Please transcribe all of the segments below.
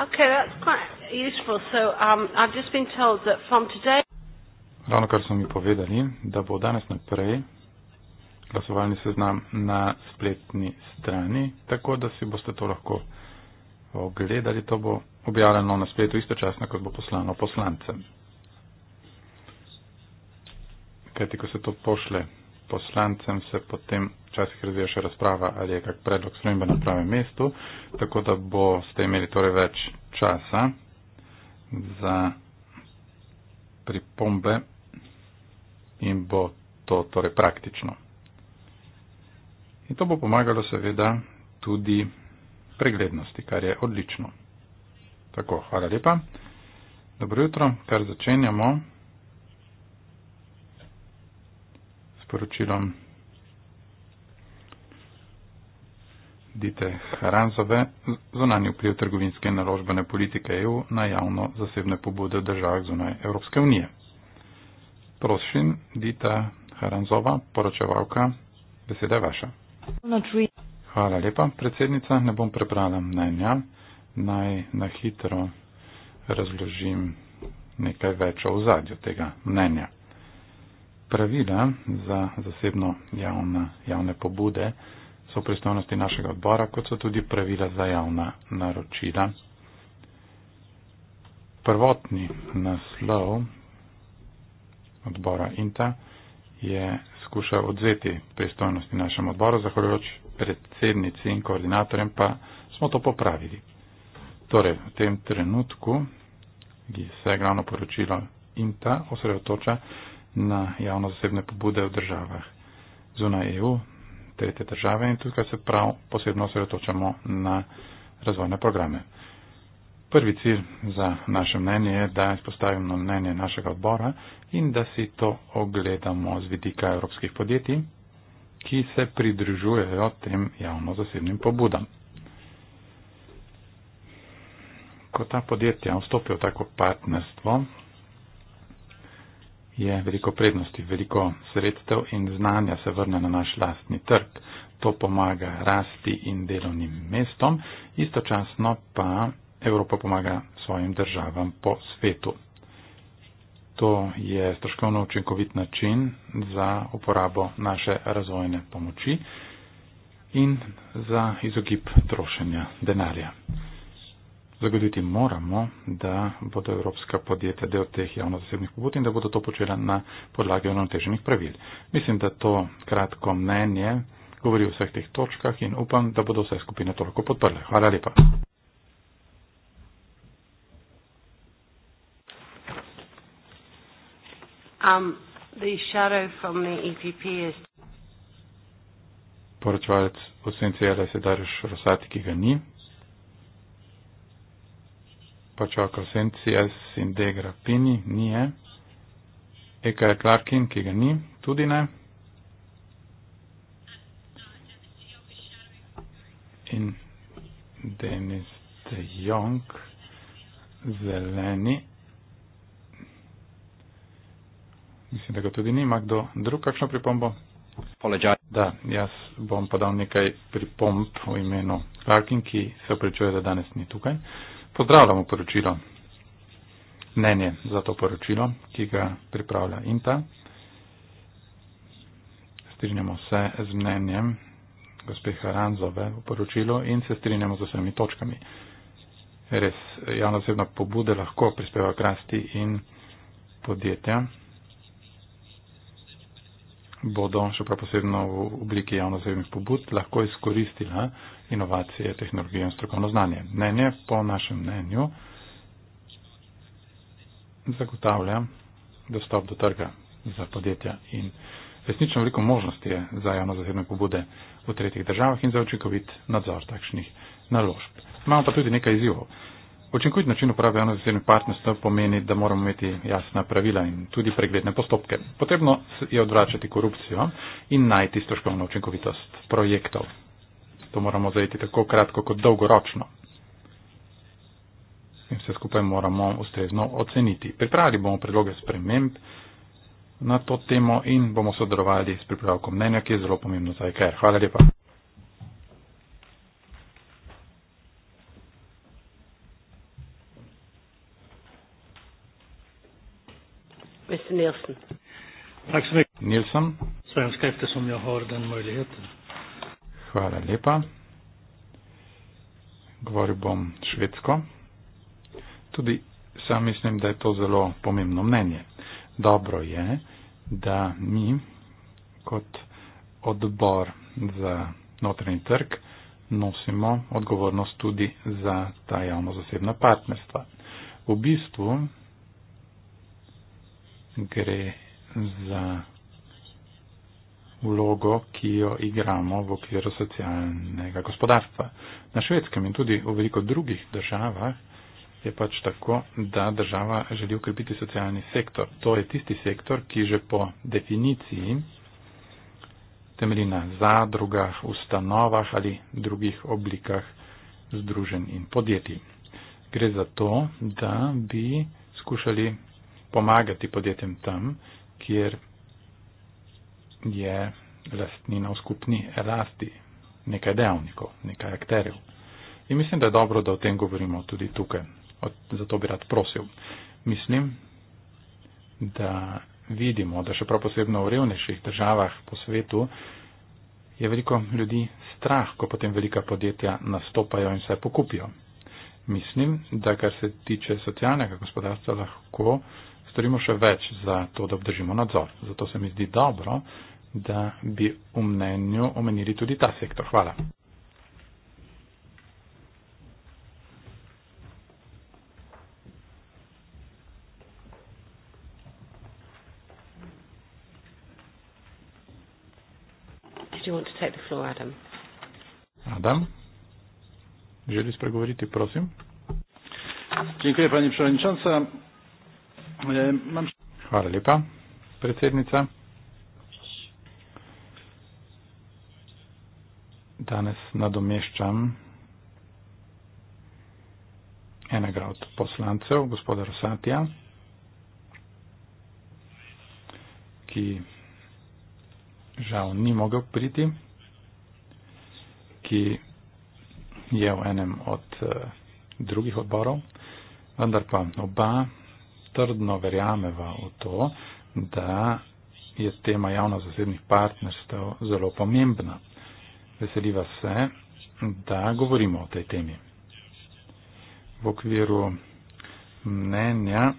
Okay, that's quite useful. So um, I've just been told that from today... Ravno kar so mi povedali, da bo danes naprej glasovalni seznam na spletni strani, tako da si boste to lahko ogledali. To bo objavljeno na spletu istočasno, kot bo poslano poslancem. Kajti, ko se to pošle poslancem se potem včasih razvija še razprava, ali je kak predlog spremembe na pravem mestu, tako da boste imeli torej več časa za pripombe in bo to torej praktično. In to bo pomagalo seveda tudi preglednosti, kar je odlično. Tako, hvala lepa. Dobro jutro, kar začenjamo. sporočilom Dite Haranzove, zonanje vpliv trgovinske naložbene politike EU na javno zasebne pobude v državah zunaj Evropske unije. Prosim, Dita Haranzova, poročevalka, beseda je vaša. Hvala lepa, predsednica, ne bom prebrala mnenja, naj na hitro razložim nekaj več o vzadju tega mnenja pravila za zasebno javna, javne pobude so v pristojnosti našega odbora, kot so tudi pravila za javna naročila. Prvotni naslov odbora INTA je skušal odzeti pristojnosti našemu odboru, zahvaljujoč predsednici in koordinatorjem pa smo to popravili. Torej, v tem trenutku, ki se glavno poročilo INTA osredotoča, na javno zasebne pobude v državah zunaj EU, tretje države in tukaj se prav posebno osredotočamo na razvojne programe. Prvi cilj za naše mnenje je, da izpostavimo mnenje našega odbora in da si to ogledamo z vidika evropskih podjetij, ki se pridružujejo tem javno-zasebnim pobudam. Ko ta podjetja vstopijo v tako partnerstvo, je veliko prednosti, veliko sredstev in znanja se vrne na naš lastni trg. To pomaga rasti in delovnim mestom, istočasno pa Evropa pomaga svojim državam po svetu. To je stroškovno učinkovit način za uporabo naše razvojne pomoči in za izogib trošenja denarja zagoditi moramo, da bodo evropska podjetja del teh javno-zasebnih pobud in da bodo to počela na podlagi onoteženih pravil. Mislim, da to kratko mnenje govori o vseh teh točkah in upam, da bodo vse skupine toliko podprle. Hvala lepa. Um, the shadow from the EPP is... Poročevalec od SNCL-a je sedaj Rosati, ki ga ni počakal senci S in D grafini, ni E. EK je Clarkin, ki ga ni, tudi ne. In Denis de Jong, zeleni. Mislim, da ga tudi ni. Ima kdo drug kakšno pripombo? Apologize. Da, jaz bom podal nekaj pripomb v imenu Clarkin, ki se opričuje, da danes ni tukaj. Uh, Pozdravljamo poročilo. Mnenje za to poročilo, ki ga pripravlja INTA. Strinjamo se z mnenjem gospeha Ranzove v poročilu in se strinjamo z vsemi točkami. Res, javno osebna pobuda lahko prispeva k rasti in podjetja bodo, še prav posebno v obliki javnozavednih pobud, lahko izkoristila inovacije, tehnologijo in strokovno znanje. Mnenje, po našem mnenju, zagotavlja dostop do trga za podjetja in resnično veliko možnosti je za javnozavedne pobude v tretjih državah in za očekovit nadzor takšnih naložb. Imamo pa tudi nekaj izjivov. Učinkovit način uprave javno-zasebnih partnerstv pomeni, da moramo imeti jasna pravila in tudi pregledne postopke. Potrebno je odvračati korupcijo in najti stroškovno učinkovitost projektov. To moramo zajeti tako kratko kot dolgoročno. In vse skupaj moramo ustrezno oceniti. Pripravili bomo predloge sprememb na to temo in bomo sodelovali s pripravkom mnenja, ki je zelo pomembno za IKR. E Hvala lepa. Mr. Nilsson. Tack så mycket. Nilsson. Svenska eftersom jag har den möjligheten. Hvala lepa. Govoril bom švedsko. Tudi sam mislim, da je to zelo pomembno mnenje. Dobro je, da mi kot odbor za notranji trg nosimo odgovornost tudi za ta javno-zasebna partnerstva. V bistvu gre za vlogo, ki jo igramo v okviru socialnega gospodarstva. Na švedskem in tudi v veliko drugih državah je pač tako, da država želi ukrepiti socialni sektor. To je tisti sektor, ki že po definiciji temelji na zadrugah, ustanovah ali drugih oblikah združen in podjetij. Gre za to, da bi skušali pomagati podjetjem tam, kjer je lastnina v skupni rasti nekaj dejavnikov, nekaj akterjev. In mislim, da je dobro, da o tem govorimo tudi tukaj. Zato bi rad prosil. Mislim, da vidimo, da še prav posebno v revnejših državah po svetu je veliko ljudi strah, ko potem velika podjetja nastopajo in se pokupijo. Mislim, da kar se tiče socialnega gospodarstva, lahko storimo še več za to, da obdržimo nadzor. Zato se mi zdi dobro, da bi v mnenju omenili tudi ta sektor. Hvala. Do you want to take the floor, Adam? Adam, želi spregovoriti, prosim. Dziękuję, Pani Przewodnicząca. Hvala lepa, predsednica. Danes nadomeščam enega od poslancev, gospoda Rosatija, ki žal ni mogel priti, ki je v enem od eh, drugih odborov, vendar pa oba trdno verjameva v to, da je tema javno-zasebnih partnerstv zelo pomembna. Veseliva se, da govorimo o tej temi. V okviru mnenja,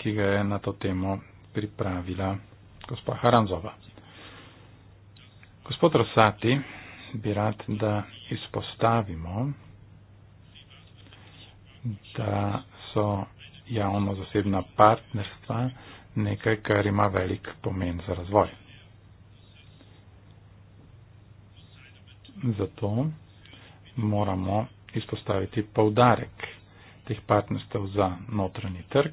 ki ga je na to temo pripravila gospa Haranzova. Gospod Rosati bi rad, da izpostavimo, da so javno-zasebna partnerstva nekaj, kar ima velik pomen za razvoj. Zato moramo izpostaviti povdarek teh partnerstev za notranji trg,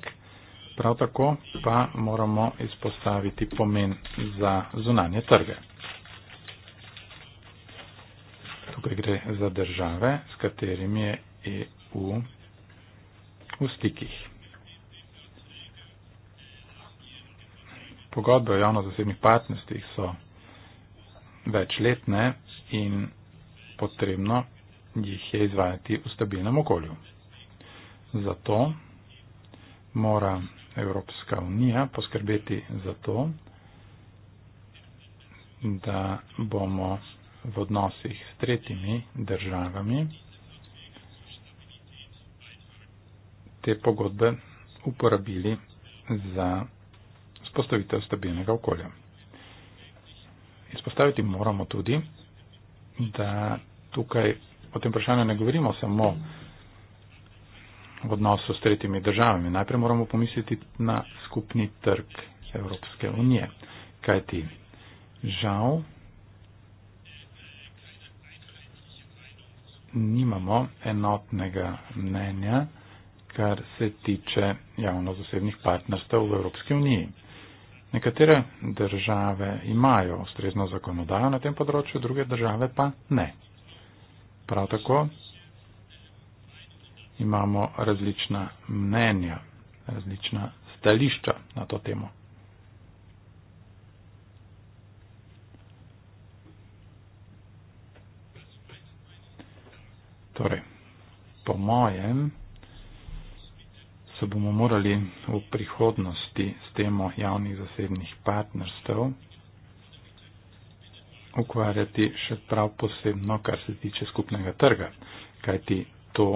prav tako pa moramo izpostaviti pomen za zunanje trge. Tukaj gre za države, s katerimi je EU v stikih. pogodbe o javno-zasebnih partnerstvih so večletne in potrebno jih je izvajati v stabilnem okolju. Zato mora Evropska unija poskrbeti za to, da bomo v odnosih s tretjimi državami te pogodbe uporabili za vzpostavitev stabilnega okolja. Izpostaviti moramo tudi, da tukaj o tem vprašanju ne govorimo samo v odnosu s tretjimi državami. Najprej moramo pomisliti na skupni trg Evropske unije. Kaj ti? Žal nimamo enotnega mnenja, kar se tiče javno-zasebnih partnerstev v Evropski uniji. Nekatere države imajo ustrezno zakonodajo na tem področju, druge države pa ne. Prav tako imamo različna mnenja, različna stališča na to temo. Torej, po mojem, se bomo morali v prihodnosti s temo javnih zasebnih partnerstv ukvarjati še prav posebno, kar se tiče skupnega trga, kajti to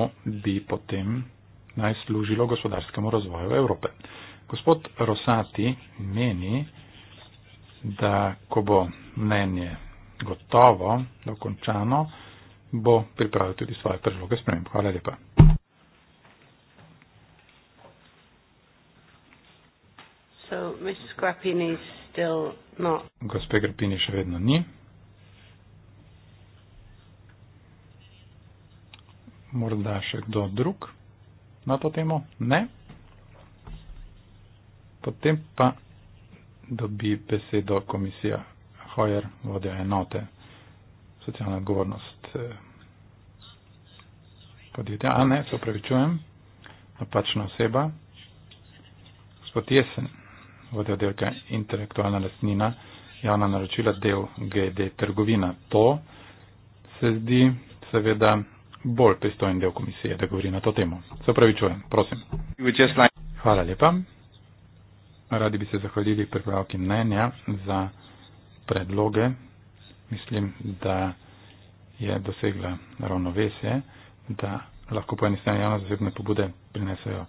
bi potem naj služilo gospodarskemu razvoju Evrope. Gospod Rosati meni, da ko bo mnenje gotovo, dokončano, bo pripravil tudi svoje predloge sprememb. Hvala lepa. Gospe Grpini še vedno ni. Morda še kdo drug na to temo? Ne. Potem pa dobi besedo komisija Hojer, vodja enote socialna odgovornost eh, podjetja. A ne, se opravičujem, napačna oseba. Gospod Jesen od oddelka intelektualna lastnina, javna naročila, del GD trgovina. To se zdi seveda bolj pristojen del komisije, da govori na to temo. Se pravi, čujem, prosim. Hvala lepa. Radi bi se zahvalili pripravki mnenja za predloge. Mislim, da je dosegla ravnovesje, da lahko po eni strani javno zasebne pobude prinesejo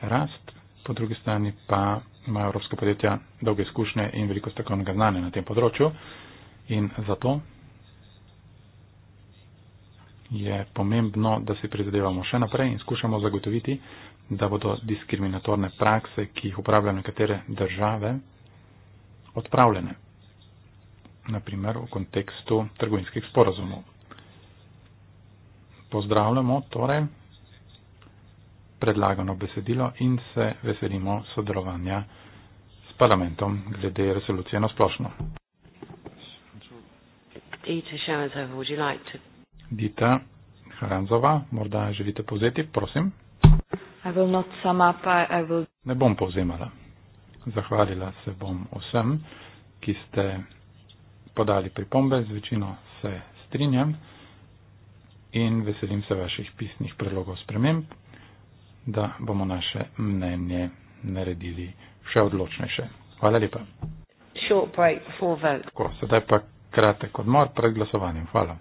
rast, po drugi strani pa imajo evropska podjetja dolge izkušnje in veliko strokovnega znanja na tem področju. In zato je pomembno, da si prizadevamo še naprej in skušamo zagotoviti, da bodo diskriminatorne prakse, ki jih upravljajo nekatere države, odpravljene. Naprimer v kontekstu trgovinskih sporazumov. Pozdravljamo torej predlagano besedilo in se veselimo sodelovanja s parlamentom glede resolucije na splošno. Dita Hranzova, morda želite povzeti, prosim. Up, will... Ne bom povzemala. Zahvalila se bom vsem, ki ste podali pripombe, z večino se strinjam in veselim se vaših pisnih predlogov spremem da bomo naše mnenje naredili še odločnejše. Hvala lepa. Tako, sedaj pa kratek odmor pred glasovanjem. Hvala.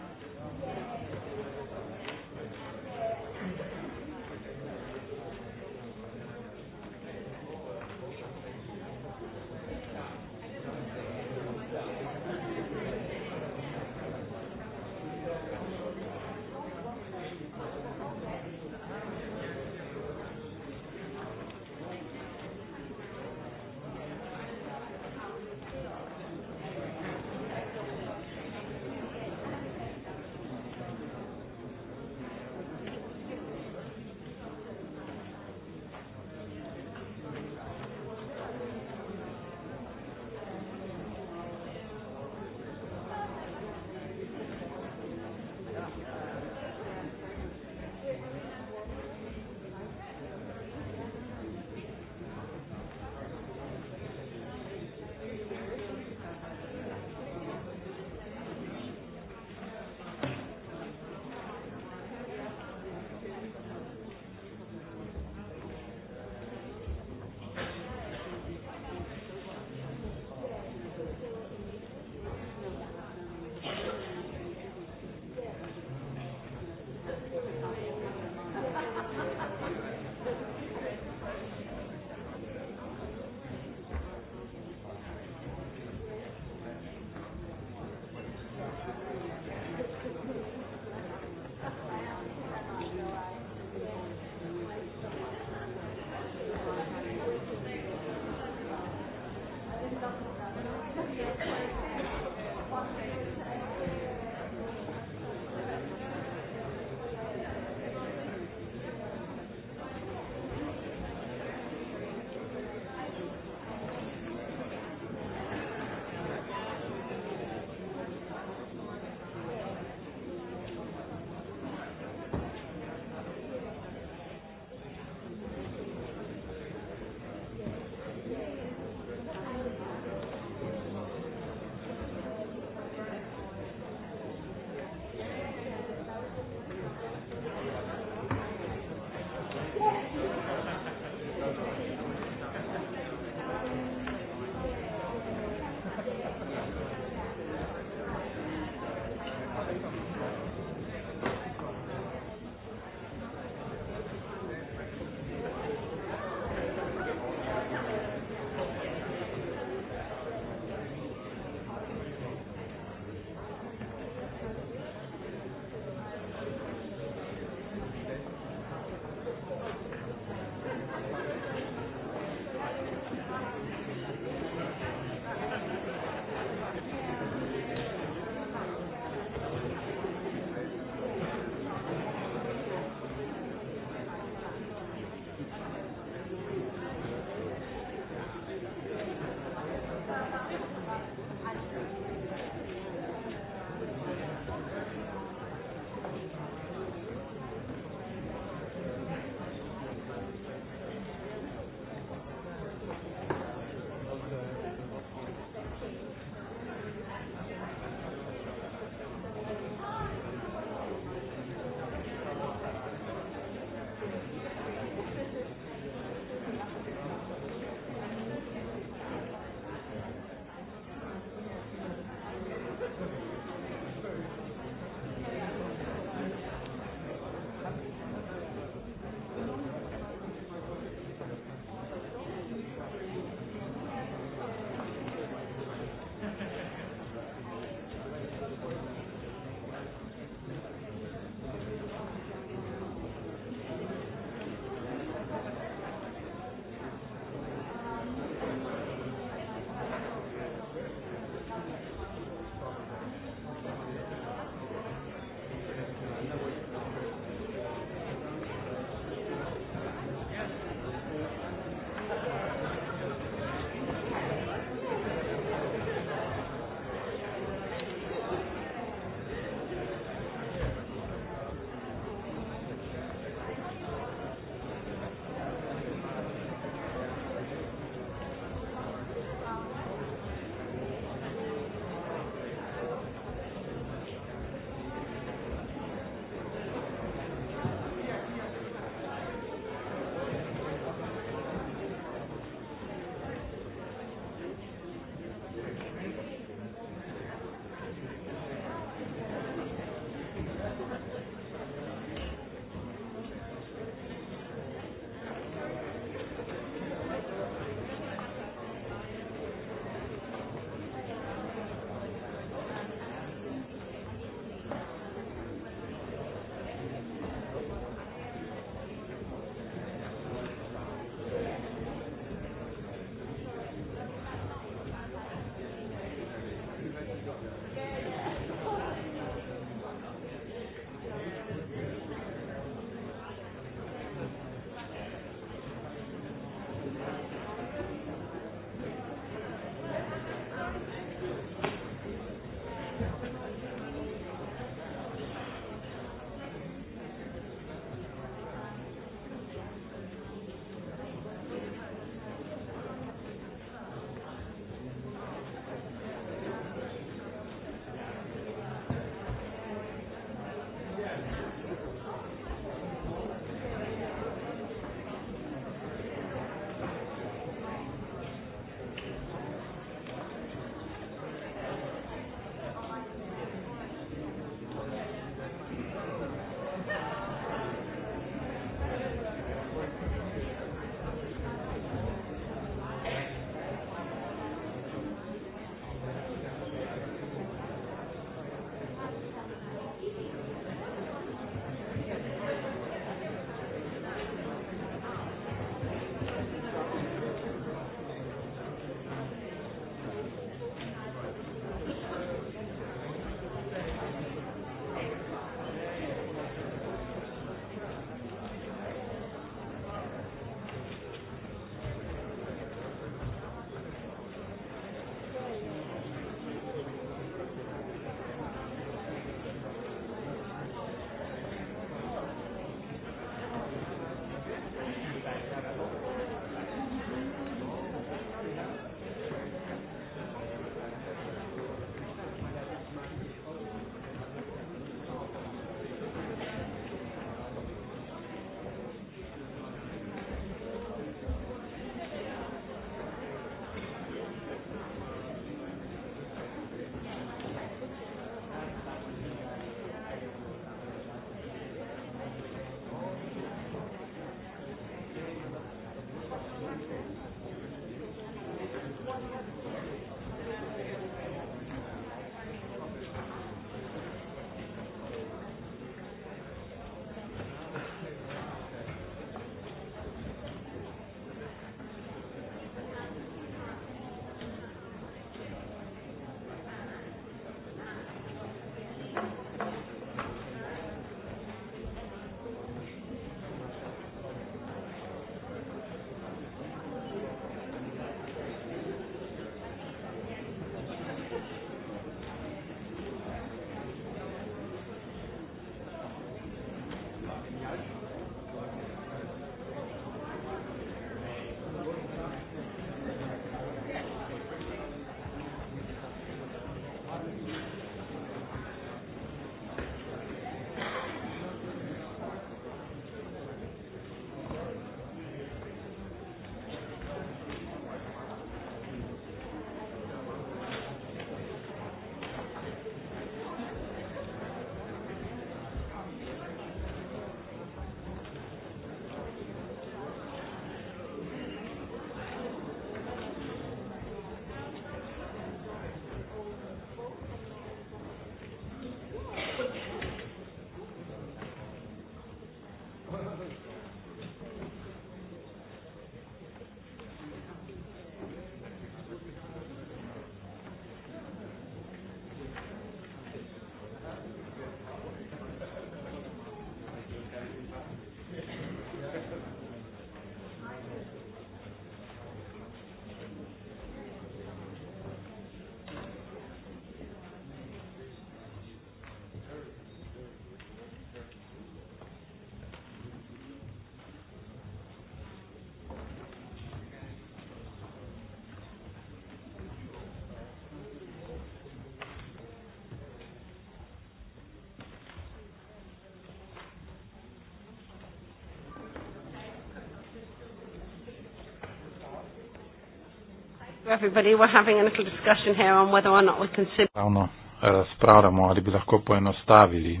everybody, we're having a little discussion here on whether or not we consider. Ravno razpravljamo, ali bi lahko poenostavili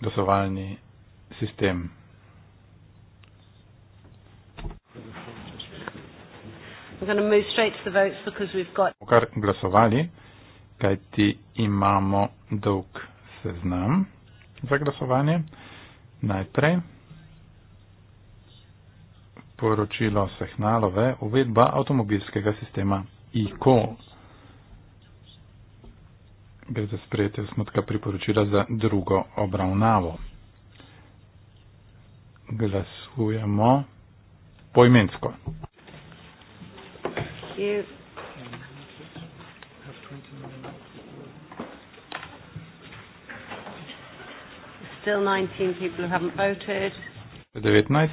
glasovalni sistem. Kar glasovali, kajti imamo dolg seznam za glasovanje. Najprej poročilo Sehnalove uvedba avtomobilskega sistema ICO. Gre za sprejetje osnotka priporočila za drugo obravnavo. Glasujemo poimensko. Still 19 people who haven't voted. 19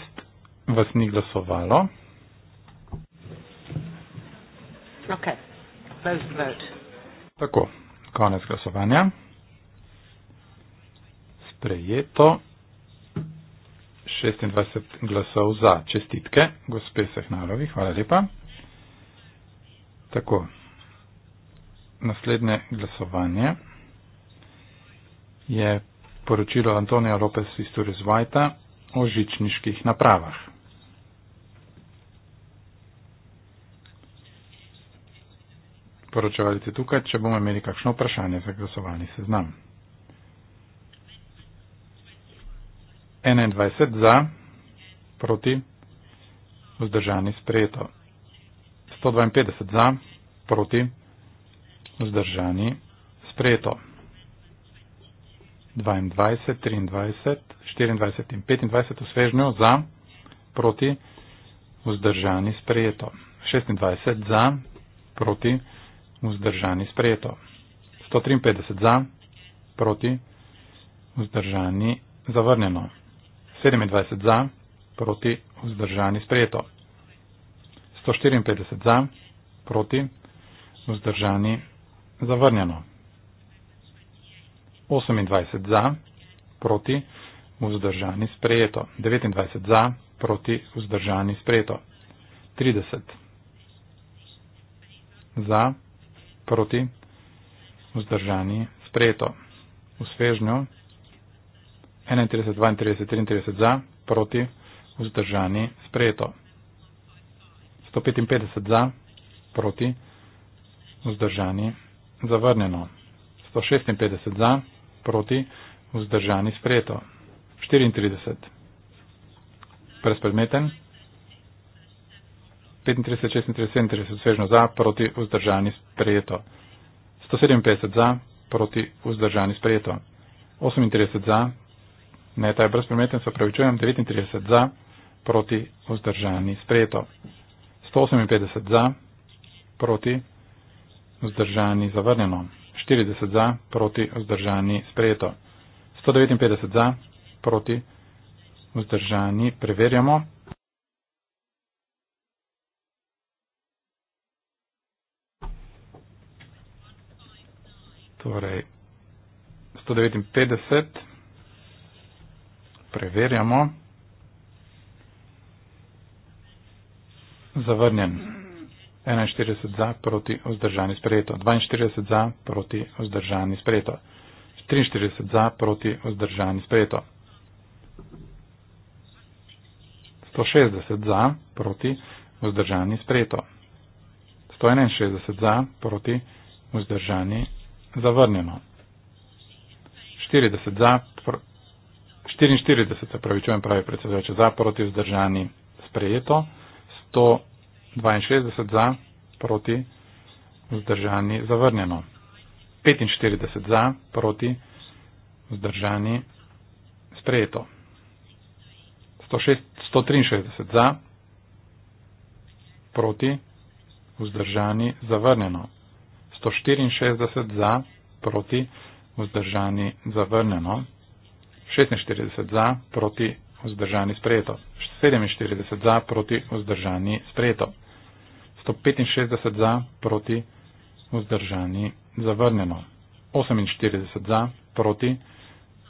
vas ni glasovalo. Okay. Tako, konec glasovanja. Sprejeto 26 glasov za. Čestitke, gospe Sehnarovi, hvala lepa. Tako, naslednje glasovanje je poročilo Antonija Lopez iz Turizvajta o žičniških napravah. poročevalce tukaj, če bomo imeli kakšno vprašanje za glasovalni seznam. 21 za, proti, vzdržani sprejeto. 152 za, proti, vzdržani sprejeto. 22, 23, 24 in 25 v svežnju za, proti, vzdržani sprejeto. 26 za, proti, vzdržani sprejeto vzdržani sprejeto. 153 za, proti, vzdržani zavrnjeno. 27 za, proti, vzdržani sprejeto. 154 za, proti, vzdržani zavrnjeno. 28 za, proti, vzdržani sprejeto. 29 za, proti, vzdržani sprejeto. 30 za, proti, vzdržani sprejeto proti, vzdržani, sprejeto. V svežnju 31, 32, 33 za, proti, vzdržani, sprejeto. 155 za, proti, vzdržani, zavrnjeno. 156 za, proti, vzdržani, sprejeto. 34. Prespredmeten. 35, 36, 37 svežno za, proti vzdržani sprejeto. 157 za, proti vzdržani sprejeto. 38 za, ne, ta je brezpremeten, se opravičujem, 39 za, proti vzdržani sprejeto. 158 za, proti vzdržani zavrnjeno. 40 za, proti vzdržani sprejeto. 159 za, proti vzdržani preverjamo. torej 159, preverjamo, zavrnjen, 41 za, proti vzdržani sprejeto, 42 za, proti vzdržani sprejeto, 43 za, proti vzdržani sprejeto, 160 za, proti vzdržani sprejeto, 161 za, proti vzdržani sprejeto zavrnjeno. 40 za, 44, pravičujem pravi predsedujoče, za proti vzdržani sprejeto, 162 za, proti vzdržani zavrnjeno, 45 za, proti vzdržani sprejeto, 163 za, proti vzdržani zavrnjeno, 164 za, proti, vzdržani, zavrnjeno. 46 za, proti, vzdržani, sprejeto. 47 za, proti, vzdržani, sprejeto. 165 za, proti, vzdržani, zavrnjeno. 48 za, proti,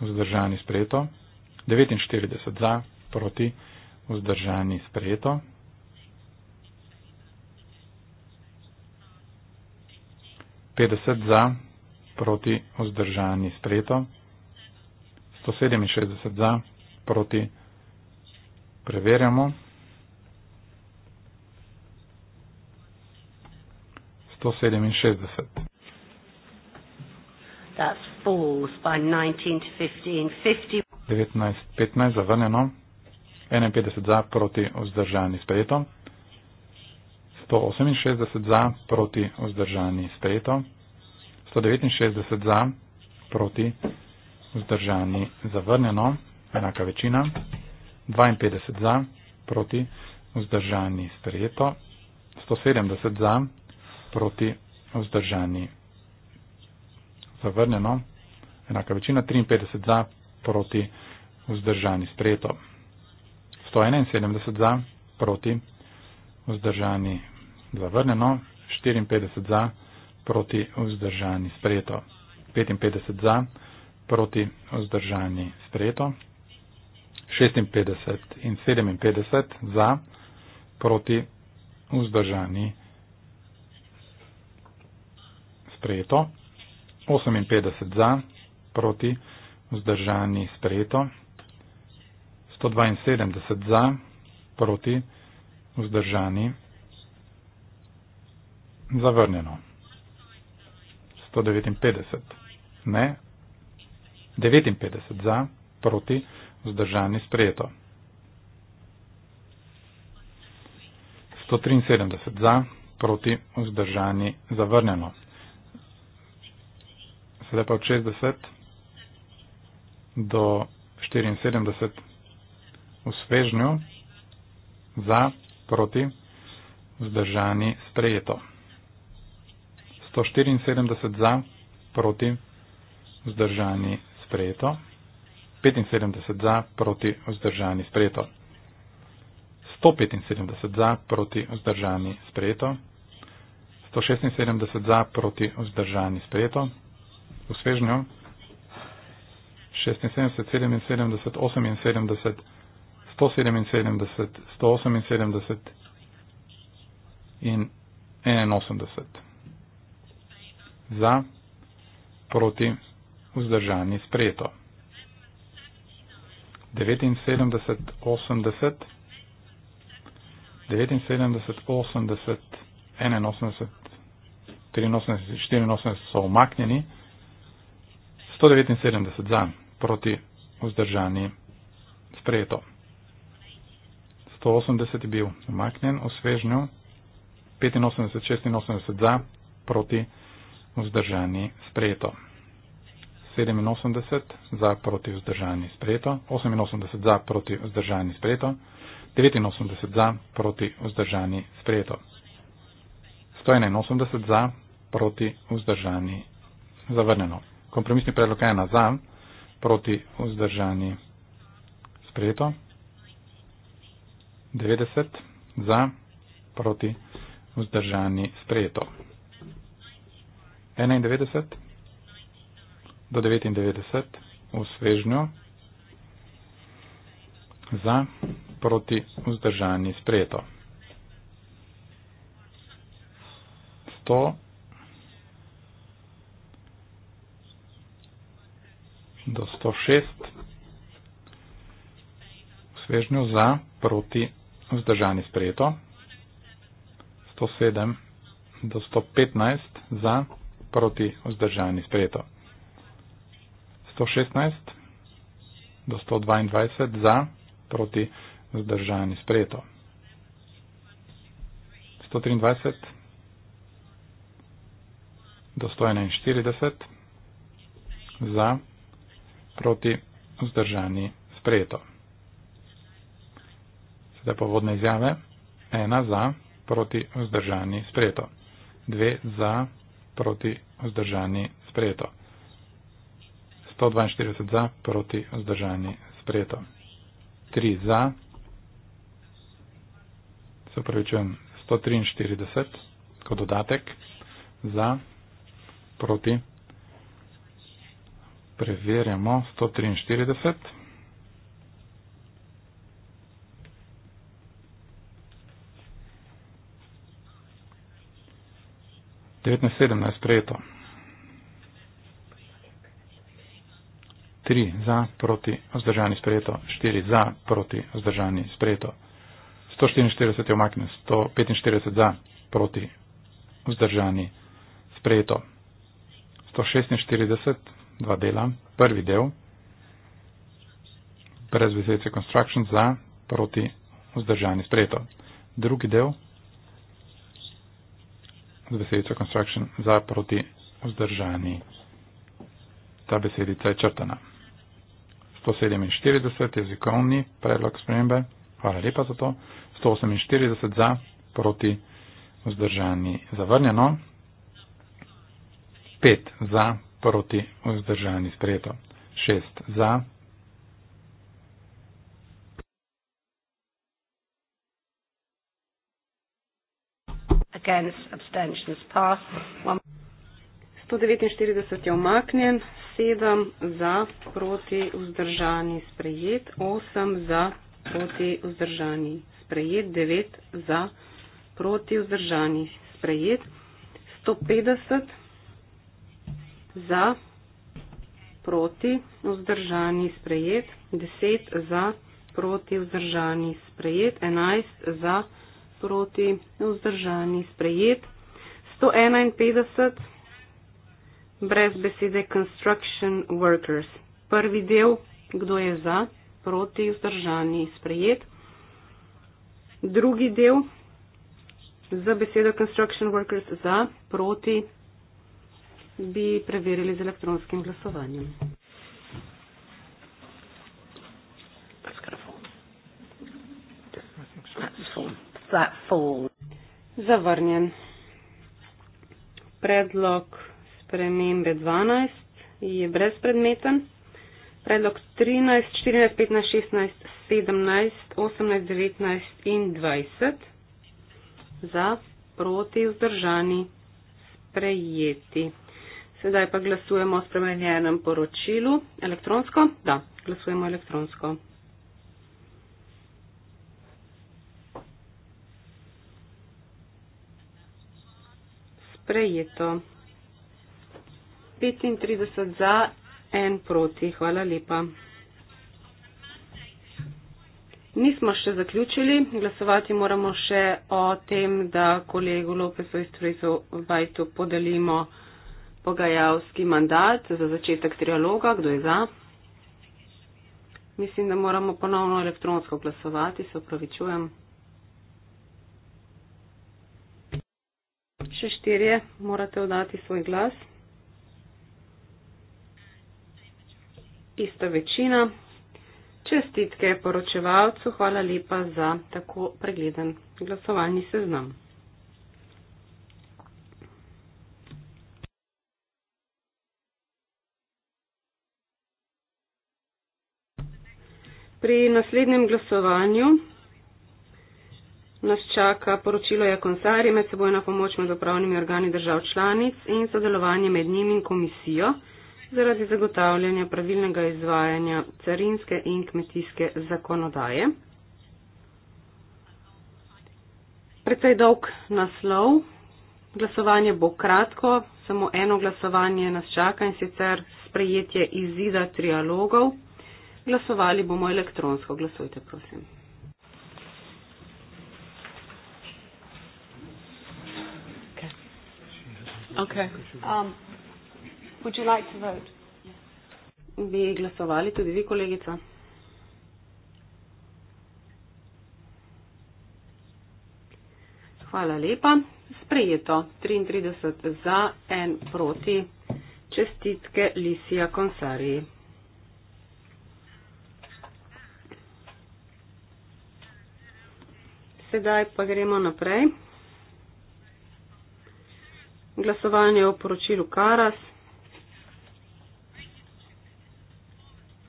vzdržani, sprejeto. 49 za, proti, vzdržani, sprejeto. 50 za, proti vzdržani spreto, 167 za, proti preverjamo, 167. That's false by 19 to 15. 15. 19-15 zavrnjeno, 51 za, proti vzdržani spreto, 168 za, proti vzdržani sprejeto, 169 za, proti vzdržani zavrnjeno, enaka večina, 52 za, proti vzdržani sprejeto, 170 za, proti vzdržani zavrnjeno, enaka večina, 53 za, proti vzdržani sprejeto, 171 za, proti vzdržani 2 vrneno, 54 za, proti vzdržani sprejeto. 55 za, proti vzdržani sprejeto. 56 in 57 za, proti vzdržani sprejeto. 58 za, proti vzdržani sprejeto. 172 za, proti vzdržani sprejeto zavrnjeno. 159 ne, 59 za, proti, zdržani, sprejeto. 173 za, proti, vzdržani, zavrnjeno. Sedaj pa od 60 do 74 v svežnju, za, proti, vzdržani, sprejeto. 174 za, proti, vzdržani, sprejeto. 75 za, proti, vzdržani, sprejeto. 175 za, proti, vzdržani, sprejeto. 176 za, proti, vzdržani, sprejeto. V svežnju 76, 77, 78, 177, 178 in 81 za, proti, vzdržani, sprejeto. 79, 80, 79, 80, 81, 83, 84 so omaknjeni, 179 za, proti, vzdržani, sprejeto. 180 je bil omaknjen, osvežnjo, 85, 86 za, proti, vzdržani, sprejeto vzdržani sprejeto. 87 za proti vzdržani sprejeto, 88 za proti vzdržani sprejeto, 89 za proti vzdržani sprejeto. 181 za proti vzdržani zavrnjeno. Kompromisni predlog 1 za proti vzdržani sprejeto. 90 za proti vzdržani sprejeto. 91 do 99 v svežnju za proti vzdržanji sprejeto. 100 do 106 v svežnju za proti vzdržanji sprejeto. 107 do 115 za proti vzdržani sprejeto. 116 do 122 za proti vzdržani sprejeto. 123 do 141 za proti vzdržani sprejeto. Sedaj povodne izjave. 1 za proti vzdržani sprejeto. 2 za proti vzdržani sprejeto proti vzdržani sprejeto. 142 za proti vzdržani sprejeto. 3 za, se upravičujem, 143 kot dodatek za proti. Preverjamo 143. 1917 sprejeto. 3 za, proti, vzdržani sprejeto. 4 za, proti, vzdržani sprejeto. 144 je omaknjeno. 145 za, proti, vzdržani sprejeto. 146, dva dela, prvi del. Brez besedice construction za, proti, vzdržani sprejeto. Drugi del z besedico construction za proti vzdržani. Ta besedica je črtana. 147 jezikovni predlog spremembe. Hvala lepa za to. 148 za proti vzdržani zavrnjeno. 5 za proti vzdržani sprejeto. 6 za against abstentions pass. 149 je omaknjen, 7 za proti vzdržani sprejet, 8 za proti vzdržani sprejet, 9 za proti vzdržani sprejet, 150 za proti vzdržani sprejet, 10 za proti vzdržani sprejet, 11 za proti vzdržani sprejet proti vzdržani sprejet. 151 brez besede construction workers. Prvi del, kdo je za, proti vzdržani sprejet. Drugi del, za besedo construction workers za, proti, bi preverili z elektronskim glasovanjem. that fall. Zavrnjen. Predlog spremembe 12 je brezpredmeten. Predlog 13, 14, 15, 16, 17, 18, 19 in 20 za proti vzdržani sprejeti. Sedaj pa glasujemo o spremenjenem poročilu elektronsko. Da, glasujemo elektronsko. sprejeto. 35 za, 1 proti. Hvala lepa. Nismo še zaključili. Glasovati moramo še o tem, da kolegu Lopesu iz Trojzo Vajtu podelimo pogajalski mandat za začetek trialoga. Kdo je za? Mislim, da moramo ponovno elektronsko glasovati. Se upravičujem. še štirje morate vdati svoj glas. Ista večina. Čestitke poročevalcu, hvala lepa za tako pregleden glasovalni seznam. Pri naslednjem glasovanju nas čaka poročilo Jakonsari med sebojna pomoč med upravnimi organi držav članic in sodelovanje med njimi in komisijo zaradi zagotavljanja pravilnega izvajanja carinske in kmetijske zakonodaje. Precej dolg naslov, glasovanje bo kratko, samo eno glasovanje nas čaka in sicer sprejetje izida trialogov. Glasovali bomo elektronsko, glasujte prosim. Okay. Um, would you like to vote? Bi glasovali tudi vi, kolegica? Hvala lepa. Sprejeto. 33 za, 1 proti. Čestitke Lisija Konsariji. Sedaj pa gremo naprej glasovanje o poročilu Karas,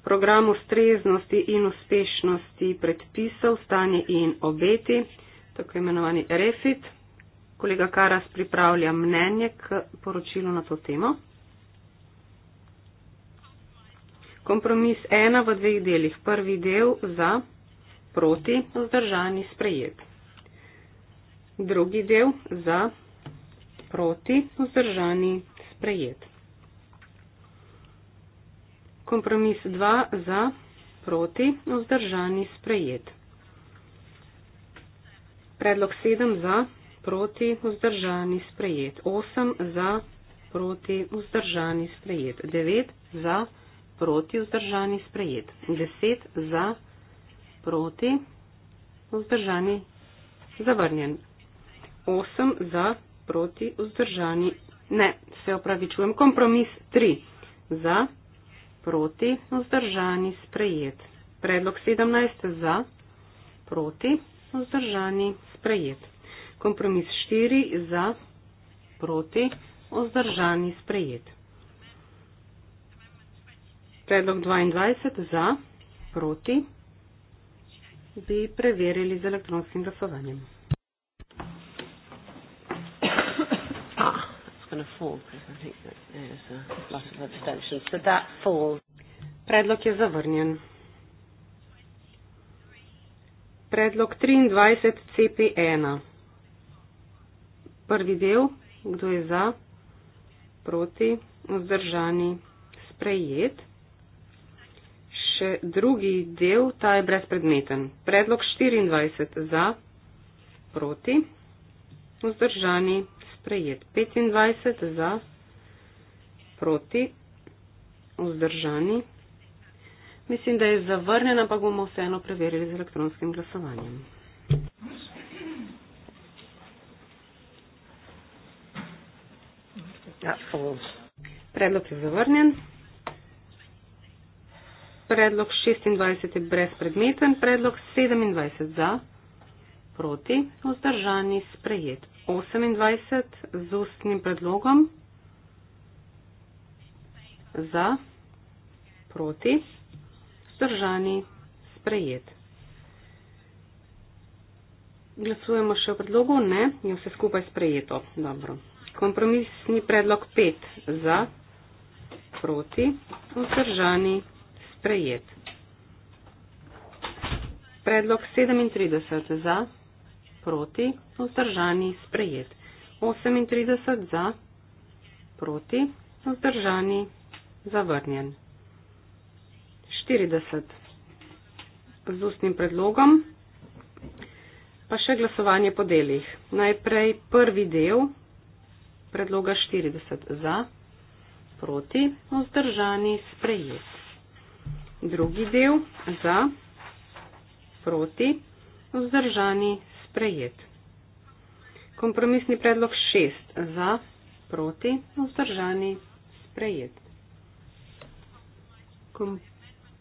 program ustreznosti in uspešnosti predpisov, stanje in obeti, tako imenovani refit. Kolega Karas pripravlja mnenje k poročilu na to temo. Kompromis 1 v dveh delih. Prvi del za proti, vzdržani, sprejet. Drugi del za proti, vzdržani, sprejet. Kompromis 2 za, proti, vzdržani, sprejet. Predlog 7 za, proti, vzdržani, sprejet. 8 za, proti, vzdržani, sprejet. 9 za, proti, vzdržani, sprejet. 10 za, proti, vzdržani, zavrnjen. 8 za, proti vzdržani. Ne, se opravičujem, kompromis 3. Za, proti, vzdržani, sprejet. Predlog 17. Za, proti, vzdržani, sprejet. Kompromis 4. Za, proti, vzdržani, sprejet. Predlog 22. Za, proti, bi preverili z elektronskim glasovanjem. going to fall because I think that there's a lot of abstentions. So that falls. Predlog je zavrnjen. Predlog 23 CP1. Prvi del, kdo je za, proti, vzdržani, sprejet. Še drugi del, ta je brezpredmeten. Predlog 24 za, proti, vzdržani, sprejet sprejet. 25 za, proti, vzdržani. Mislim, da je zavrnjen, ampak bomo vseeno preverili z elektronskim glasovanjem. Ja, Predlog je zavrnjen. Predlog 26 je brezpredmeten. Predlog 27 za, proti, vzdržani, sprejet. 28 z ustnim predlogom za, proti, vzdržani, sprejet. Glasujemo še o predlogu? Ne, je vse skupaj sprejeto. Dobro. Kompromisni predlog 5 za, proti, vzdržani, sprejet. Predlog 37 za proti, vzdržani, sprejet. 38 za, proti, vzdržani, zavrnjen. 40 z ustnim predlogom. Pa še glasovanje po delih. Najprej prvi del predloga 40 za, proti, vzdržani, sprejet. Drugi del za, proti, vzdržani, sprejet. Kompromisni predlog šest za, proti, vzdržani, sprejet. Kom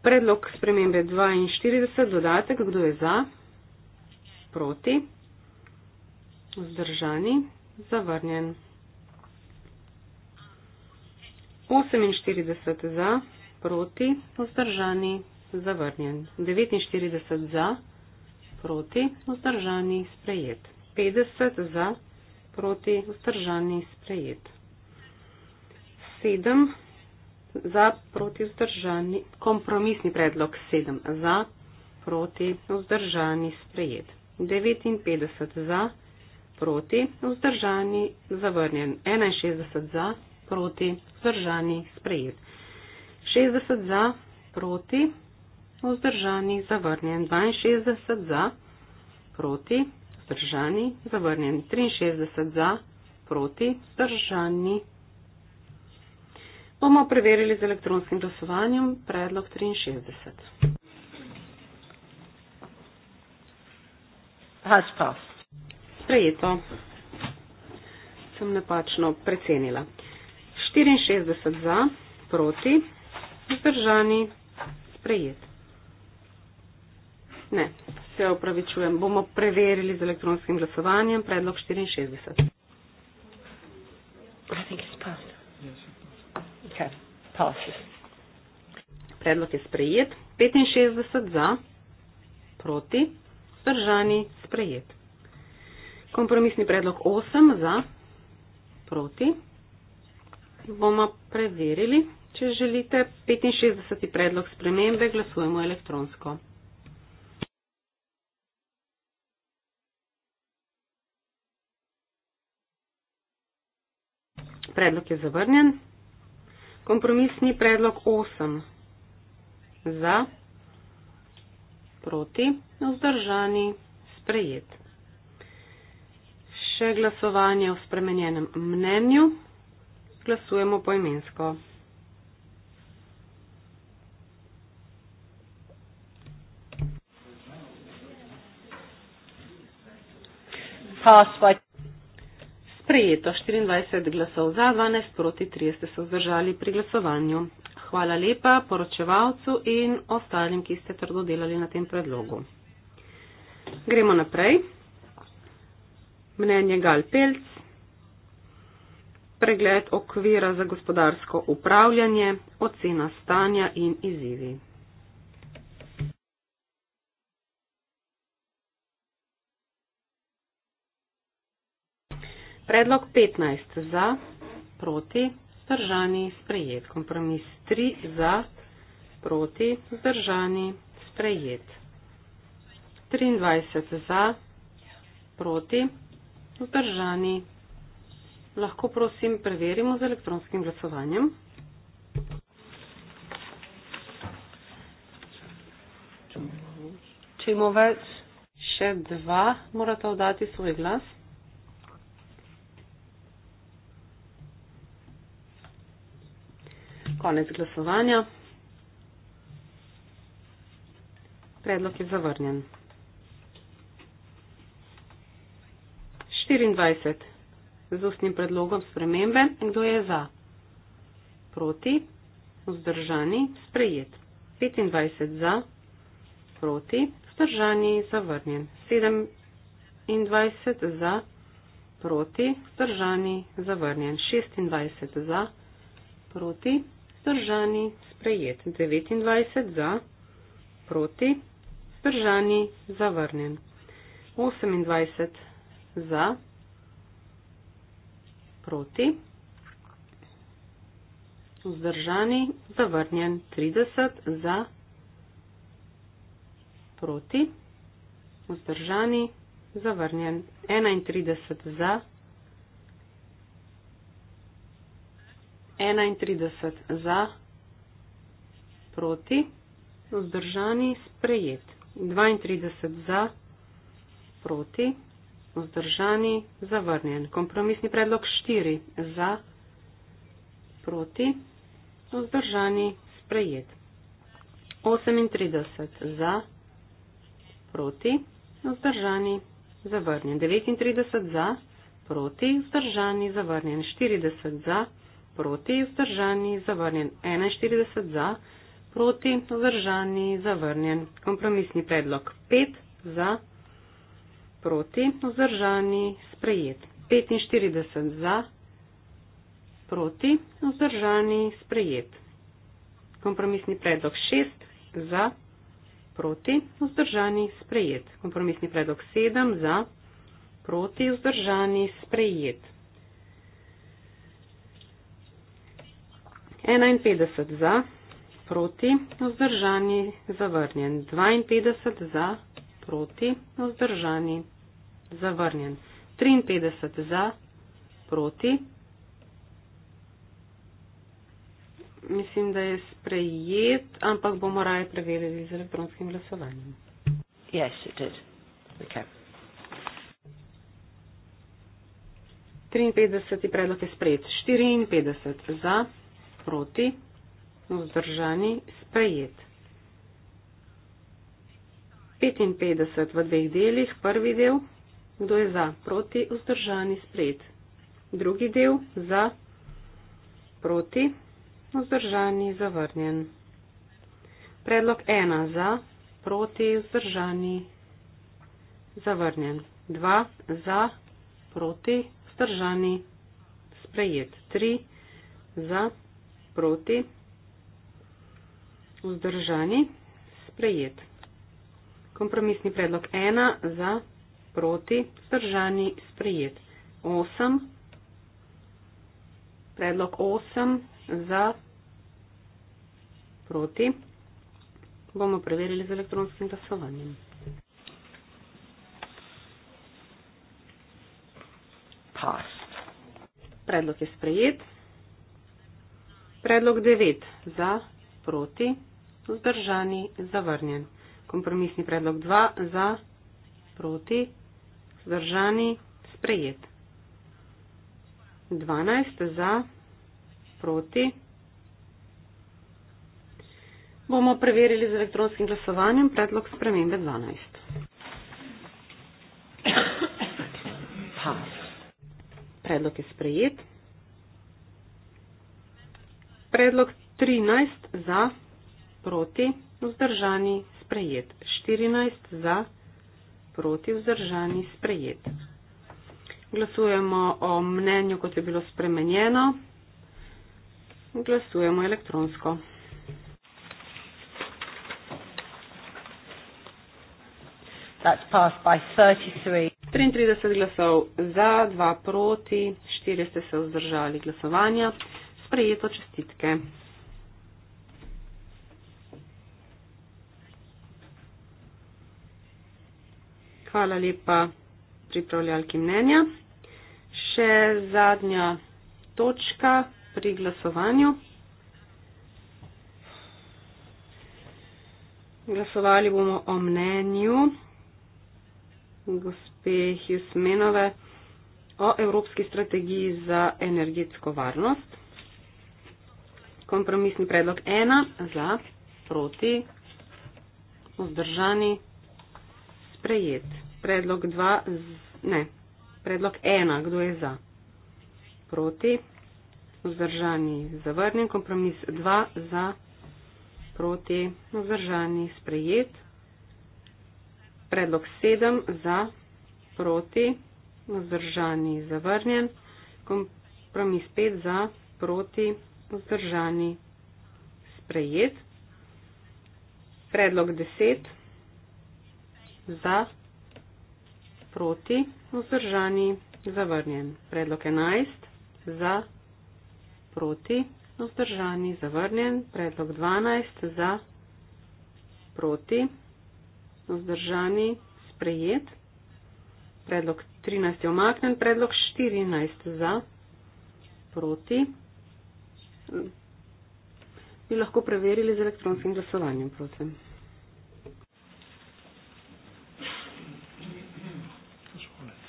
predlog spremembe 42, dodatek, kdo je za, proti, vzdržani, zavrnjen. 48 za, proti, vzdržani, zavrnjen. 49 za proti, vzdržani, sprejet. 50 za, proti, vzdržani, sprejet. 7 za, proti, vzdržani, kompromisni predlog 7 za, proti, vzdržani, sprejet. 59 za, proti, vzdržani, zavrnjen. 61 za, proti, vzdržani, sprejet. 60 za, proti, vzdržanih, zavrnjen 62 za, proti, vzdržani, zavrnjen 63 za, proti, vzdržani. Bomo preverili z elektronskim glasovanjem predlog 63. Has passed. Sprejeto. Sem napačno precenila. 64 za, proti, vzdržani, sprejeto. Ne. Se upravičujem. Bomo preverili z elektronskim glasovanjem predlog 64. Predlog je sprejet. 65 za, proti, vzdržani, sprejet. Kompromisni predlog 8 za, proti. Bomo preverili, če želite. 65. predlog spremembe glasujemo elektronsko. Predlog je zavrnjen. Kompromisni predlog 8. Za, proti, vzdržani, sprejet. Še glasovanje o spremenjenem mnenju. Glasujemo poimensko. Pass by sprejeto 24 glasov za, 12 proti 30 so zdržali pri glasovanju. Hvala lepa poročevalcu in ostalim, ki ste trdo delali na tem predlogu. Gremo naprej. Mnenje Gal Pelc. Pregled okvira za gospodarsko upravljanje, ocena stanja in izzivi. Predlog 15 za, proti, zdržani, sprejet. Kompromis 3 za, proti, zdržani, sprejet. 23 za, proti, zdržani. Lahko prosim preverimo z elektronskim glasovanjem. Če ima več, še dva morata oddati svoj glas. Konec glasovanja. Predlog je zavrnjen. 24. Z ustnim predlogom spremembe. Kdo je za? Proti. Vzdržani. Sprejet. 25 za. Proti. Vzdržani. Zavrnjen. 27 za. Proti. Vzdržani. Zavrnjen. 26 za. Proti vzdržani, sprejet 29 za, proti, vzdržani, zavrnjen 28 za, proti, vzdržani, zavrnjen 30 za, proti, vzdržani, zavrnjen 31 za, proti. 31 za, proti, vzdržani, sprejet. 32 za, proti, vzdržani, zavrnjen. Kompromisni predlog 4 za, proti, vzdržani, sprejet. 38 za, proti, vzdržani, zavrnjen. 39 za, proti, vzdržani, zavrnjen. 40 za, proti proti, vzdržani, zavrnjen 41 za, proti, vzdržani, zavrnjen kompromisni predlog 5 za, proti, vzdržani, sprejet 45 za, proti, vzdržani, sprejet kompromisni predlog 6 za, proti, vzdržani, sprejet kompromisni predlog 7 za, proti, vzdržani, sprejet. 51 za, proti, vzdržani, zavrnjen. 52 za, proti, vzdržani, zavrnjen. 53 za, proti. Mislim, da je sprejet, ampak bomo raje preverili z elektronskim glasovanjem. Yes, it did. Okay. 53. predlog je sprejet. 54 za proti, vzdržani, sprejet. 55 v dveh delih, prvi del, kdo je za, proti, vzdržani, sprejet. Drugi del, za, proti, vzdržani, zavrnjen. Predlog 1 za, proti, vzdržani, zavrnjen. 2 za, proti, vzdržani, sprejet. 3 za, proti, vzdržani, sprejet. Kompromisni predlog 1 za, proti, vzdržani, sprejet. 8. Predlog 8 za, proti. Bomo preverili z elektronskim glasovanjem. Pas. Predlog je sprejet. Predlog 9 za, proti, vzdržani, zavrnjen. Kompromisni predlog 2 za, proti, vzdržani, sprejet. 12 za, proti. Bomo preverili z elektronskim glasovanjem predlog spremembe 12. Predlog je sprejet. Predlog 13 za, proti, vzdržani, sprejet. 14 za, proti, vzdržani, sprejet. Glasujemo o mnenju, kot je bilo spremenjeno. Glasujemo elektronsko. That's passed by 33. 33 glasov za, 2 proti, 4 ste se vzdržali glasovanja prejeto čestitke. Hvala lepa pripravljalki mnenja. Še zadnja točka pri glasovanju. Glasovali bomo o mnenju gospe Hjusmenove o evropski strategiji za energetsko varnost kompromisni predlog ena za, proti, vzdržani, sprejet. Predlog dva, z, ne, predlog ena, kdo je za, proti, vzdržani, zavrnjen, kompromis dva za, proti, vzdržani, sprejet. Predlog sedem za, proti, vzdržani, zavrnjen, kompromis pet za, proti, vzdržani, zavrnjen vzdržani. Sprejet. Predlog 10. Za. Proti. Vzdržani. Zavrnjen. Predlog 11. Za. Proti. Vzdržani. Zavrnjen. Predlog 12. Za. Proti. Vzdržani. Sprejet. Predlog 13 je omaknen, predlog 14 za, proti, bi lahko preverili z elektronskim glasovanjem, prosim.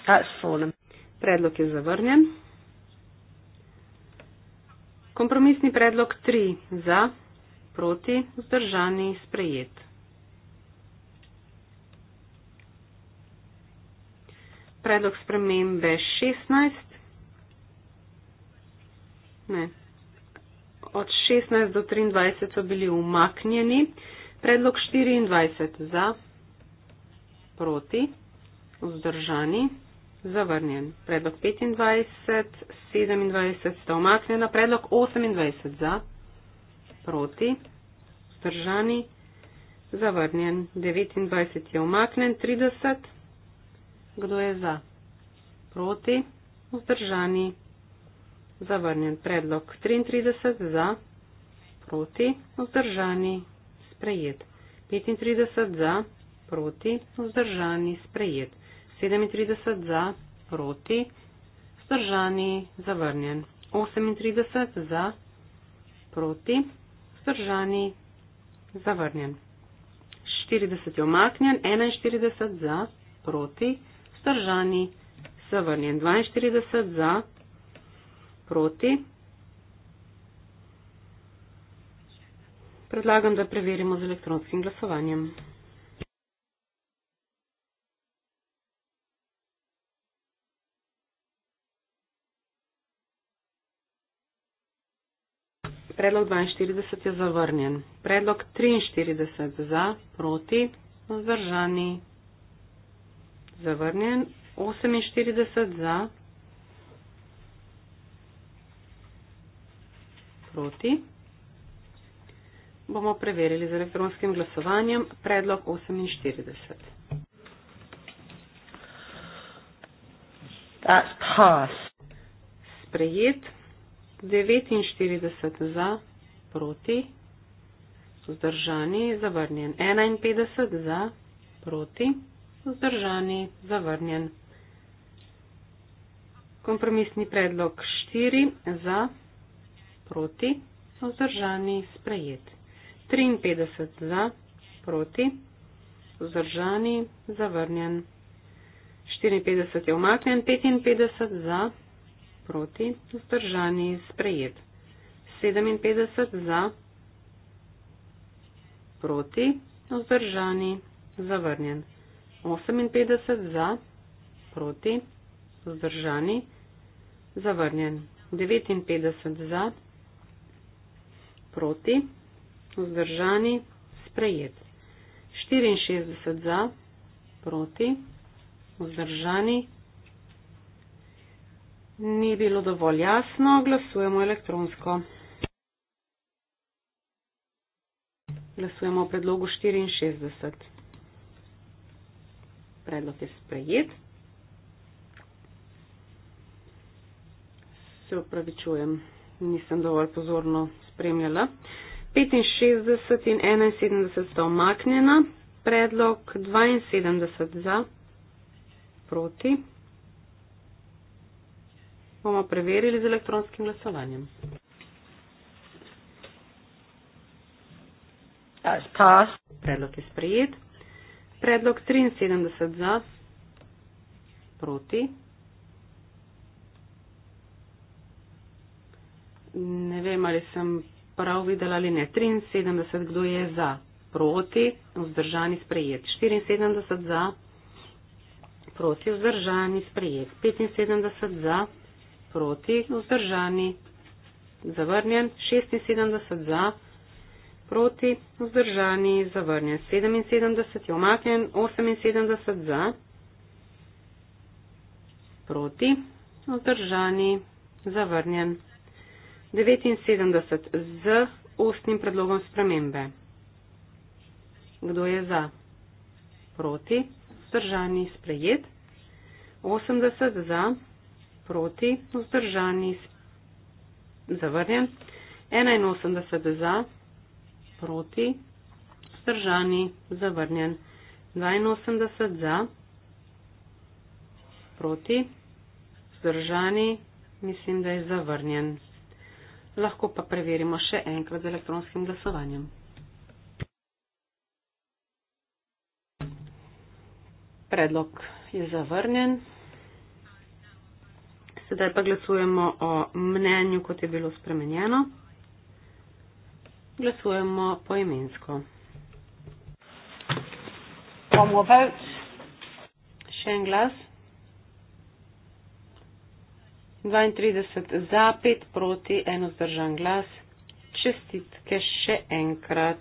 A, predlog je zavrnjen. Kompromisni predlog 3 za, proti, vzdržani, sprejet. Predlog spremembe 16. Ne, od 16 do 23 so bili umaknjeni. Predlog 24 za, proti, vzdržani, zavrnjen. Predlog 25, 27 sta umaknjena. Predlog 28 za, proti, vzdržani, zavrnjen. 29 je umaknjen. 30, kdo je za, proti, vzdržani, zavrnjen zavrnjen predlog 33 za, proti, vzdržani, sprejet. 35 za, proti, vzdržani, sprejet. 37 za, proti, vzdržani, zavrnjen. 38 za, proti, vzdržani, zavrnjen. 40 je omaknjen, 41 za, proti, vzdržani, zavrnjen. 42 za, proti, proti. Predlagam, da preverimo z elektronskim glasovanjem. Predlog 42 je zavrnjen. Predlog 43 za, proti, vzdržani. Zavrnjen. 48 za, proti. Bomo preverili z elektronskim glasovanjem predlog 48. That's passed. Sprejet 49 za, proti, vzdržani, zavrnjen. 51 za, proti, vzdržani, zavrnjen. Kompromisni predlog 4 za proti, vzdržani, sprejet. 53 za, proti, vzdržani, zavrnjen. 54 je omaknjen, 55 za, proti, vzdržani, sprejet. 57 za, proti, vzdržani, zavrnjen. 58 za, proti, vzdržani, zavrnjen. 59 za, proti, vzdržani, zavrnjen. 59 za, proti, vzdržani, sprejet. 64 za, proti, vzdržani. Ni bilo dovolj jasno, glasujemo elektronsko. Glasujemo o predlogu 64. Predlog je sprejet. Se upravičujem, nisem dovolj pozorno spremljala. 65 in 71 sta omaknjena, predlog 72 za, proti. Bomo preverili z elektronskim glasovanjem. Predlog je sprejet. Predlog 73 za, proti. ne vem, ali sem prav videla ali ne, 73, kdo je za, proti, vzdržani sprejet, 74 za, proti, vzdržani sprejet, 75 za, proti, vzdržani, zavrnjen, 76 za, proti, vzdržani, zavrnjen, 77 je omaknjen, 78 za, proti, vzdržani, zavrnjen. 79 z ustnim predlogom spremembe. Kdo je za? Proti. Vzdržani sprejet. 80 za. Proti. Vzdržani zavrnjen. 81 za. Proti. Vzdržani zavrnjen. 82 za. Proti. Vzdržani. Mislim, da je zavrnjen lahko pa preverimo še enkrat z elektronskim glasovanjem. Predlog je zavrnjen. Sedaj pa glasujemo o mnenju, kot je bilo spremenjeno. Glasujemo poimensko. One more vote. Shane Glass. 32 za, 5 proti, 1 vzdržan glas. Čestitke še enkrat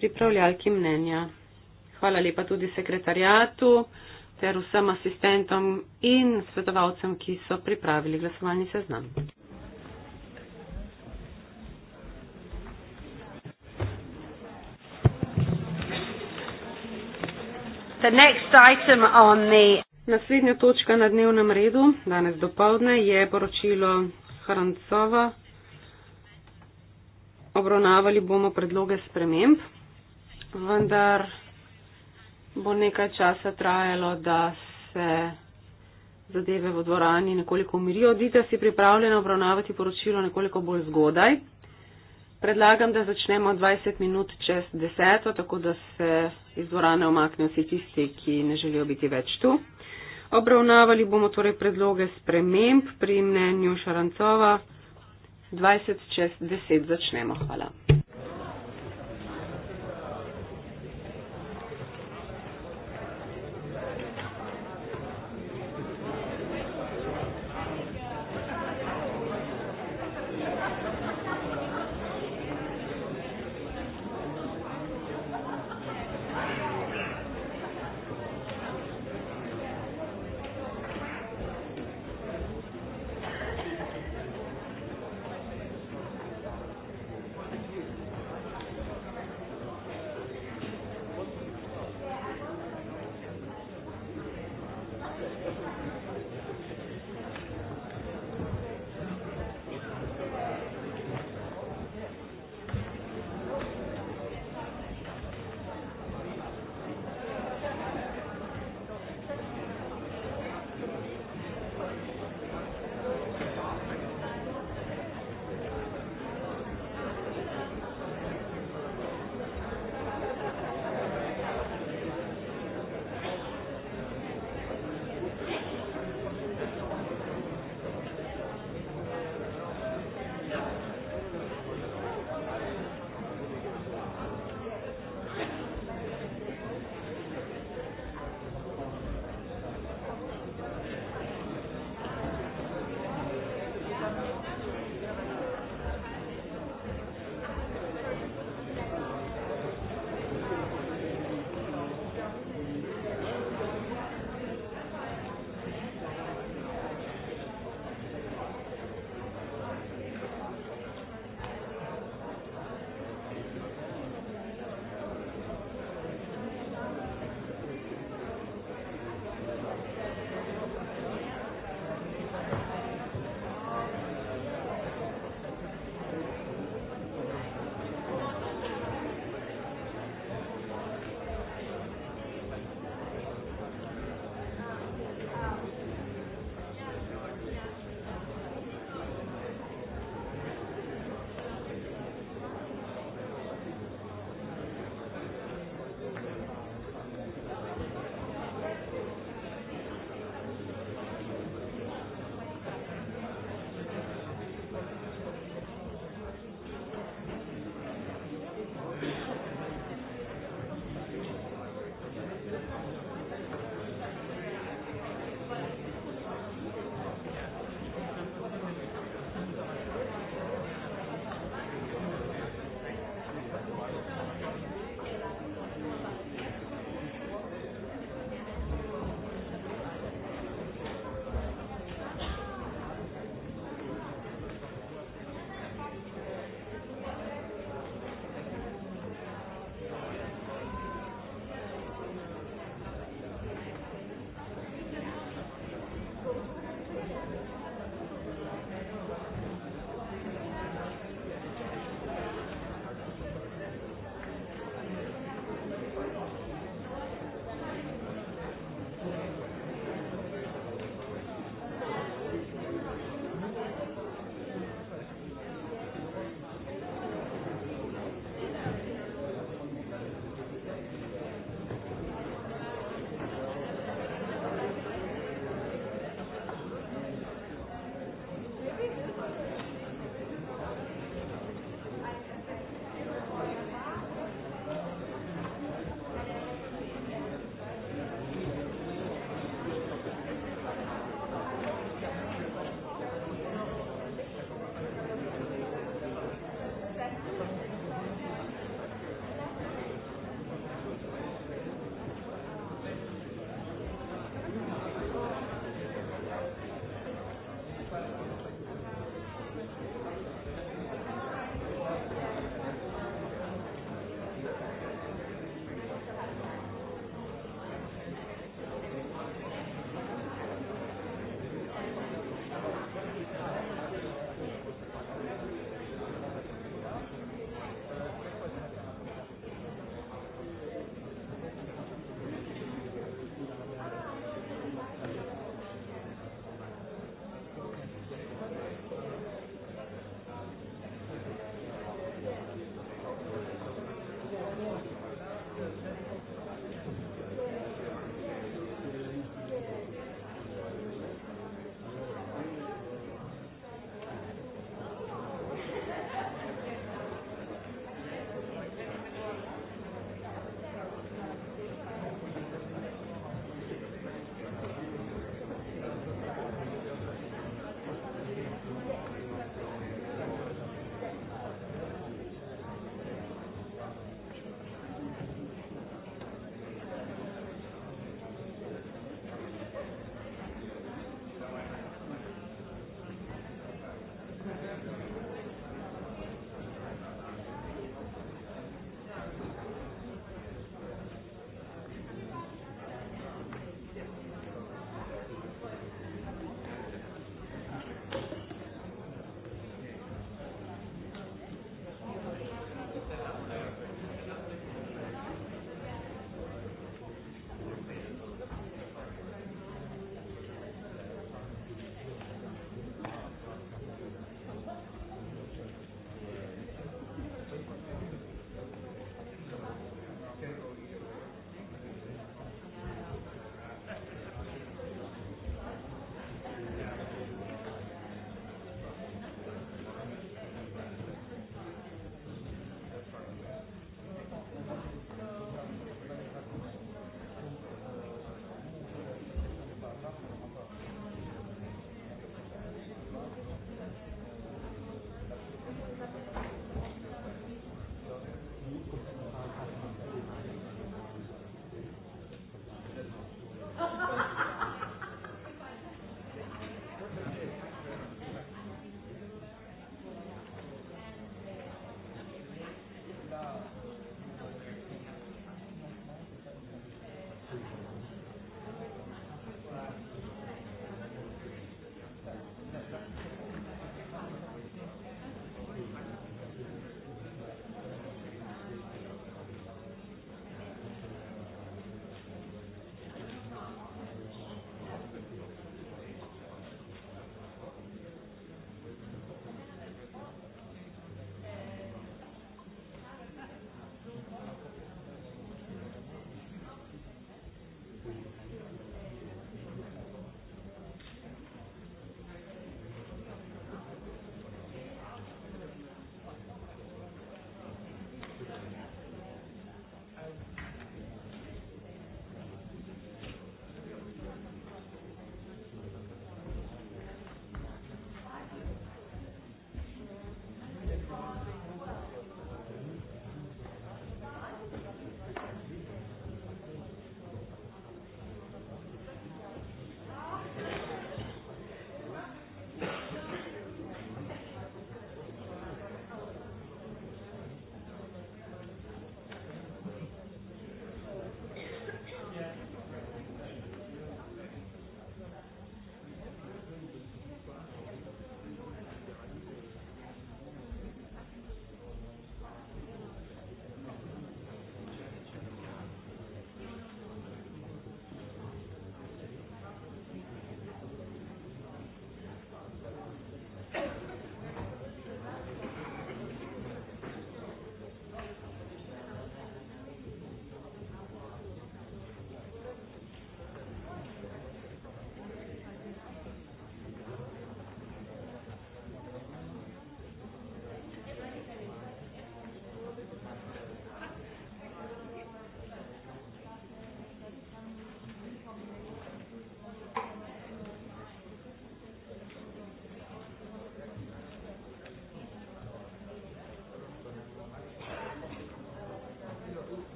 pripravljalki mnenja. Hvala lepa tudi sekretarijatu ter vsem asistentom in svetovalcem, ki so pripravili glasovalni seznam. The next item on the Naslednja točka na dnevnem redu danes dopoledne je poročilo Hrancova. Obravnavali bomo predloge sprememb, vendar bo nekaj časa trajalo, da se zadeve v dvorani nekoliko umirijo. Odite si pripravljeno obravnavati poročilo nekoliko bolj zgodaj. Predlagam, da začnemo 20 minut čez 10, tako da se iz dvorane omaknejo vsi tisti, ki ne želijo biti več tu. Obravnavali bomo torej predloge sprememb pri mnenju Šarancova. 20 čez 10 začnemo. Hvala.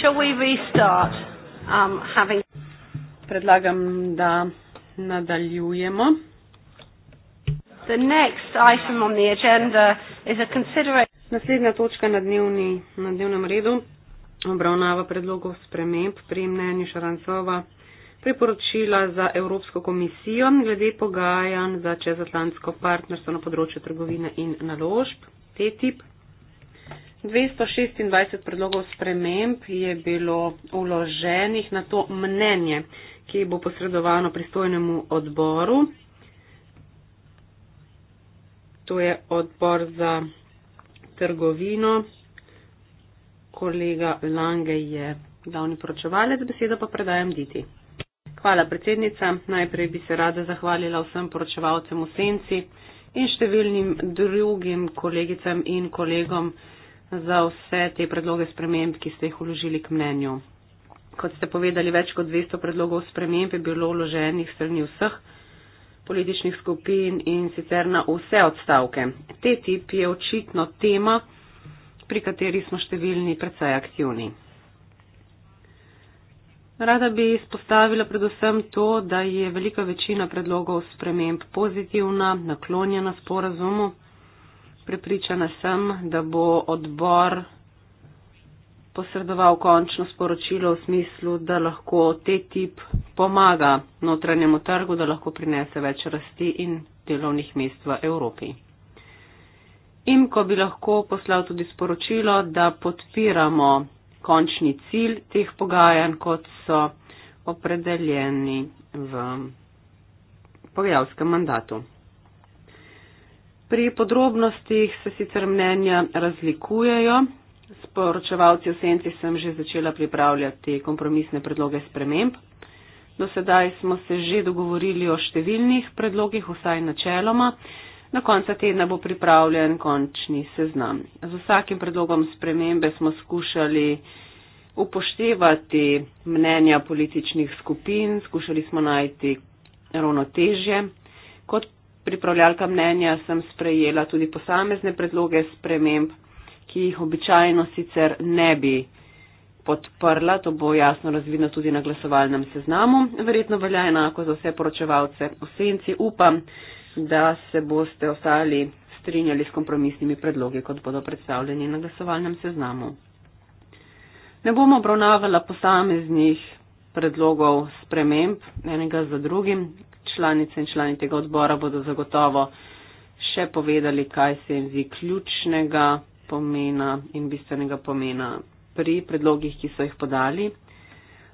Shall we restart um, having? Predlagam da nadaljujemo. The next item on the agenda is a consideration. Naslednja točka na, dnevni, na dnevnem redu obravnava predlogov sprememb pri mnenju Šarancova priporočila za Evropsko komisijo glede pogajanj za čezatlantsko partnerstvo na področju trgovine in naložb, TTIP. 226 predlogov sprememb je bilo uloženih na to mnenje, ki bo posredovano pristojnemu odboru. To je odbor za trgovino. Kolega Lange je glavni poročevalec, besedo pa predajam Diti. Hvala, predsednica. Najprej bi se rada zahvalila vsem poročevalcem v Senci in številnim drugim kolegicam in kolegom, za vse te predloge sprememb, ki ste jih uložili k mnenju. Kot ste povedali, več kot 200 predlogov sprememb je bilo uloženih strani vseh političnih skupin in sicer na vse odstavke. TTIP je očitno tema, pri kateri smo številni predvsej aktivni. Rada bi izpostavila predvsem to, da je velika večina predlogov sprememb pozitivna, naklonjena sporazumu. Pripričana sem, da bo odbor posredoval končno sporočilo v smislu, da lahko te tip pomaga notranjemu trgu, da lahko prinese več rasti in delovnih mest v Evropi. Imko bi lahko poslal tudi sporočilo, da podpiramo končni cilj teh pogajanj, kot so opredeljeni v pogajalskem mandatu. Pri podrobnostih se sicer mnenja razlikujejo. S poročevalci v senci sem že začela pripravljati kompromisne predloge sprememb. Do sedaj smo se že dogovorili o številnih predlogih, vsaj načeloma. Na konca tedna bo pripravljen končni seznam. Z vsakim predlogom spremembe smo skušali upoštevati mnenja političnih skupin, skušali smo najti ravnotežje. Kot pripravljalka mnenja sem sprejela tudi posamezne predloge sprememb, ki jih običajno sicer ne bi podprla, to bo jasno razvidno tudi na glasovalnem seznamu. Verjetno velja enako za vse poročevalce v senci. Upam, da se boste ostali strinjali s kompromisnimi predlogi, kot bodo predstavljeni na glasovalnem seznamu. Ne bomo obravnavala posameznih predlogov sprememb enega za drugim, članice in člani tega odbora bodo zagotovo še povedali, kaj se jim zdi ključnega pomena in bistvenega pomena pri predlogih, ki so jih podali.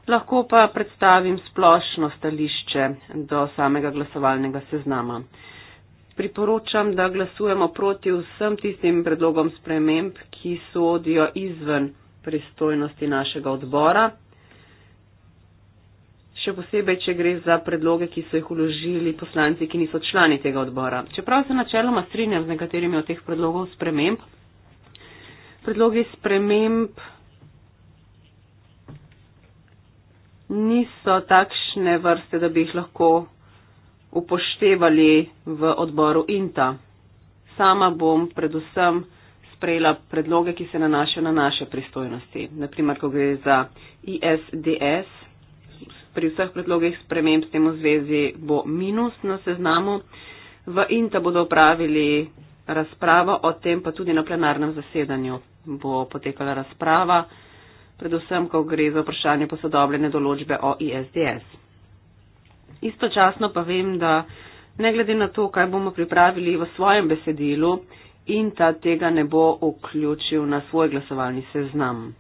Lahko pa predstavim splošno stališče do samega glasovalnega seznama. Priporočam, da glasujemo proti vsem tistim predlogom sprememb, ki sodijo izven pristojnosti našega odbora, še posebej, če gre za predloge, ki so jih uložili poslanci, ki niso člani tega odbora. Čeprav se načeloma strinjam z nekaterimi od teh predlogov sprememb, predlogi sprememb niso takšne vrste, da bi jih lahko upoštevali v odboru INTA. Sama bom predvsem sprejela predloge, ki se nanašajo na naše pristojnosti. Naprimer, ko gre za ISDS, pri vseh predlogih sprememb s tem v zvezi bo minus na seznamu. V Inta bodo upravili razpravo o tem, pa tudi na plenarnem zasedanju bo potekala razprava, predvsem, ko gre za vprašanje posodobljene določbe o ISDS. Istočasno pa vem, da ne glede na to, kaj bomo pripravili v svojem besedilu, Inta tega ne bo vključil na svoj glasovalni seznam.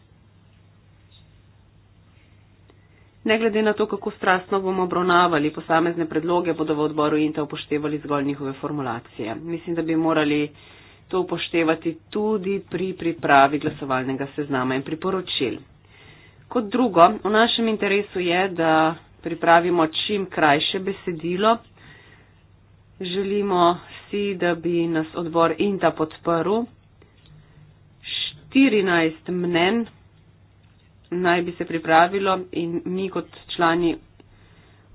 Ne glede na to, kako strastno bomo obravnavali posamezne predloge, bodo v odboru INTA upoštevali zgolj njihove formulacije. Mislim, da bi morali to upoštevati tudi pri pripravi glasovalnega seznama in priporočil. Kot drugo, v našem interesu je, da pripravimo čim krajše besedilo. Želimo si, da bi nas odbor INTA podprl. 14 mnen naj bi se pripravilo in mi kot člani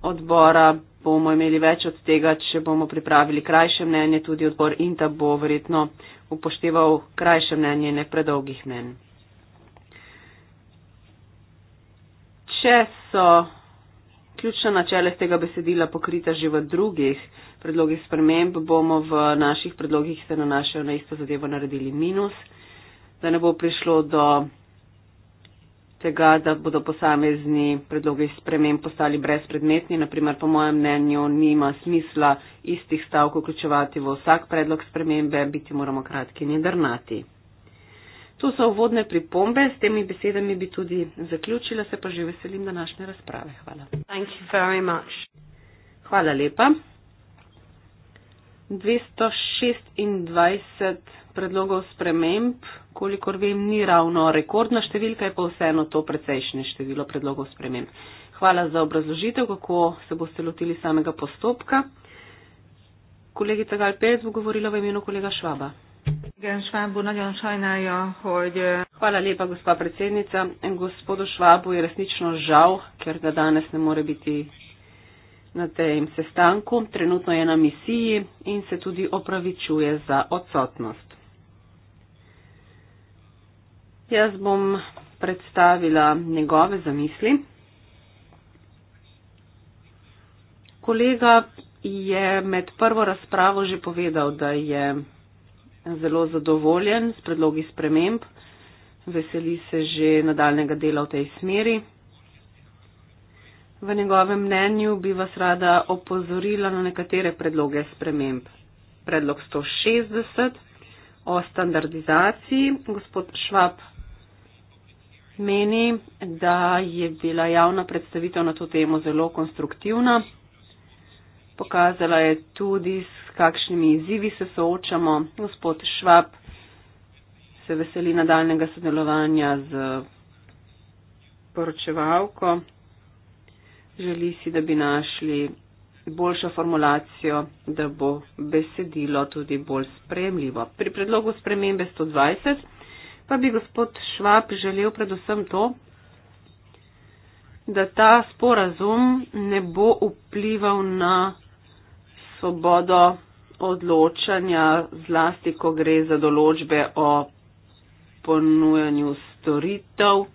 odbora bomo imeli več od tega, če bomo pripravili krajše mnenje, tudi odbor INTA bo verjetno upošteval krajše mnenje, ne predolgih mnen. Če so ključna načela iz tega besedila pokrita že v drugih predlogih sprememb, bomo v naših predlogih, ki se nanašajo na isto zadevo, naredili minus, da ne bo prišlo do tega, da bodo posamezni predlogi sprememb postali brezpredmetni. Naprimer, po mojem mnenju, nima smisla istih stavkov vključevati v vsak predlog spremembe, biti moramo kratki in jedrnati. To so uvodne pripombe, s temi besedami bi tudi zaključila, se pa že veselim današnje razprave. Hvala. Thank you very much. Hvala lepa. 226 predlogov sprememb, kolikor vem, ni ravno rekordna številka, je pa vseeno to precejšnje število predlogov sprememb. Hvala za obrazložitev, kako se boste lotili samega postopka. Kolegica Galpec bo govorila v imenu kolega Švaba. Hvala lepa, gospa predsednica. Gospodu Švabu je resnično žal, ker ga danes ne more biti na tem sestanku. Trenutno je na misiji in se tudi opravičuje za odsotnost. Jaz bom predstavila njegove zamisli. Kolega je med prvo razpravo že povedal, da je zelo zadovoljen s predlogi sprememb, veseli se že nadaljnega dela v tej smeri. V njegovem mnenju bi vas rada opozorila na nekatere predloge sprememb. Predlog 160 o standardizaciji. Gospod Švab meni, da je bila javna predstavitev na to temo zelo konstruktivna. Pokazala je tudi, s kakšnimi izzivi se soočamo. Gospod Švab se veseli nadaljnega sodelovanja z poročevalko. Želi si, da bi našli boljšo formulacijo, da bo besedilo tudi bolj spremljivo. Pri predlogu spremembe 120 pa bi gospod Švab želel predvsem to, da ta sporazum ne bo vplival na svobodo odločanja, zlasti, ko gre za določbe o ponujanju storitev.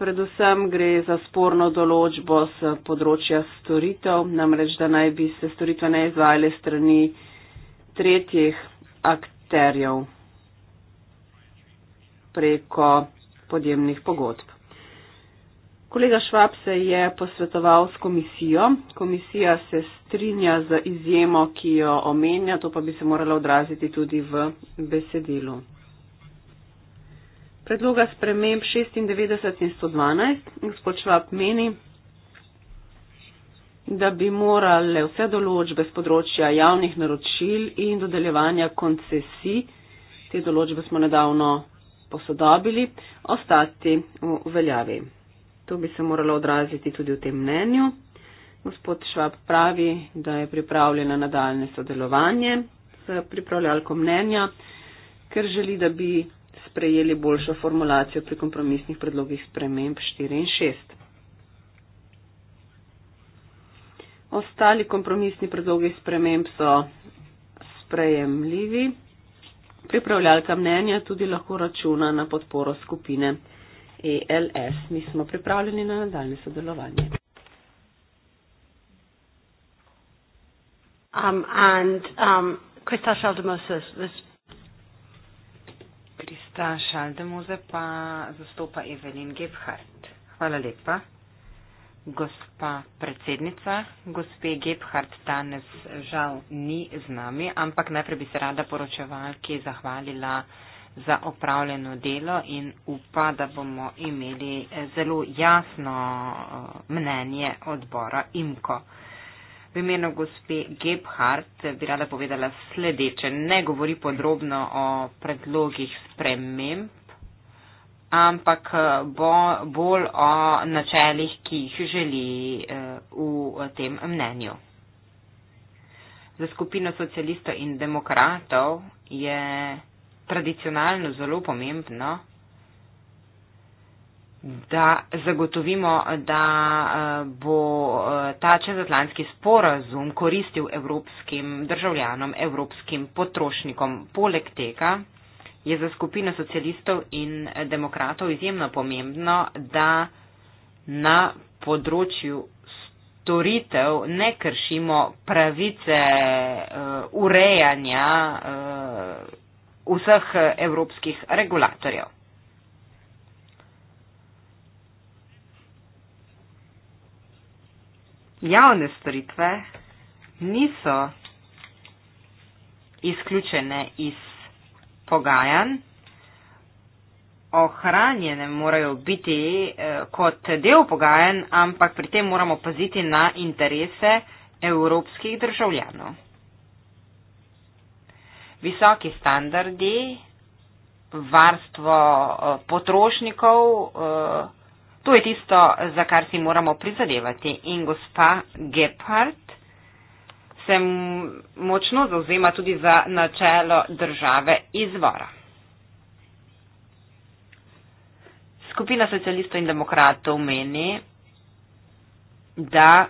Predvsem gre za sporno določbo z področja storitev, namreč da naj bi se storitve ne izvajale strani tretjih akterjev preko podjemnih pogodb. Kolega Švab se je posvetoval s komisijo. Komisija se strinja z izjemo, ki jo omenja, to pa bi se moralo odraziti tudi v besedilu predloga sprememb 96 in 112. Gospod Švab meni, da bi morale vse določbe z področja javnih naročil in dodeljevanja koncesij, te določbe smo nedavno posodobili, ostati v veljavi. To bi se moralo odraziti tudi v tem mnenju. Gospod Švab pravi, da je pripravljena nadaljne sodelovanje s pripravljalko mnenja, ker želi, da bi sprejeli boljšo formulacijo pri kompromisnih predlogih sprememb 4 in 6. Ostali kompromisni predlogi sprememb so sprejemljivi. Pripravljalka mnenja tudi lahko računa na podporo skupine ELS. Mi smo pripravljeni na nadaljne sodelovanje. Um, and, um, Budista, Šaldemuze pa zastopa Evelin Gebhardt. Hvala lepa. Gospa predsednica, gospe Gebhardt danes žal ni z nami, ampak najprej bi se rada poročevalki zahvalila za opravljeno delo in upa, da bomo imeli zelo jasno eh, mnenje odbora IMKO. V imenu gospe Gebhardt bi rada povedala sledeče. Ne govori podrobno o predlogih sprememb, ampak bo, bolj o načelih, ki jih želi eh, v tem mnenju. Za skupino socialistov in demokratov je tradicionalno zelo pomembno, da zagotovimo, da eh, bo eh, ta čezatlantski sporazum koristil evropskim državljanom, evropskim potrošnikom. Poleg tega je za skupino socialistov in demokratov izjemno pomembno, da na področju storitev ne kršimo pravice eh, urejanja vseh evropskih regulatorjev. javne storitve niso izključene iz pogajanj, ohranjene morajo biti eh, kot del pogajanj, ampak pri tem moramo paziti na interese evropskih državljanov. Visoki standardi, varstvo eh, potrošnikov, eh, To je tisto, za kar si moramo prizadevati. In gospa Gephardt se močno zauzema tudi za načelo države izvora. Skupina socialistov in demokratov meni, da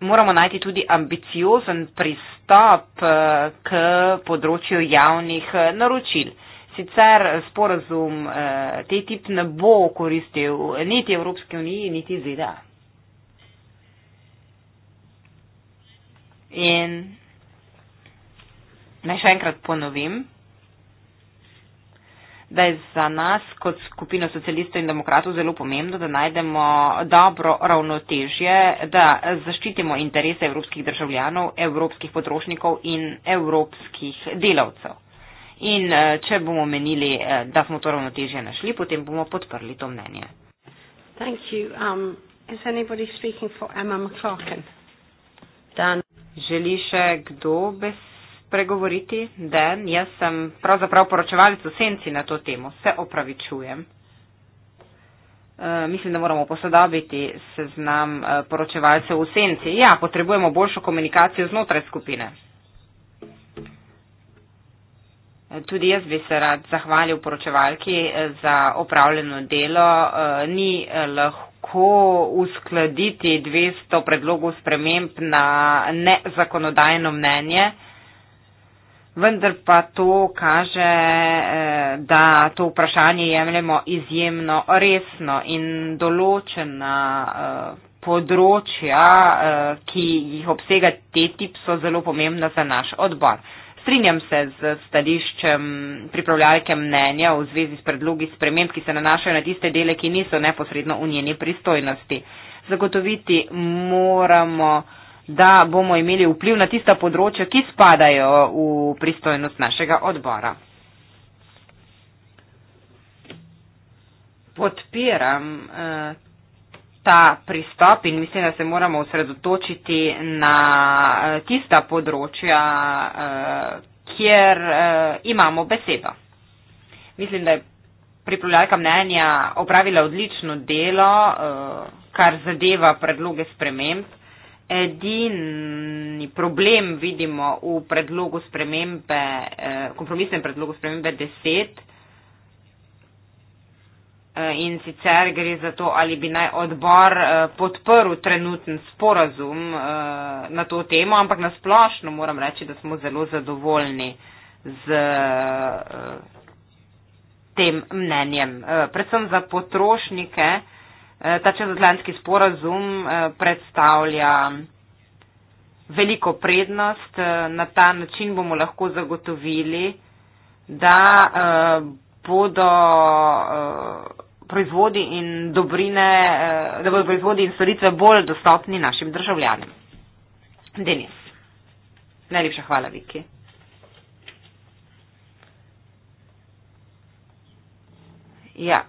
moramo najti tudi ambiciozen pristop eh, k področju javnih eh, naročil. Sicer sporazum eh, te tip ne bo koristil niti Evropske unije, niti ZDA. In naj še enkrat ponovim, da je za nas kot skupino socialistov in demokratov zelo pomembno, da najdemo dobro ravnotežje, da zaščitimo interese evropskih državljanov, evropskih potrošnikov in evropskih delavcev. In eh, če bomo menili, eh, da smo to ravnotežje našli, potem bomo podprli to mnenje. Um, Dan. Želi še kdo spregovoriti? Dan, jaz sem pravzaprav poročevalec v senci na to temo. Se opravičujem. Uh, mislim, da moramo posodobiti seznam uh, poročevalcev v senci. Ja, potrebujemo boljšo komunikacijo znotraj skupine. Tudi jaz bi se rad zahvalil poročevalki eh, za opravljeno delo. Eh, ni lahko uskladiti 200 predlogov sprememb na nezakonodajno mnenje. Vendar pa to kaže, eh, da to vprašanje jemljemo izjemno resno in določena področja, ki jih obsega TTIP, so zelo pomembna za naš odbor strinjam se z stališčem pripravljalke mnenja v zvezi s predlogi sprememb, ki se nanašajo na tiste dele, ki niso neposredno v njeni pristojnosti. Zagotoviti moramo, da bomo imeli vpliv na tista področja, ki spadajo v pristojnost našega odbora. Podpiram. Eh, ta pristop in mislim, da se moramo osredotočiti na eh, tista področja, eh, kjer eh, imamo besedo. Mislim, da je pripravljalka mnenja opravila odlično delo, kar zadeva predloge sprememb. Edini problem vidimo v predlogu spremembe, kompromisnem predlogu spremembe 10 Eh, in sicer gre za to, ali bi naj odbor eh, podprl trenutni sporazum eh, na to temo, ampak nasplošno moram reči, da smo zelo zadovoljni z tem mnenjem. Predvsem za potrošnike ta čezatlantski sporazum predstavlja veliko prednost. Na ta način bomo lahko zagotovili, da bodo proizvodi in dobrine, eh, da bodo proizvodi in storitve bolj dostopni našim državljanem. Denis, najlepša hvala, Viki. Ja.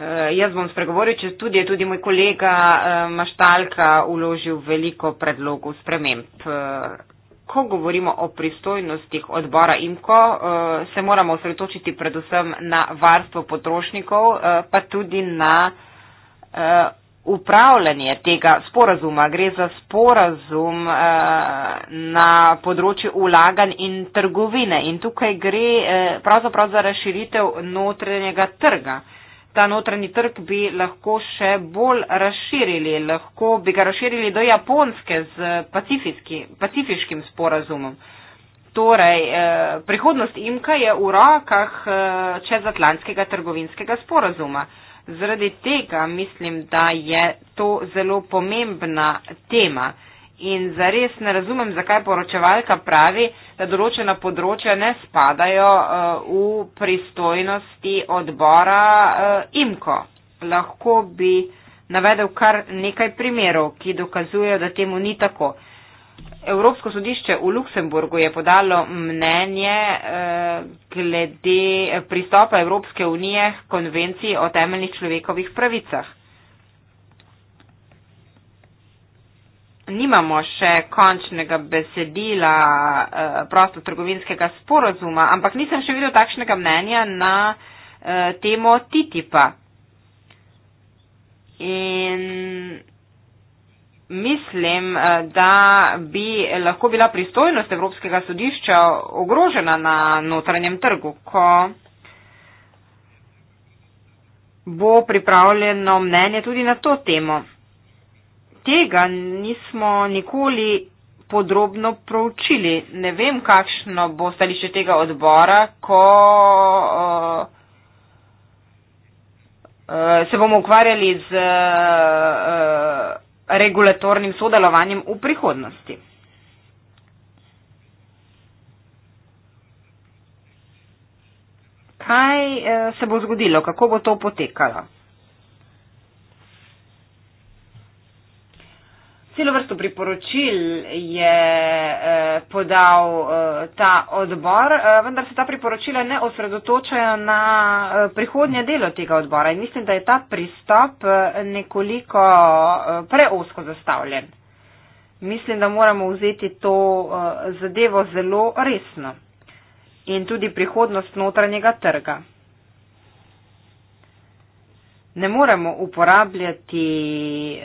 Uh, jaz bom spregovoril, če tudi je tudi moj kolega uh, Maštalka uložil veliko predlogov sprememb. Uh, ko govorimo o pristojnostih odbora IMKO, eh, se moramo osredotočiti predvsem na varstvo potrošnikov, eh, pa tudi na eh, upravljanje tega sporazuma. Gre za sporazum na področju ulaganj in trgovine in tukaj gre pravzaprav za razširitev notranjega trga ta notranji trg bi lahko še bolj razširili, lahko bi ga razširili do Japonske z pacifiškim sporazumom. Torej, eh, prihodnost imka je v rokah eh, čezatlantskega trgovinskega sporazuma. Zaradi tega mislim, da je to zelo pomembna tema in zares ne razumem, zakaj poročevalka pravi, da določena področja ne spadajo uh, v pristojnosti odbora uh, IMKO. Lahko bi navedel kar nekaj primerov, ki dokazujejo, da temu ni tako. Evropsko sodišče v Luksemburgu je podalo mnenje uh, glede pristopa Evropske unije k konvenciji o temeljnih človekovih pravicah. nimamo še končnega besedila eh, prostotrgovinskega sporozuma, ampak nisem še videl takšnega mnenja na eh, temo TTIP-a. In mislim, eh, da bi lahko bila pristojnost Evropskega sodišča ogrožena na notranjem trgu, ko bo pripravljeno mnenje tudi na to temo tega nismo nikoli podrobno proučili. Ne vem, kakšno bo stališče tega odbora, ko eh, eh, se bomo ukvarjali z eh, regulatornim sodelovanjem v prihodnosti. Kaj se bo zgodilo, kako bo to potekalo? priporočil je eh, podal eh, ta odbor, eh, vendar se ta priporočila ne osredotočajo na prihodnje delo tega odbora in mislim, da je ta pristop nekoliko preosko zastavljen. Mislim, da moramo vzeti to zadevo zelo resno in tudi prihodnost notranjega trga ne moremo uporabljati e,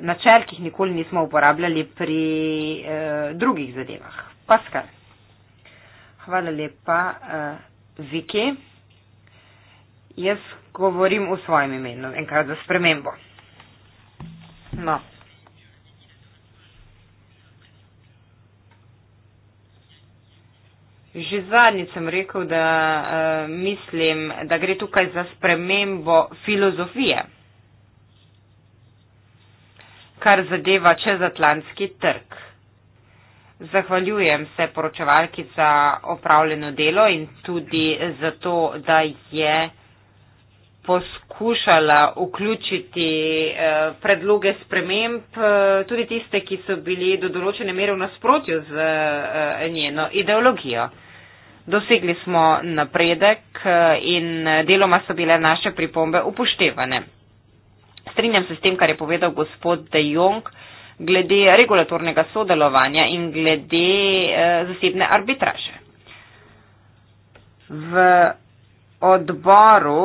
načel, ki jih nikoli nismo uporabljali pri e, drugih zadevah. Paskar. Hvala lepa, e, Viki. Jaz govorim v svojem imenu, enkrat za spremembo. No. Že zadnjič sem rekel, da uh, mislim, da gre tukaj za spremembo filozofije, kar zadeva čezatlantski trg. Zahvaljujem se poročevalki za opravljeno delo in tudi zato, da je poskušala vključiti eh, predloge sprememb, eh, tudi tiste, ki so bili do določene mere v nasprotju z njeno ideologijo. Dosegli smo napredek eh, in eh, deloma so bile naše pripombe upoštevane. Strinjam se s tem, kar je povedal gospod De Jong glede regulatornega sodelovanja in glede eh, zasebne arbitraže. V odboru,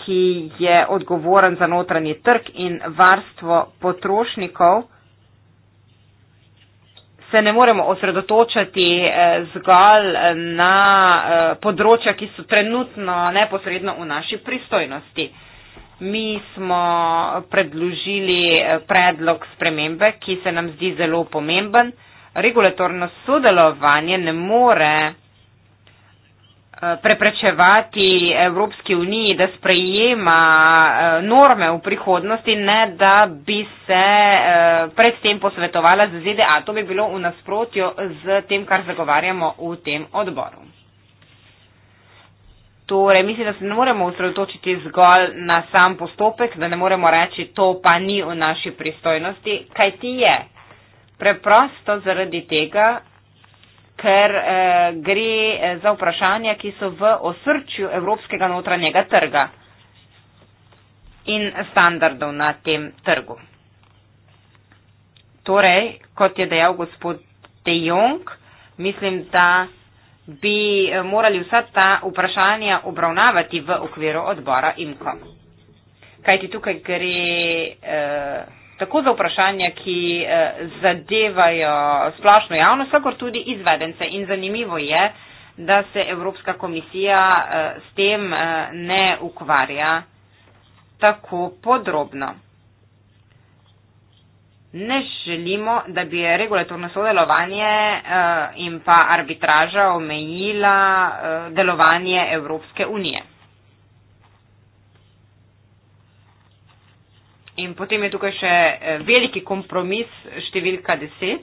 ki je odgovoren za notranji trg in varstvo potrošnikov, se ne moremo osredotočati eh, zgolj eh, na eh, področja, ki so trenutno neposredno v naši pristojnosti. Mi smo predložili predlog spremembe, ki se nam zdi zelo pomemben. Regulatorno sodelovanje ne more Eh, preprečevati Evropski uniji, da sprejema eh, norme v prihodnosti, ne da bi se eh, predtem posvetovala z ZDA. To bi bilo v nasprotju z tem, kar zagovarjamo v tem odboru. Torej, mislim, da se ne moremo usredotočiti zgolj na sam postopek, da ne moremo reči, to pa ni v naši pristojnosti, kaj ti je. Preprosto zaradi tega, ker eh, gre eh, za vprašanja, ki so v osrčju evropskega notranjega trga in standardov na tem trgu. Torej, kot je dejal gospod De Jong, mislim, da bi eh, morali vsa ta vprašanja obravnavati v okviru odbora IMCO. Kajti tukaj gre. Eh, tako za vprašanja, ki eh, zadevajo splošno javnost, kakor tudi izvedence. In zanimivo je, da se Evropska komisija eh, s tem eh, ne ukvarja tako podrobno. Ne želimo, da bi regulatorno sodelovanje in pa arbitraža omejila delovanje Evropske unije. In potem je tukaj še eh, veliki kompromis številka 10,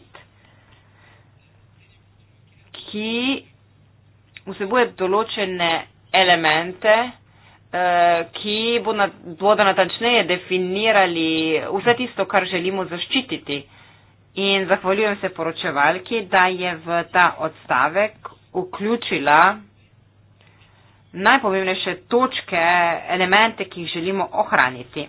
ki vsebuje določene elemente, eh, ki bodo natančneje definirali vse tisto, kar želimo zaščititi. In zahvaljujem se poročevalki, da je v ta odstavek vključila najpomembnejše točke, elemente, ki jih želimo ohraniti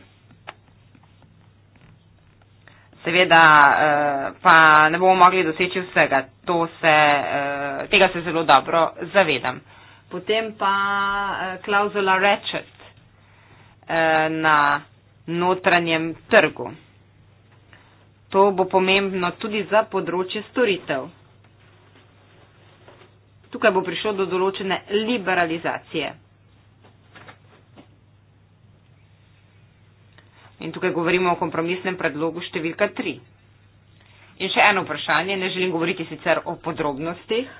seveda uh, pa ne bomo mogli doseči vsega. Se, uh, tega se zelo dobro zavedam. Potem pa uh, eh, klauzula Ratchet uh, na notranjem trgu. To bo pomembno tudi za področje storitev. Tukaj bo prišlo do določene liberalizacije. In tukaj govorimo o kompromisnem predlogu številka 3. In še eno vprašanje, ne želim govoriti sicer o podrobnostih.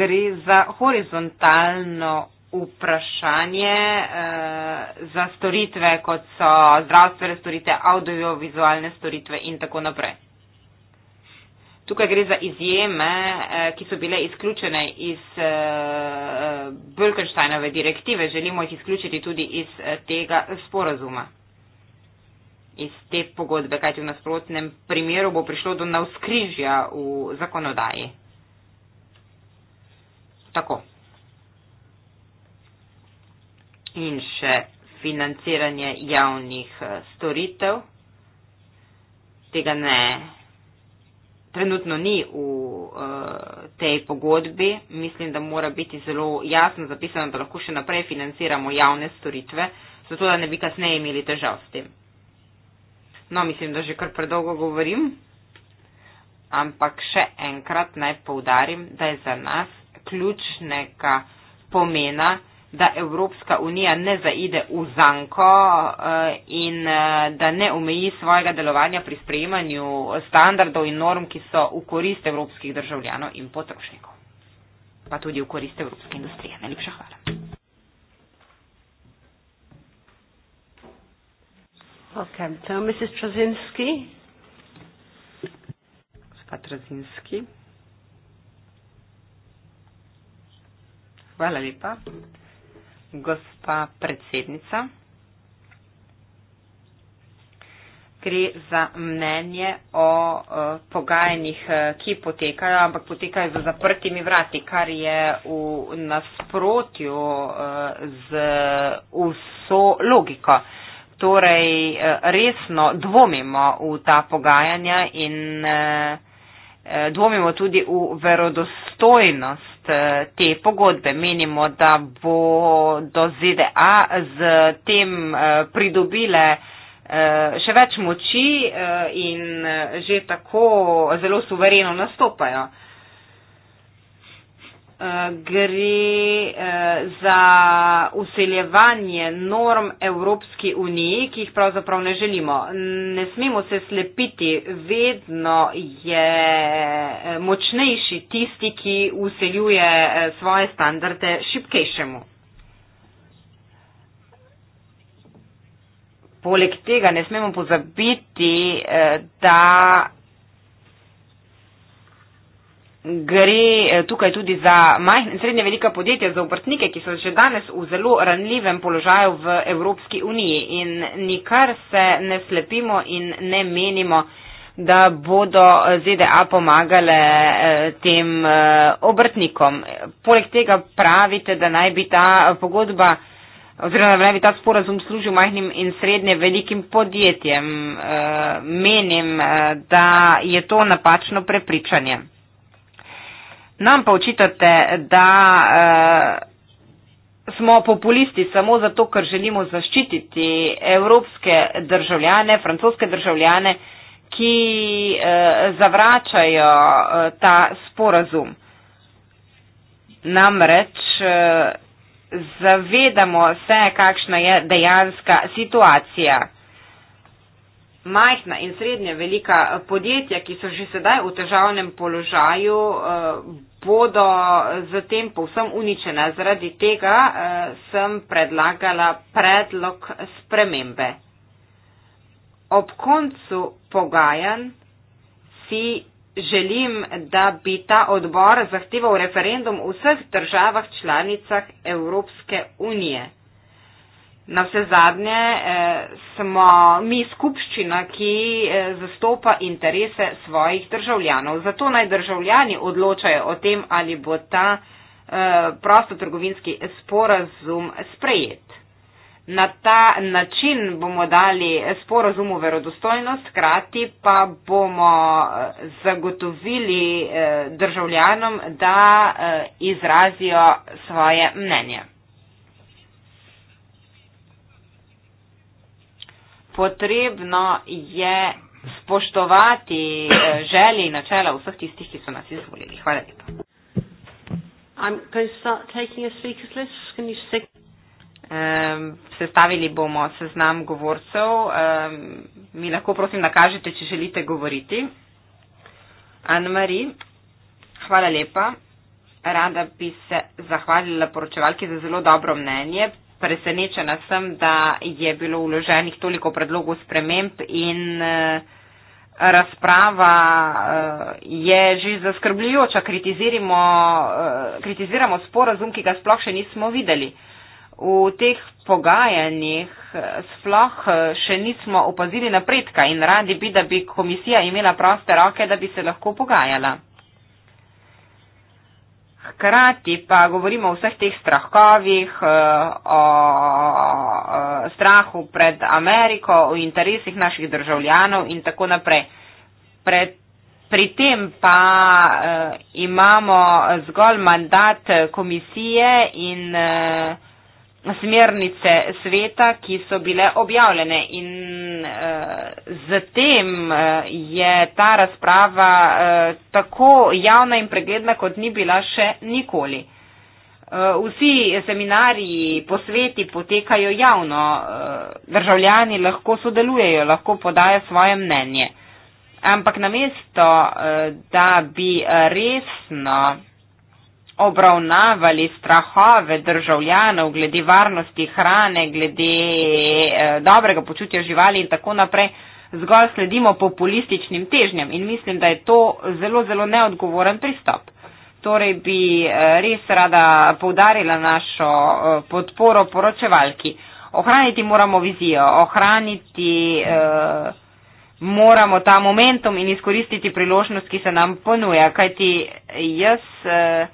Gre za horizontalno vprašanje eh, za storitve, kot so zdravstvene storitve, audiovizualne storitve in tako naprej. Tukaj gre za izjeme, eh, ki so bile izključene iz eh, Bölkensteinove direktive. Želimo jih izključiti tudi iz eh, tega sporazuma, iz te pogodbe, kajti v nasprotnem primeru bo prišlo do navskrižja v zakonodaji. Tako. In še financiranje javnih storitev. Tega ne trenutno ni v uh, tej pogodbi. Mislim, da mora biti zelo jasno zapisano, da lahko še naprej financiramo javne storitve, zato da ne bi kasneje imeli težav s tem. No, mislim, da že kar predolgo govorim, ampak še enkrat naj povdarim, da je za nas ključnega pomena, da Evropska unija ne zaide v zanko eh, in eh, da ne omeji svojega delovanja pri sprejemanju standardov in norm, ki so v korist evropskih državljanov in potrošnikov, pa tudi v korist evropske industrije. Najlepša hvala. Okay, Hvala lepa gospa predsednica. Gre za mnenje o uh, pogajanjih, e, ki potekajo, ampak potekajo za zaprtimi vrati, kar je v nasprotju uh, z vso logiko. Torej, uh, resno dvomimo v ta pogajanja in uh, Eh, dvomimo tudi v verodostojnost eh, te pogodbe. Menimo, da bo do ZDA z tem eh, pridobile še več moči in že tako zelo suvereno nastopajo. Eh, gre eh, za useljevanje norm Evropski uniji, ki jih pravzaprav ne želimo. Ne smemo se slepiti, vedno je eh, močnejši tisti, ki useljuje svoje standarde šipkejšemu. Poleg tega ne smemo pozabiti, da gre eh, tukaj tudi za majhne in srednje velika podjetja, za obrtnike, ki so že danes v zelo ranljivem položaju v Evropski uniji. In nikar se ne slepimo in ne menimo, da bodo eh, ZDA pomagale eh, tem obrtnikom. Poleg tega pravite, da naj bi ta pogodba oziroma da naj bi ta sporazum služil majhnim in srednje velikim podjetjem. Menim, da je to napačno prepričanje. Nam pa očitate, da eh, smo populisti samo zato, ker želimo zaščititi evropske državljane, francoske državljane, ki eh, zavračajo eh, ta sporazum. Namreč eh, zavedamo se, kakšna je dejanska situacija majhna in srednje velika podjetja, ki so že sedaj v težavnem položaju, eh, bodo zatem povsem uničena. Zaradi tega eh, sem predlagala predlog spremembe. Ob koncu pogajan si želim, da bi ta odbor zahteval referendum v vseh državah članicah Evropske unije. Na vse zadnje eh, smo mi skupščina, ki eh, zastopa interese svojih državljanov. Zato naj državljani odločajo o tem, ali bo ta eh, prostotrgovinski sporazum sprejet. Na ta način bomo dali sporazumu verodostojnost, krati pa bomo eh, zagotovili eh, državljanom, da eh, izrazijo svoje mnenje. potrebno je spoštovati eh, želje in načela vseh tistih, ki so nas izvolili. Hvala lepa. Um, sestavili bomo seznam govorcev. Um, mi lahko prosim nakažete, če želite govoriti. Anne-Marie, hvala lepa. Rada bi se zahvalila poročevalki za zelo dobro mnenje presenečena sem, da je bilo vloženih toliko predlogov sprememb in eh, razprava eh, je že zaskrbljujoča. Eh, kritiziramo sporazum, ki ga sploh še nismo videli. V teh pogajanjih sploh še nismo opazili napredka in radi bi, da bi komisija imela proste roke, da bi se lahko pogajala. Hkrati pa govorimo o vseh teh strahovih, eh, o eh, strahu pred Ameriko, o interesih naših državljanov in tako naprej. Pred, pri tem pa eh, imamo zgolj mandat komisije in smernice sveta, ki so bile objavljene in uh, eh, zatem uh, eh, je ta razprava uh, tako javna in pregledna, kot ni bila še nikoli. Vsi seminariji po sveti potekajo javno, državljani lahko sodelujejo, lahko podajo svoje mnenje. Ampak namesto, da bi resno obravnavali strahove državljanov glede varnosti hrane, glede eh, dobrega počutja živali in tako naprej, zgolj sledimo populističnim težnjam in mislim, da je to zelo, zelo neodgovoren pristop. Torej bi eh, res rada poudarila našo eh, podporo poročevalki. Ohraniti moramo vizijo, ohraniti eh, moramo ta momentum in izkoristiti priložnost, ki se nam ponuja. Kajti jaz eh,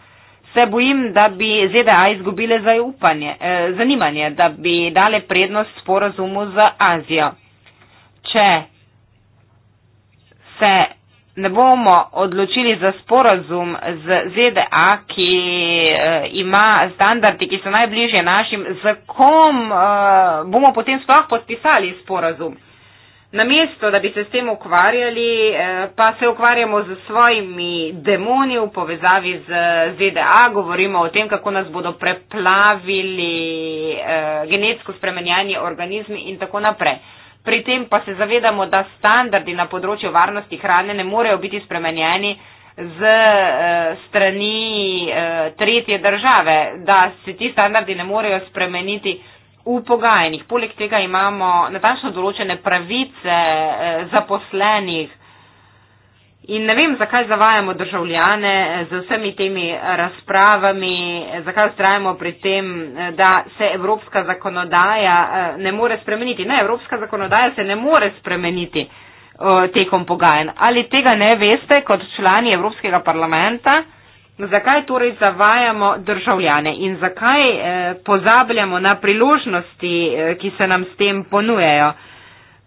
se bojim, da bi ZDA izgubile zaupanje, eh, zanimanje, da bi dale prednost sporazumu z Azijo. Če se ne bomo odločili za sporazum z ZDA, ki eh, ima standardi, ki so najbližje našim, z kom eh, bomo potem sploh podpisali sporazum? Eh, Namesto, da bi se s tem ukvarjali, eh, pa se ukvarjamo z svojimi demoni v povezavi z ZDA, govorimo o tem, kako nas bodo preplavili eh, genetsko spremenjanje organizmi in tako naprej. Pri tem pa se zavedamo, da standardi na področju varnosti hrane ne morejo biti spremenjeni z eh, strani tretje države, da se ti standardi ne morejo spremeniti v pogajanjih. Poleg tega imamo natančno določene pravice eh, zaposlenih. In ne vem, zakaj zavajamo državljane eh, z vsemi temi razpravami, eh, zakaj ustrajamo pri tem, da se evropska zakonodaja ne more spremeniti. Ne, evropska zakonodaja se ne more spremeniti tekom pogajanj. Ali tega ne veste kot člani Evropskega parlamenta? No, zakaj torej zavajamo državljane in zakaj eh, pozabljamo na priložnosti, eh, ki se nam s tem ponujejo?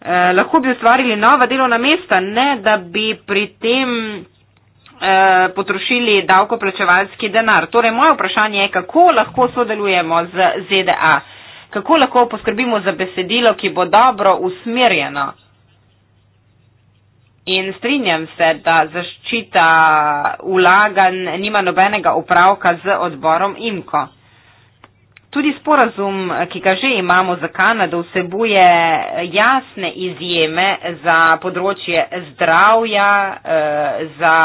Eh, lahko bi ustvarili nova delovna mesta, ne da bi pri tem eh, potrošili davkoplačevalski denar. Torej, moje vprašanje je, kako lahko sodelujemo z ZDA, kako lahko poskrbimo za besedilo, ki bo dobro usmerjeno. In strinjam se, da zaščita vlaganj nima nobenega upravka z odborom IMKO. Tudi sporazum, ki ga že imamo za Kanado, vsebuje jasne izjeme za področje zdravja, eh, za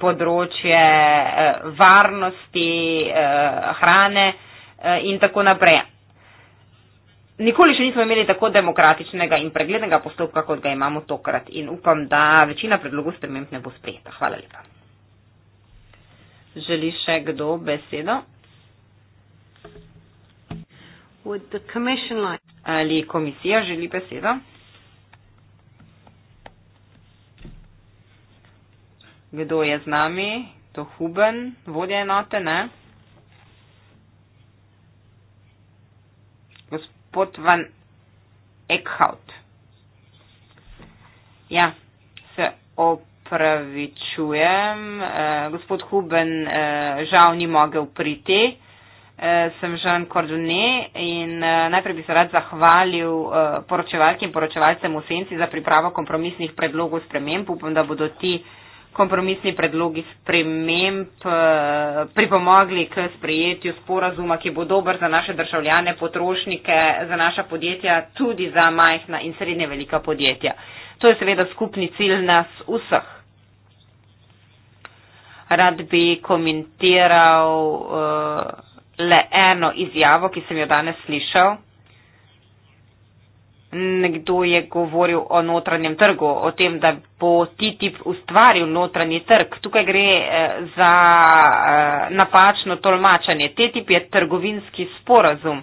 področje eh, varnosti, eh, hrane in tako naprej. Nikoli še nismo imeli tako demokratičnega in preglednega postopka, kot ga imamo tokrat in upam, da večina predlogov sprememb ne bo sprejeta. Hvala lepa. Želi še kdo besedo? Ali komisija želi besedo? Kdo je z nami? To huben, vodja enote, ne? Pot van Eckhout. Ja, se opravičujem. Uh, gospod Huben uh, žal ni mogel priti. Uh, sem Žan Kordone in uh, najprej bi se rad zahvalil uh, poročevalki in poročevalcem v Senci za pripravo kompromisnih predlogov spremem. Upam, da bodo ti uh, kompromisni predlogi sprememb eh, pripomogli k sprejetju sporazuma, ki bo dober za naše državljane, potrošnike, za naša podjetja, tudi za majhna in srednje velika podjetja. To je seveda skupni cilj nas vseh. Rad bi komentiral uh, le eno izjavo, ki sem jo danes slišal nekdo je govoril o notranjem trgu, o tem, da bo TTIP ustvaril notranji trg. Tukaj gre eh, za eh, napačno tolmačanje. TTIP je trgovinski sporazum,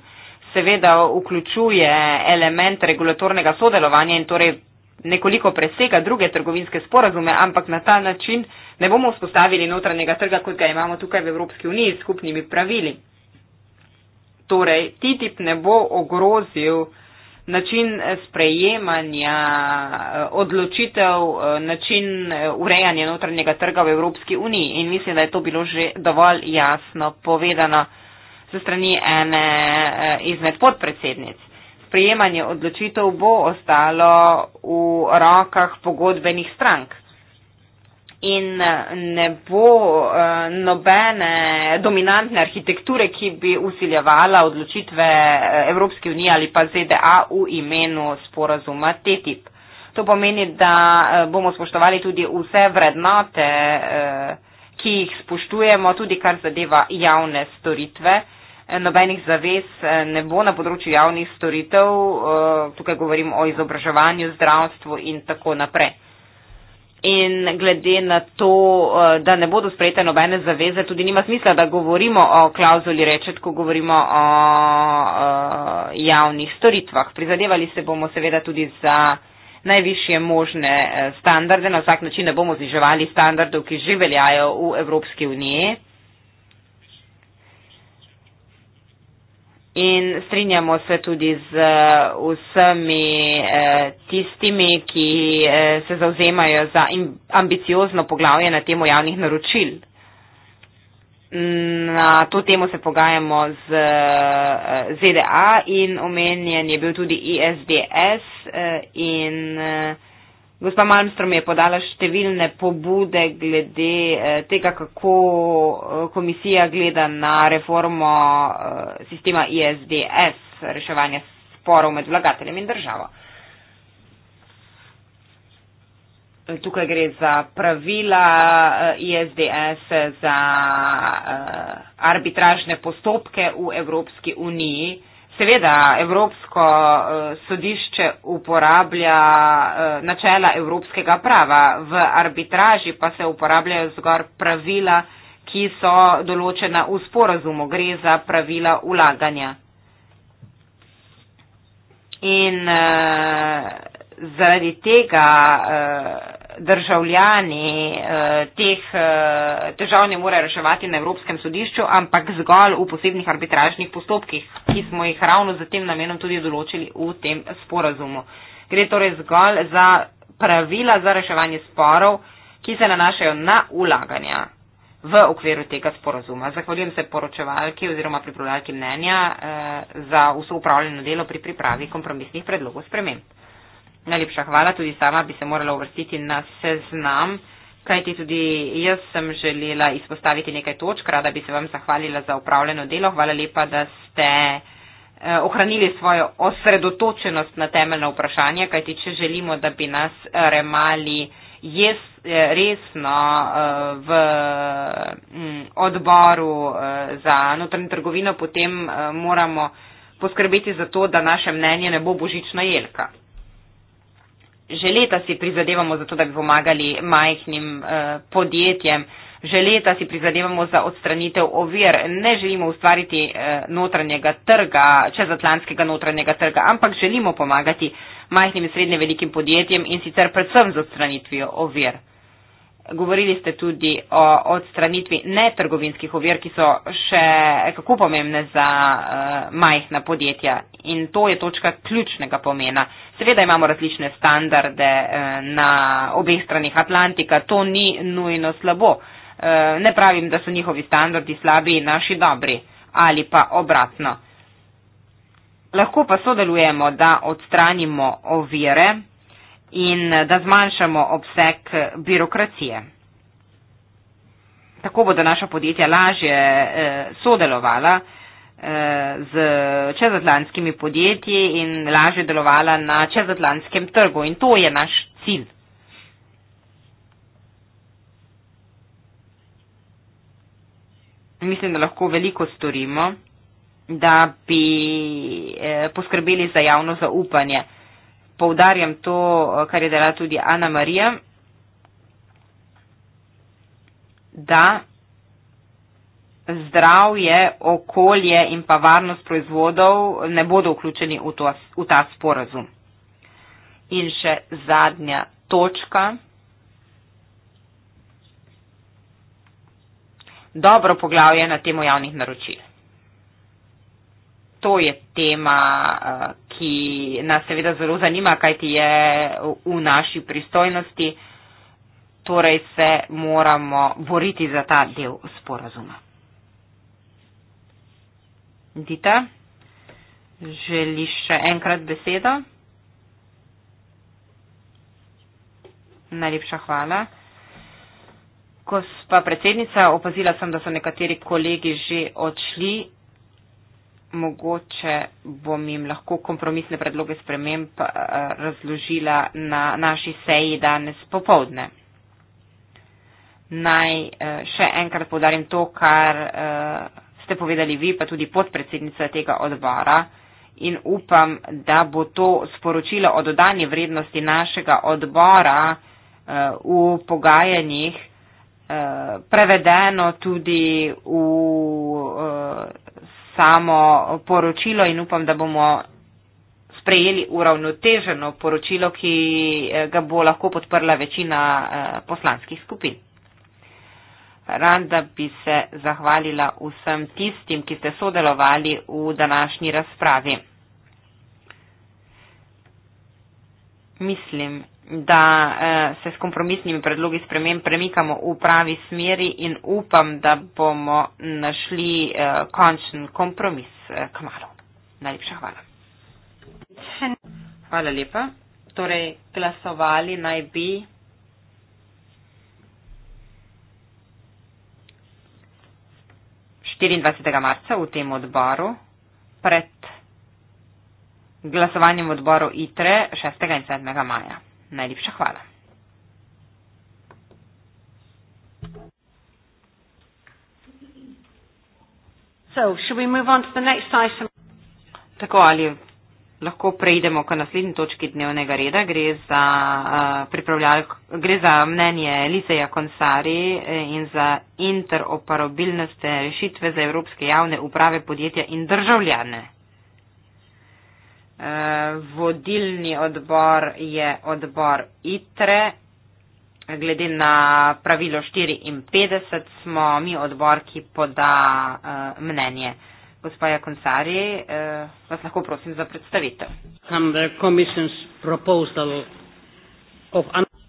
seveda vključuje element regulatornega sodelovanja in torej nekoliko presega druge trgovinske sporazume, ampak na ta način ne bomo vzpostavili notranjega trga, kot ga imamo tukaj v Evropski uniji s skupnimi pravili. Torej, TTIP ne bo ogrozil način eh, sprejemanja eh, odločitev, eh, način urejanja notranjega trga v Evropski uniji. In mislim, da je to bilo že dovolj jasno povedano ze strani ene izmed podpredsednic. Sprejemanje odločitev bo ostalo v rokah pogodbenih strank, in eh, ne bo eh, nobene dominantne arhitekture, ki bi usiljevala odločitve eh, Evropske unije ali pa ZDA v imenu sporazuma TTIP. To pomeni, da bomo spoštovali tudi vse vrednote, ki jih spoštujemo, tudi kar zadeva javne storitve. Nobenih zavez ne bo na področju javnih storitev, tukaj govorim o izobraževanju, zdravstvu in tako naprej in glede na to, eh, da ne bodo sprejete nobene zaveze, tudi nima smisla, da govorimo o klauzuli rečet, ko govorimo o eh, javnih storitvah. Prizadevali se bomo seveda tudi za najvišje možne eh, standarde, na vsak način ne bomo zniževali standardov, ki že veljajo v Evropski uniji. In strinjamo se tudi z vsemi eh, tistimi, ki eh, se zauzemajo za ambiciozno poglavje na temo javnih naročil. Na to temo se pogajamo z eh, ZDA in omenjen je bil tudi ISDS in. Gospa Malmström je podala številne pobude glede eh, tega, kako eh, komisija gleda na reformo eh, sistema ISDS, reševanje sporov med vlagateljem in državo. Tukaj gre za pravila ISDS, za arbitražne postopke v Evropski uniji. Seveda, Evropsko eh, sodišče uporablja eh, načela evropskega prava, v arbitraži pa se uporabljajo zgor pravila, ki so določena v sporazumu, gre za pravila ulaganja. In eh, zaradi tega uh, državljani uh, teh uh, težav ne morejo reševati na Evropskem sodišču, ampak zgolj v posebnih arbitražnih postopkih, ki smo jih ravno za tem namenom tudi določili v tem sporazumu. Gre torej zgolj za pravila za reševanje sporov, ki se nanašajo na ulaganja v okviru tega sporazuma. Zahvaljujem se poročevalki oziroma pripravljalki mnenja eh, za vso upravljeno delo pri pripravi kompromisnih predlogov sprememb. Najlepša hvala, tudi sama bi se morala uvrstiti na seznam, kajti tudi jaz sem želela izpostaviti nekaj točk, rada bi se vam zahvalila za upravljeno delo. Hvala lepa, da ste eh, ohranili svojo osredotočenost na temeljno vprašanje, kajti če želimo, da bi nas eh, remali jes, eh, resno v mm, odboru za notranjo trgovino, potem moramo poskrbeti za to, da naše mnenje ne bo božična jelka že leta si prizadevamo za to, da bi pomagali majhnim eh, podjetjem, že leta si prizadevamo za odstranitev ovir, ne želimo ustvariti eh, notranjega trga, čezatlantskega notranjega trga, ampak želimo pomagati majhnim in srednje velikim podjetjem in sicer predvsem z odstranitvijo ovir. Govorili ste tudi o odstranitvi netrgovinskih ovir, ki so še kako pomembne za uh, majhna podjetja. In to je točka ključnega pomena. Seveda imamo različne standarde uh, na obeh stranih Atlantika, to ni nujno slabo. Uh, ne pravim, da so njihovi standardi slabi in naši dobri ali pa obratno. Lahko pa sodelujemo, da odstranimo ovire in eh, da zmanjšamo obseg eh, birokracije. Tako bodo naša podjetja lažje eh, sodelovala z čezatlantskimi podjetji in lažje delovala na čezatlantskem trgu in to je naš cilj. Mislim, da lahko veliko storimo, da bi poskrbeli za javno zaupanje poudarjam to, kar je dala tudi Ana Marija, da zdravje, okolje in pa varnost proizvodov ne bodo vključeni v, to, v ta sporazum. In še zadnja točka. Dobro poglavje na temo javnih naročil to je tema, eh, ki nas seveda zelo zanima, kajti je v naši pristojnosti. Torej se moramo boriti za ta del sporazuma. Dita, želiš še enkrat besedo? Najlepša hvala. Gospa predsednica, opazila sem, da so nekateri kolegi že odšli mogoče bom jim lahko kompromisne predloge sprememb eh, razložila na naši seji danes popovdne. Naj eh, še enkrat povdarim to, kar eh, ste povedali vi, pa tudi podpredsednica tega odbora in upam, da bo to sporočilo o dodanji vrednosti našega odbora v pogajanjih prevedeno tudi v samo poročilo in upam, da bomo sprejeli uravnoteženo poročilo, ki eh, ga bo lahko podprla večina eh, poslanskih skupin. Rada bi se zahvalila vsem tistim, ki ste sodelovali v današnji razpravi. Mislim, da eh, se s kompromisnimi predlogi spremem premikamo v pravi smeri in upam, da bomo našli eh, končen kompromis eh, kmalo. Najlepša hvala. Hvala lepa. Torej, glasovali naj bi. marca v tem odboru, pred glasovanjem odboru ITRE 6. in 7. maja. Najlepša hvala. Tako ali lahko preidemo k naslednji točki dnevnega reda. Gre za, uh, gre za mnenje Liseja Konsari eh, in za interoperabilnostne rešitve za evropske javne uprave, podjetja in državljane. Eh, vodilni odbor je odbor ITRE. Glede na pravilo 54 smo mi odbor, ki poda uh, mnenje. Gospa Jakoncari, uh, eh, vas lahko prosim za predstavitev.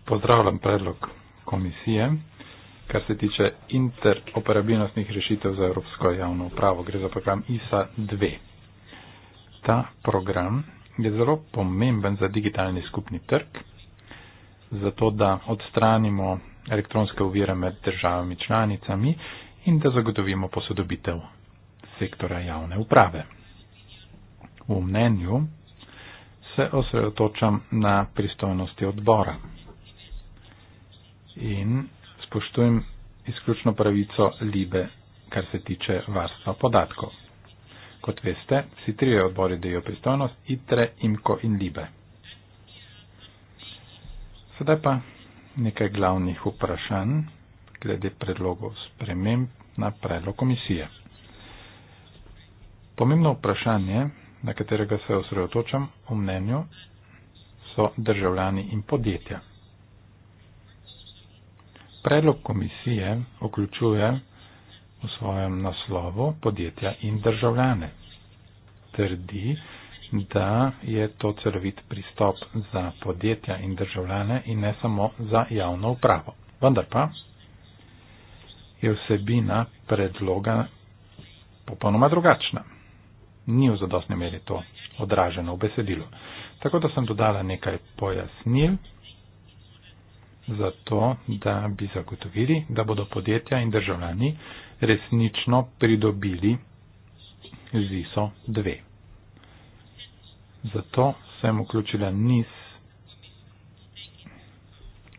Pozdravljam predlog komisije, kar se tiče interoperabilnostnih rešitev za Evropsko javno upravo. Gre za program ISA 2 ta program je zelo pomemben za digitalni skupni trg, zato da odstranimo elektronske uvire med državami članicami in da zagotovimo posodobitev sektora javne uprave. V mnenju se osredotočam na pristojnosti odbora in spoštujem izključno pravico Libe, kar se tiče varstva podatkov. Kot veste, vsi trije odbori dejo pristojnost ITRE, IMKO in LIBE. Sedaj pa nekaj glavnih vprašanj glede predlogov sprememb na predlog komisije. Pomembno vprašanje, na katerega se osredotočam v mnenju, so državljani in podjetja. Predlog komisije vključuje v svojem naslovu podjetja in državljane. Trdi, da je to celovit pristop za podjetja in državljane in ne samo za javno upravo. Vendar pa je vsebina predloga popolnoma drugačna. Ni v zadostni meri to odraženo v besedilu. Tako da sem dodala nekaj pojasnil za to, da bi zagotovili, da bodo podjetja in državljani resnično pridobili ziso 2. Zato sem vključila niz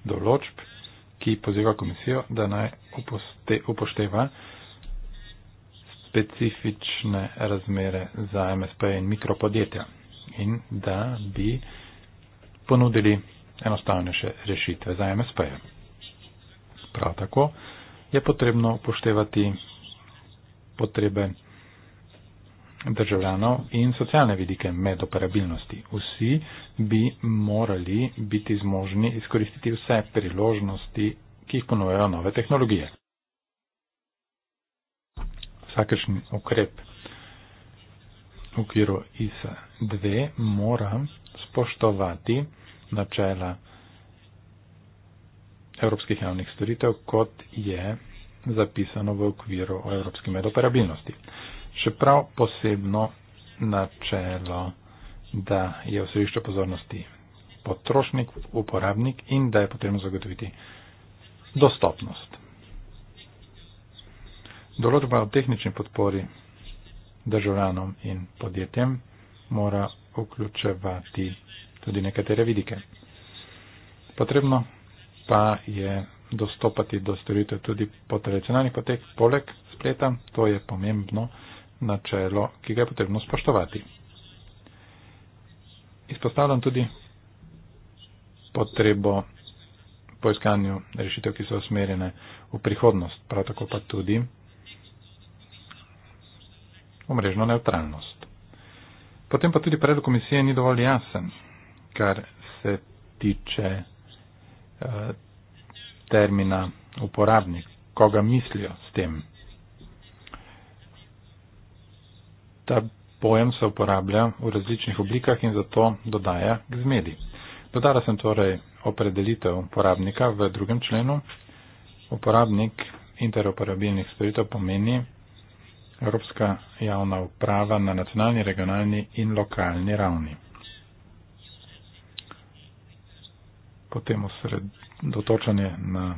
določb, ki poziva komisijo, da naj upošteva specifične razmere za MSP in mikropodjetja in da bi ponudili enostavnejše rešitve za MSP. -je. Prav tako je potrebno upoštevati potrebe državljanov in socialne vidike med operabilnosti. Vsi bi morali biti zmožni izkoristiti vse priložnosti, ki jih ponujajo nove tehnologije. Vsakršen ukrep v okviru IS-2 mora spoštovati načela evropskih javnih storitev, kot je zapisano v okviru o evropski medoperabilnosti. Še prav posebno načelo, da je v središču pozornosti potrošnik, uporabnik in da je potrebno zagotoviti dostopnost. Določba o tehnični podpori državljanom in podjetjem mora vključevati tudi nekatere vidike. Potrebno pa je dostopati do storitev tudi po tradicionalnih poteh, poleg spleta, to je pomembno načelo, ki ga je potrebno spoštovati. Izpostavljam tudi potrebo po iskanju rešitev, ki so usmerjene v prihodnost, prav tako pa tudi omrežno neutralnost. Potem pa tudi predlog komisije ni dovolj jasen, kar se tiče Eh, termina uporabnik, koga mislijo s tem. Ta pojem se uporablja v različnih oblikah in zato dodaja k zmedi. Dodala sem torej opredelitev uporabnika v drugem členu. Uporabnik interoperabilnih storitev pomeni Evropska javna uprava na nacionalni, regionalni in lokalni ravni. potem osredotočanje na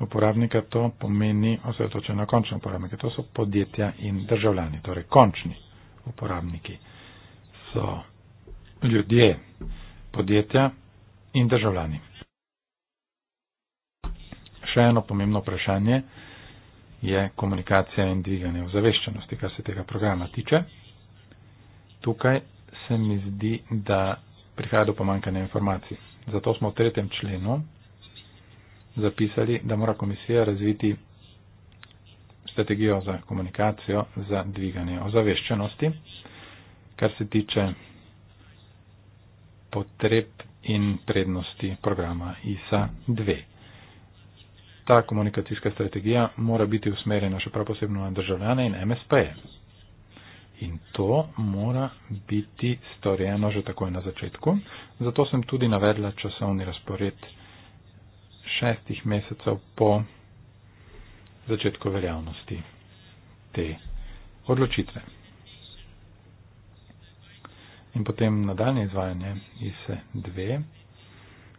uporabnika, to pomeni osredotočanje na končne uporabnike. To so podjetja in državljani, torej končni uporabniki so ljudje, podjetja in državljani. Še eno pomembno vprašanje je komunikacija in dviganje ozaveščenosti, kar se tega programa tiče. Tukaj se mi zdi, da prihaja do pomankanja informacij. Zato smo v tretjem členu zapisali, da mora komisija razviti strategijo za komunikacijo za dviganje ozaveščenosti, kar se tiče potreb in prednosti programa ISA 2. Ta komunikacijska strategija mora biti usmerjena še prav posebno na državljane in MSP. -je. In to mora biti storjeno že takoj na začetku. Zato sem tudi navedla časovni razpored šestih mesecev po začetku veljavnosti te odločitve. In potem nadaljne izvajanje IS-2,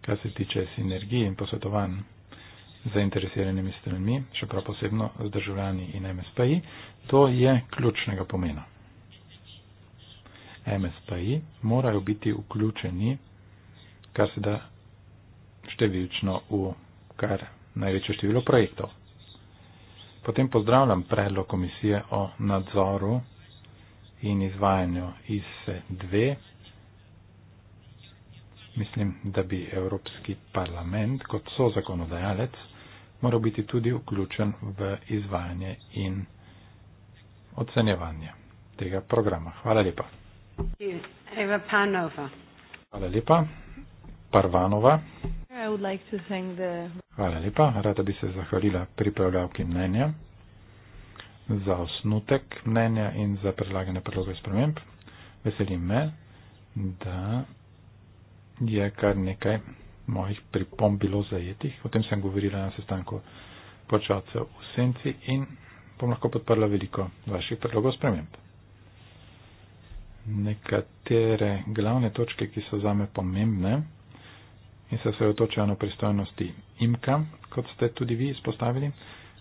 kar se tiče sinergij in posvetovanj z zainteresiranimi stranmi, še prav posebno z državljani in MSPI, to je ključnega pomena. MSP-ji morajo biti vključeni, kar se da številčno v kar največje število projektov. Potem pozdravljam predlog komisije o nadzoru in izvajanju ISE 2. Mislim, da bi Evropski parlament kot so zakonodajalec moral biti tudi vključen v izvajanje in ocenjevanje tega programa. Hvala lepa. Eva Panova. Hvala lepa. Parvanova. Like the... Hvala lepa. Rada bi se zahvalila pripravljavki mnenja za osnutek mnenja in za predlagane predloge sprememb. Veselim me, da je kar nekaj mojih pripomb bilo zajetih. O tem sem govorila na sestanku počalcev v Senci in bom lahko podprla veliko vaših predlogov sprememb nekatere glavne točke, ki so zame pomembne in se osredotočajo na pristojnosti IMKA, kot ste tudi vi izpostavili.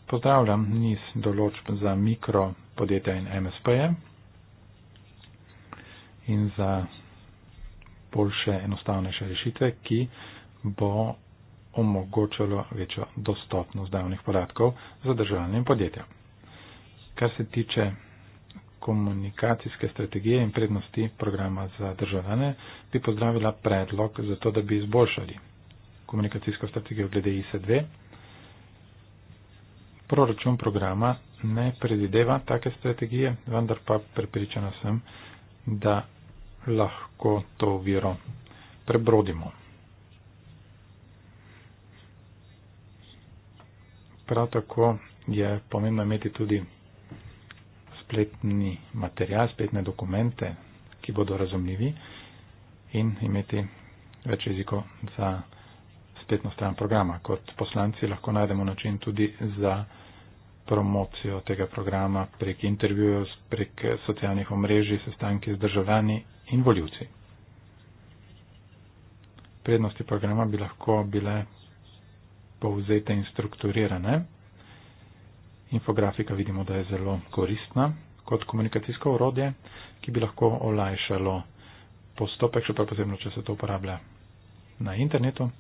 Pozdravljam niz določb za mikro podjetja in MSP-je in za boljše, enostavnejše rešitve, ki bo omogočalo večjo dostopnost davnih podatkov za državljanje in podjetja. Kar se tiče komunikacijske strategije in prednosti programa za državljane, bi pozdravila predlog za to, da bi izboljšali komunikacijsko strategijo glede IS-2. Proračun programa ne predideva take strategije, vendar pa prepričana sem, da lahko to viro prebrodimo. Prav tako je pomembno imeti tudi spletni material, spletne dokumente, ki bodo razumljivi in imeti več jezikov za spletno stran programa. Kot poslanci lahko najdemo način tudi za promocijo tega programa prek intervjujev, prek socialnih omrežij, sestanki z državljani in voljivci. Prednosti programa bi lahko bile povzete in strukturirane infografika vidimo, da je zelo koristna kot komunikacijsko urodje, ki bi lahko olajšalo postopek, še pa posebno, če se to uporablja na internetu.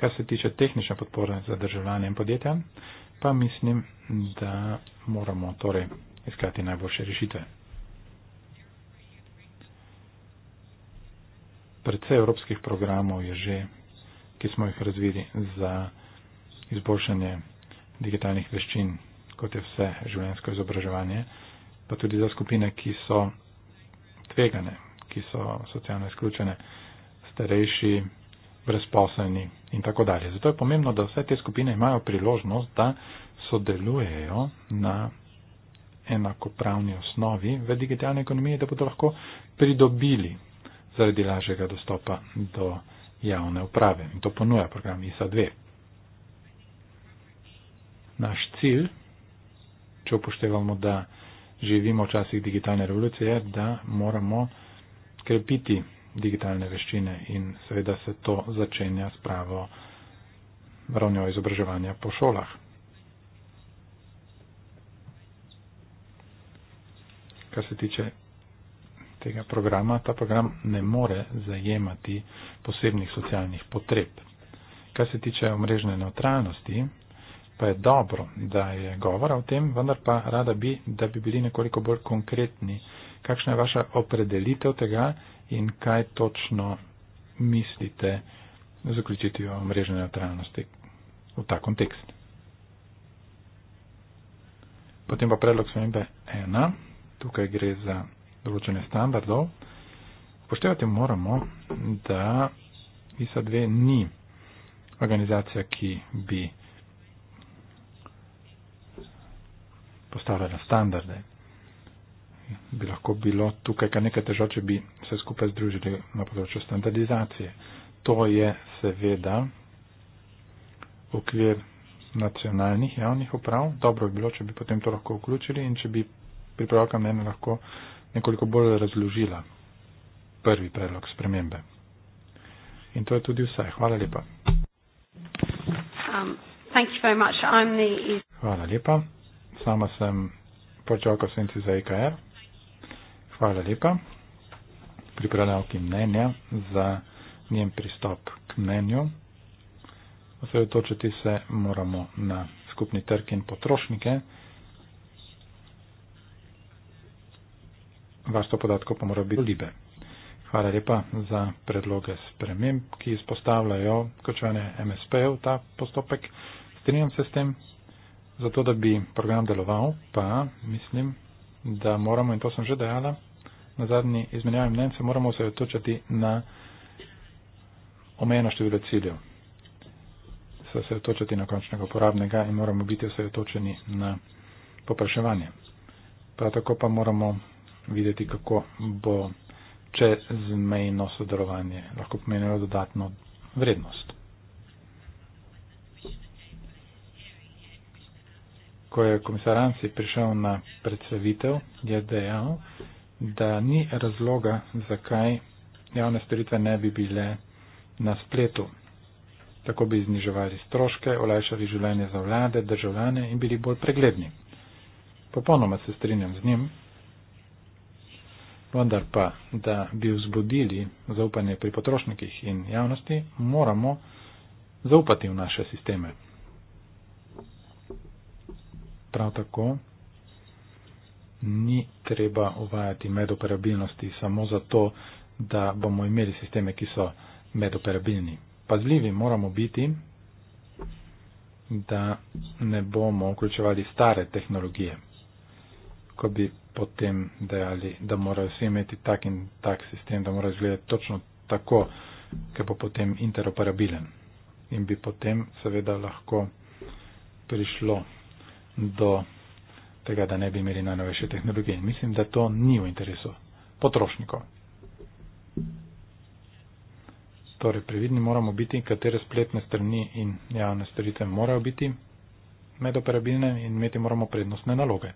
Kar se tiče tehnične podpore za državljane in podjetja, pa mislim, da moramo torej iskati najboljše rešitve. Predvsej evropskih programov je že, ki smo jih razvili za izboljšanje digitalnih veščin kot je vse življensko izobraževanje, pa tudi za skupine, ki so tvegane, ki so socialno izključene, starejši, brezposelni in tako dalje. Zato je pomembno, da vse te skupine imajo priložnost, da sodelujejo na enakopravni osnovi v digitalni ekonomiji, da bodo lahko pridobili zaradi lažjega dostopa do javne uprave. In to ponuja program ISA 2. Naš cilj če upoštevamo, da živimo v časih digitalne revolucije, je, da moramo krepiti digitalne veščine in seveda se to začenja s pravo ravnjo izobraževanja po šolah. Kar se tiče tega programa, ta program ne more zajemati posebnih socialnih potreb. Kar se tiče omrežne neutralnosti, pa je dobro, da je govora o tem, vendar pa rada bi, da bi bili nekoliko bolj konkretni. Kakšna je vaša opredelitev tega in kaj točno mislite z vključitvijo mrežne neutralnosti v ta kontekst? Potem pa predlog spremembe 1. Tukaj gre za določene standardov. Poštevati moramo, da ISA 2 ni organizacija, ki bi postavljala standarde. Bi lahko bilo tukaj kar nekaj težav, če bi se skupaj združili na področju standardizacije. To je seveda okvir nacionalnih javnih uprav. Dobro bi bilo, če bi potem to lahko vključili in če bi pripravka mene lahko nekoliko bolj razložila prvi predlog spremembe. In to je tudi vse. Hvala lepa. Um, thank you very much. I'm the... Hvala lepa sama sem počel, ko sem se za IKR. E Hvala lepa. Pripravljavki mnenja za njen pristop k mnenju. Osredotočiti se moramo na skupni trg in potrošnike. Varstvo podatkov pa mora biti libe. Hvala lepa za predloge sprememb, ki izpostavljajo kočevanje MSP-ev ta postopek. Strinjam se s tem, zato, da bi program deloval, pa mislim, da moramo, in to sem že dejala, na zadnji izmenjavi mnen se moramo osredotočati na omejeno število ciljev. Se osredotočati na končnega uporabnega in moramo biti osredotočeni na popraševanje. Prav tako pa moramo videti, kako bo čezmejno sodelovanje lahko pomenilo dodatno vrednost. ko je komisar Ansi prišel na predstavitev, je dejal, da ni razloga, zakaj javne storitve ne bi bile na spletu. Tako bi zniževali stroške, olajšali življenje za vlade, državljane in bili bolj pregledni. Popolnoma se strinjam z njim, vendar pa, da bi vzbudili zaupanje pri potrošnikih in javnosti, moramo zaupati v naše sisteme. Prav tako ni treba uvajati medoperabilnosti samo zato, da bomo imeli sisteme, ki so medoperabilni. Pazljivi moramo biti, da ne bomo vključevali stare tehnologije, ko bi potem dejali, da morajo vsi imeti tak in tak sistem, da morajo izgledati točno tako, ker bo potem interoperabilen. In bi potem seveda lahko prišlo do tega, da ne bi imeli najnovejše tehnologije. Mislim, da to ni v interesu potrošnikov. Torej, previdni moramo biti, katere spletne strani in javne storitve morajo biti medoperabilne in imeti moramo prednostne naloge.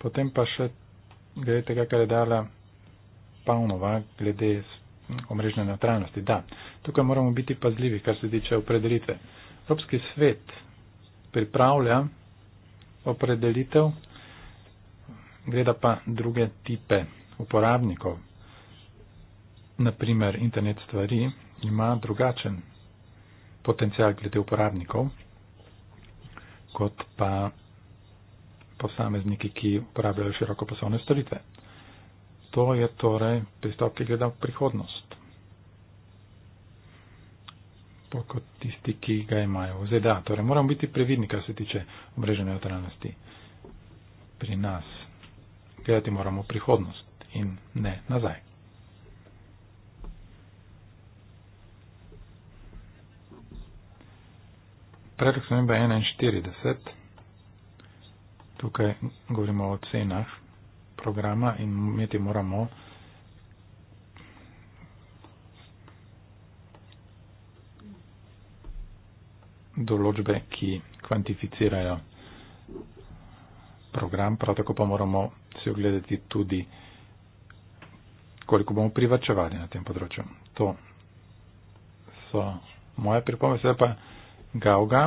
Potem pa še glede tega, kar je dala Pavnova glede omrežne neutralnosti. Da, tukaj moramo biti pazljivi, kar se tiče opredelitve. Evropski svet pripravlja opredelitev, gleda pa druge tipe uporabnikov. Naprimer, internet stvari ima drugačen potencial glede uporabnikov, kot pa posamezniki, ki uporabljajo široko poslovne storitve. To je torej pristop, ki gleda v prihodnost lepo kot tisti, ki ga imajo. Zdaj da, torej moramo biti previdni, kar se tiče mreže neutralnosti pri nas. Gledati moramo prihodnost in ne nazaj. Predlog smo imeli 41. Tukaj govorimo o cenah programa in imeti moramo. določbe, ki kvantificirajo program, prav tako pa moramo si ogledati tudi, koliko bomo privačevali na tem področju. To so moje pripove, se pa Gauga,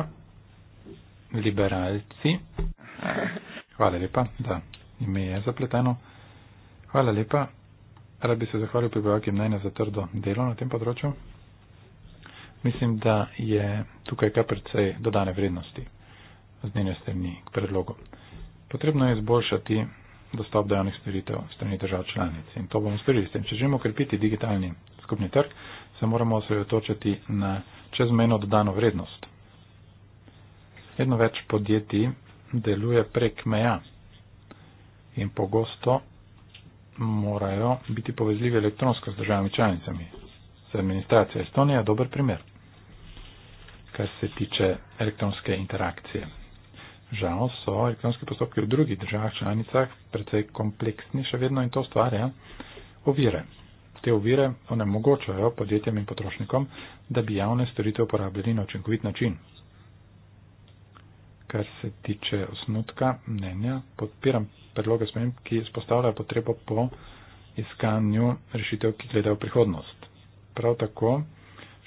liberalci. Hvala lepa, da ime je zapleteno. Hvala lepa. Rad bi se zahvalil pripravljakim mnenja za trdo delo na tem področju mislim, da je tukaj kar precej dodane vrednosti z njene strani k predlogu. Potrebno je izboljšati dostop do javnih storitev strani držav članic in to bomo storili s tem. Če želimo krepiti digitalni skupni trg, se moramo osredotočiti na čezmejno dodano vrednost. Vedno več podjetij deluje prek meja in pogosto morajo biti povezljivi elektronsko z državami članicami. Z administracijo Estonija je dober primer kar se tiče elektronske interakcije. Žal so elektronske postopke v drugih državah članicah precej kompleksni še vedno in to stvarja ovire. Te ovire onemogočajo podjetjem in potrošnikom, da bi javne storitev uporabljali na učinkovit način. Kar se tiče osnutka mnenja, podpiram predloge smem, ki spostavljajo potrebo po iskanju rešitev, ki gledajo prihodnost. Prav tako,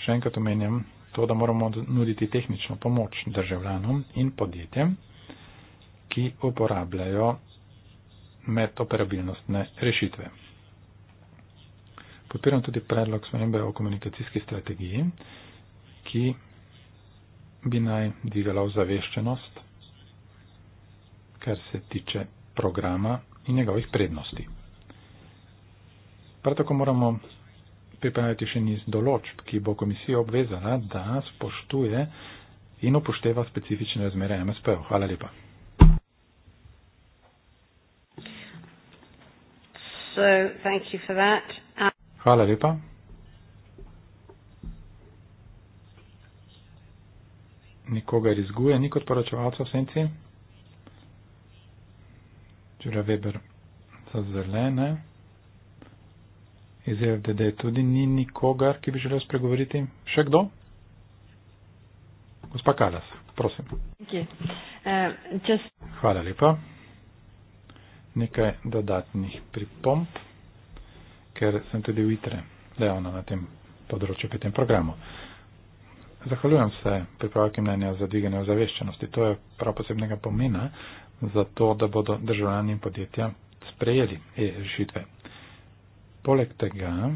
še enkrat omenjam, to, da moramo nuditi tehnično pomoč državljanom in podjetjem, ki uporabljajo medoperabilnostne rešitve. Podpiram tudi predlog spremembe o komunikacijski strategiji, ki bi naj dvigala ozaveščenost, kar se tiče programa in njegovih prednosti. Prav tako moramo pripraviti še niz določb, ki bo komisija obvezala, da spoštuje in upošteva specifične razmere MSP-ov. Hvala lepa. So, thank you for that. Um, Hvala lepa. Nikogar izguje, ni kot poročevalca v senci. Čura Weber za zelene iz RDD tudi ni nikogar, ki bi želel spregovoriti. Še kdo? Gospa Kalas, prosim. Uh, Hvala lepa. Nekaj dodatnih pripomp, ker sem tudi v ITRE dejavna na tem področju, pri tem programu. Zahvaljujem se pripravki mnenja za dviganje ozaveščenosti. To je prav posebnega pomena za to, da bodo državljani in podjetja sprejeli e rešitve. Poleg tega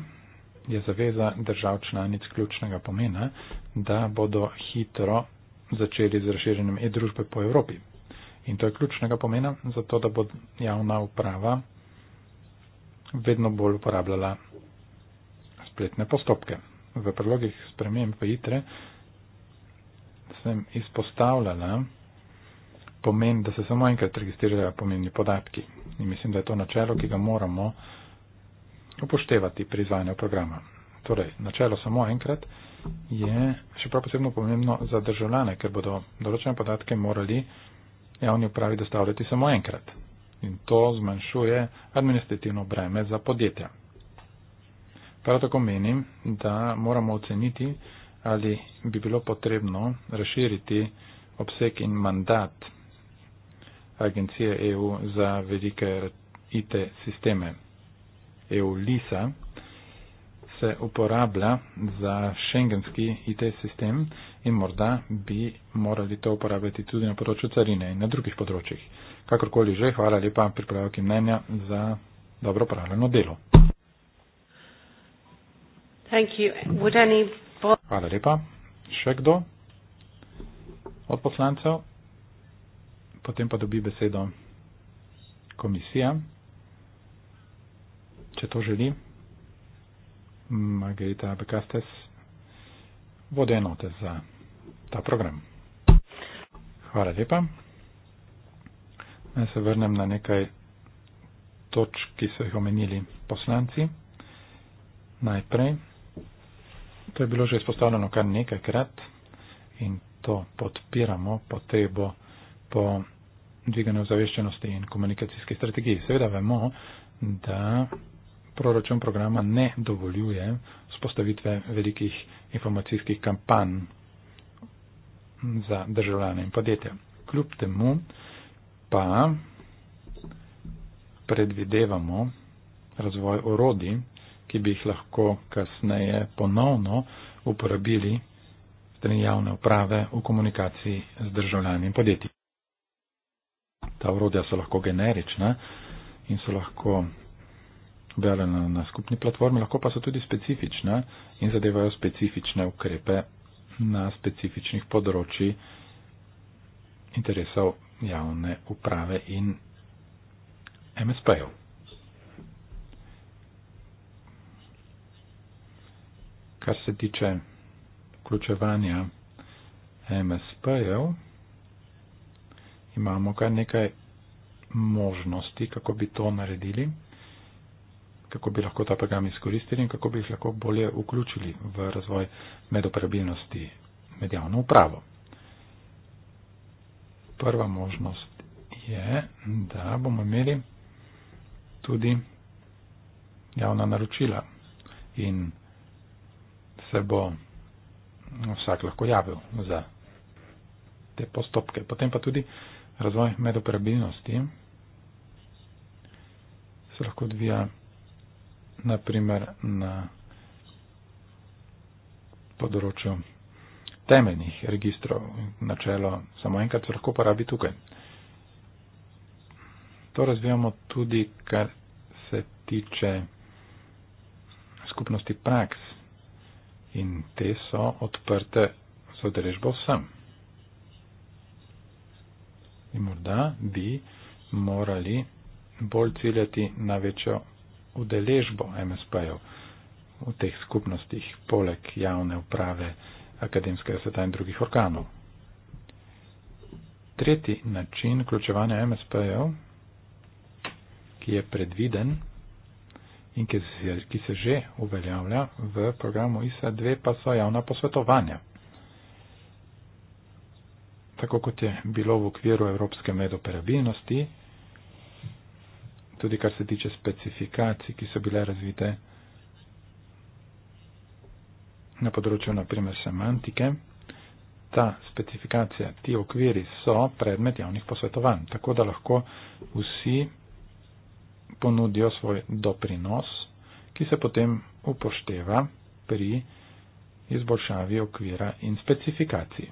je zaveza držav članic ključnega pomena, da bodo hitro začeli z razširjenjem e-družbe po Evropi. In to je ključnega pomena za to, da bo javna uprava vedno bolj uporabljala spletne postopke. V predlogih sprememb v ITRE sem izpostavljala pomen, da se samo enkrat registrirajo pomembni podatki. In mislim, da je to načelo, ki ga moramo upoštevati pri izvajanju programa. Torej, načelo samo enkrat je še prav posebno pomembno za državljane, ker bodo določene podatke morali javni upravi dostavljati samo enkrat. In to zmanjšuje administrativno breme za podjetja. Prav tako menim, da moramo oceniti, ali bi bilo potrebno razširiti obseg in mandat agencije EU za velike IT sisteme. EULISA se uporablja za šengenski IT sistem in morda bi morali to uporabljati tudi na področju carine in na drugih področjih. Kakorkoli že, hvala lepa pripravljavki mnenja za dobro pravljeno delo. Thank you. Would any... Hvala lepa. Še kdo od poslancev? Potem pa dobi besedo komisija če to želi. Margarita Bekastes, vode enote za ta program. Hvala lepa. Naj se vrnem na nekaj točk, ki so jih omenili poslanci. Najprej, to je bilo že izpostavljeno kar nekajkrat in to podpiramo po tej bo po dviganju zaveščenosti in komunikacijski strategiji. Seveda vemo, da proračun programa ne dovoljuje spostavitve velikih informacijskih kampanj za državljane in podjetja. Kljub temu pa predvidevamo razvoj orodij, ki bi jih lahko kasneje ponovno uporabili strani javne uprave v komunikaciji z državljani in podjetji. Ta orodja so lahko generična in so lahko objavljena na skupni platformi, lahko pa so tudi specifične in zadevajo specifične ukrepe na specifičnih področji interesov javne uprave in MSP-jev. Kar se tiče vključevanja MSP-jev, imamo kar nekaj možnosti, kako bi to naredili kako bi lahko ta program izkoristili in kako bi jih lahko bolje vključili v razvoj medoperabilnosti med javno upravo. Prva možnost je, da bomo imeli tudi javna naročila in se bo vsak lahko javil za te postopke. Potem pa tudi razvoj medoperabilnosti se lahko odvija naprimer na področju temeljnih registrov, načelo samo enkrat se lahko porabi tukaj. To razvijamo tudi, kar se tiče skupnosti praks in te so odprte za odrežbo vsem. In morda bi morali bolj ciljati na večjo udeležbo MSP-jev v teh skupnostih, poleg javne uprave, akademskega sveta in drugih organov. Tretji način vključevanja MSP-jev, ki je predviden in ki se, ki se že uveljavlja v programu ISA-2, pa so javna posvetovanja. Tako kot je bilo v okviru Evropske medoperabilnosti, tudi kar se tiče specifikacij, ki so bile razvite na področju, naprimer, semantike. Ta specifikacija, ti okviri so predmet javnih posvetovanj, tako da lahko vsi ponudijo svoj doprinos, ki se potem upošteva pri izboljšavi okvira in specifikacij.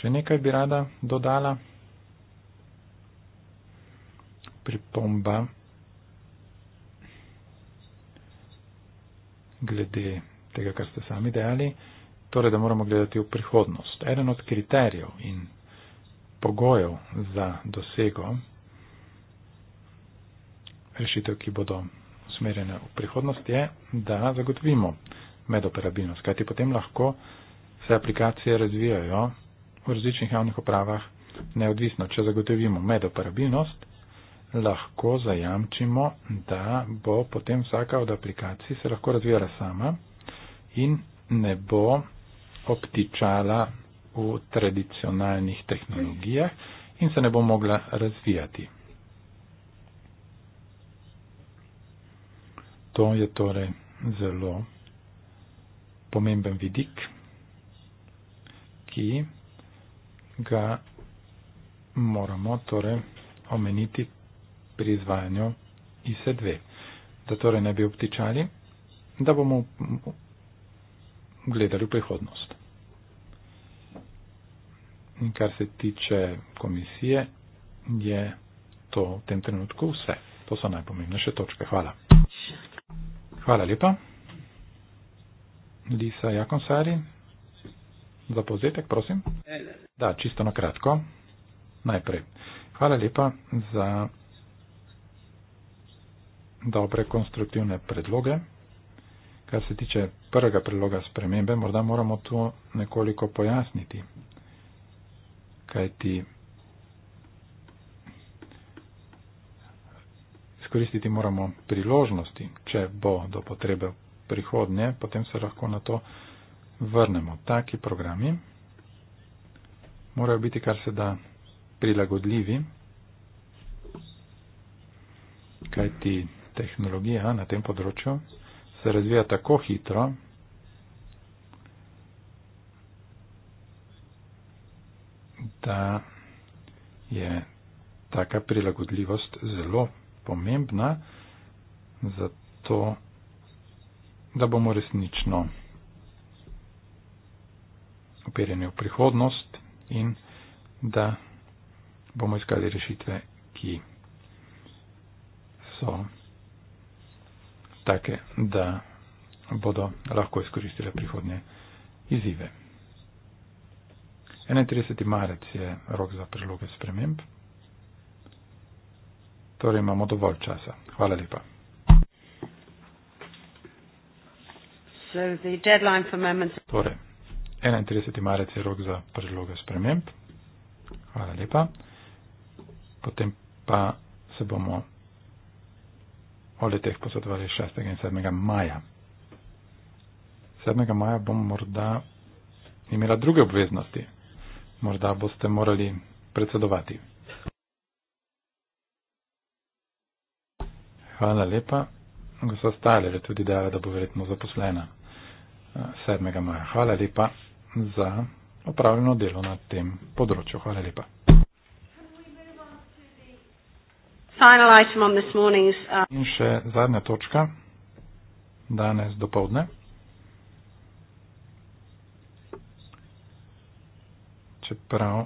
Še nekaj bi rada dodala pripomba glede tega, kar ste sami dejali, torej, da moramo gledati v prihodnost. Eden od kriterijev in pogojev za dosego rešitev, ki bodo usmerjene v prihodnost, je, da zagotovimo medoperabilnost, kajti potem lahko se aplikacije razvijajo v različnih javnih upravah neodvisno. Če zagotovimo medoperabilnost, lahko zajamčimo, da bo potem vsaka od aplikacij se lahko razvijala sama in ne bo obtičala v tradicionalnih tehnologijah in se ne bo mogla razvijati. To je torej zelo pomemben vidik, ki ga moramo torej omeniti pri izvajanju ISE 2. Da torej ne bi obtičali, da bomo gledali v prihodnost. In kar se tiče komisije, je to v tem trenutku vse. To so najpomembnejše točke. Hvala. Hvala lepa. Lisa Jakonsari, za povzetek, prosim. Da, čisto na kratko. Najprej. Hvala lepa za dobre konstruktivne predloge. Kar se tiče prvega predloga spremembe, morda moramo to nekoliko pojasniti. Kaj ti izkoristiti moramo priložnosti, če bo do potrebe prihodnje, potem se lahko na to vrnemo. Taki programi morajo biti kar se da prilagodljivi, kaj ti tehnologija na tem področju se razvija tako hitro, da je taka prilagodljivost zelo pomembna, zato da bomo resnično operjeni v prihodnost in da bomo iskali rešitve, ki so take, da bodo lahko izkoristile prihodnje izzive. 31. marec je rok za priloge sprememb. Torej imamo dovolj časa. Hvala lepa. Torej, 31. marec je rok za predloge sprememb. Hvala lepa. Potem pa se bomo ali teh posodovali 6. in 7. maja. 7. maja bom morda imela druge obveznosti. Morda boste morali predsedovati. Hvala lepa. Gospod Staler je tudi dejala, da bo verjetno zaposlena 7. Eh, maja. Hvala lepa za opravljeno delo na tem področju. Hvala lepa. Final item on this morning's, uh... In še zadnja točka danes dopoledne. Čeprav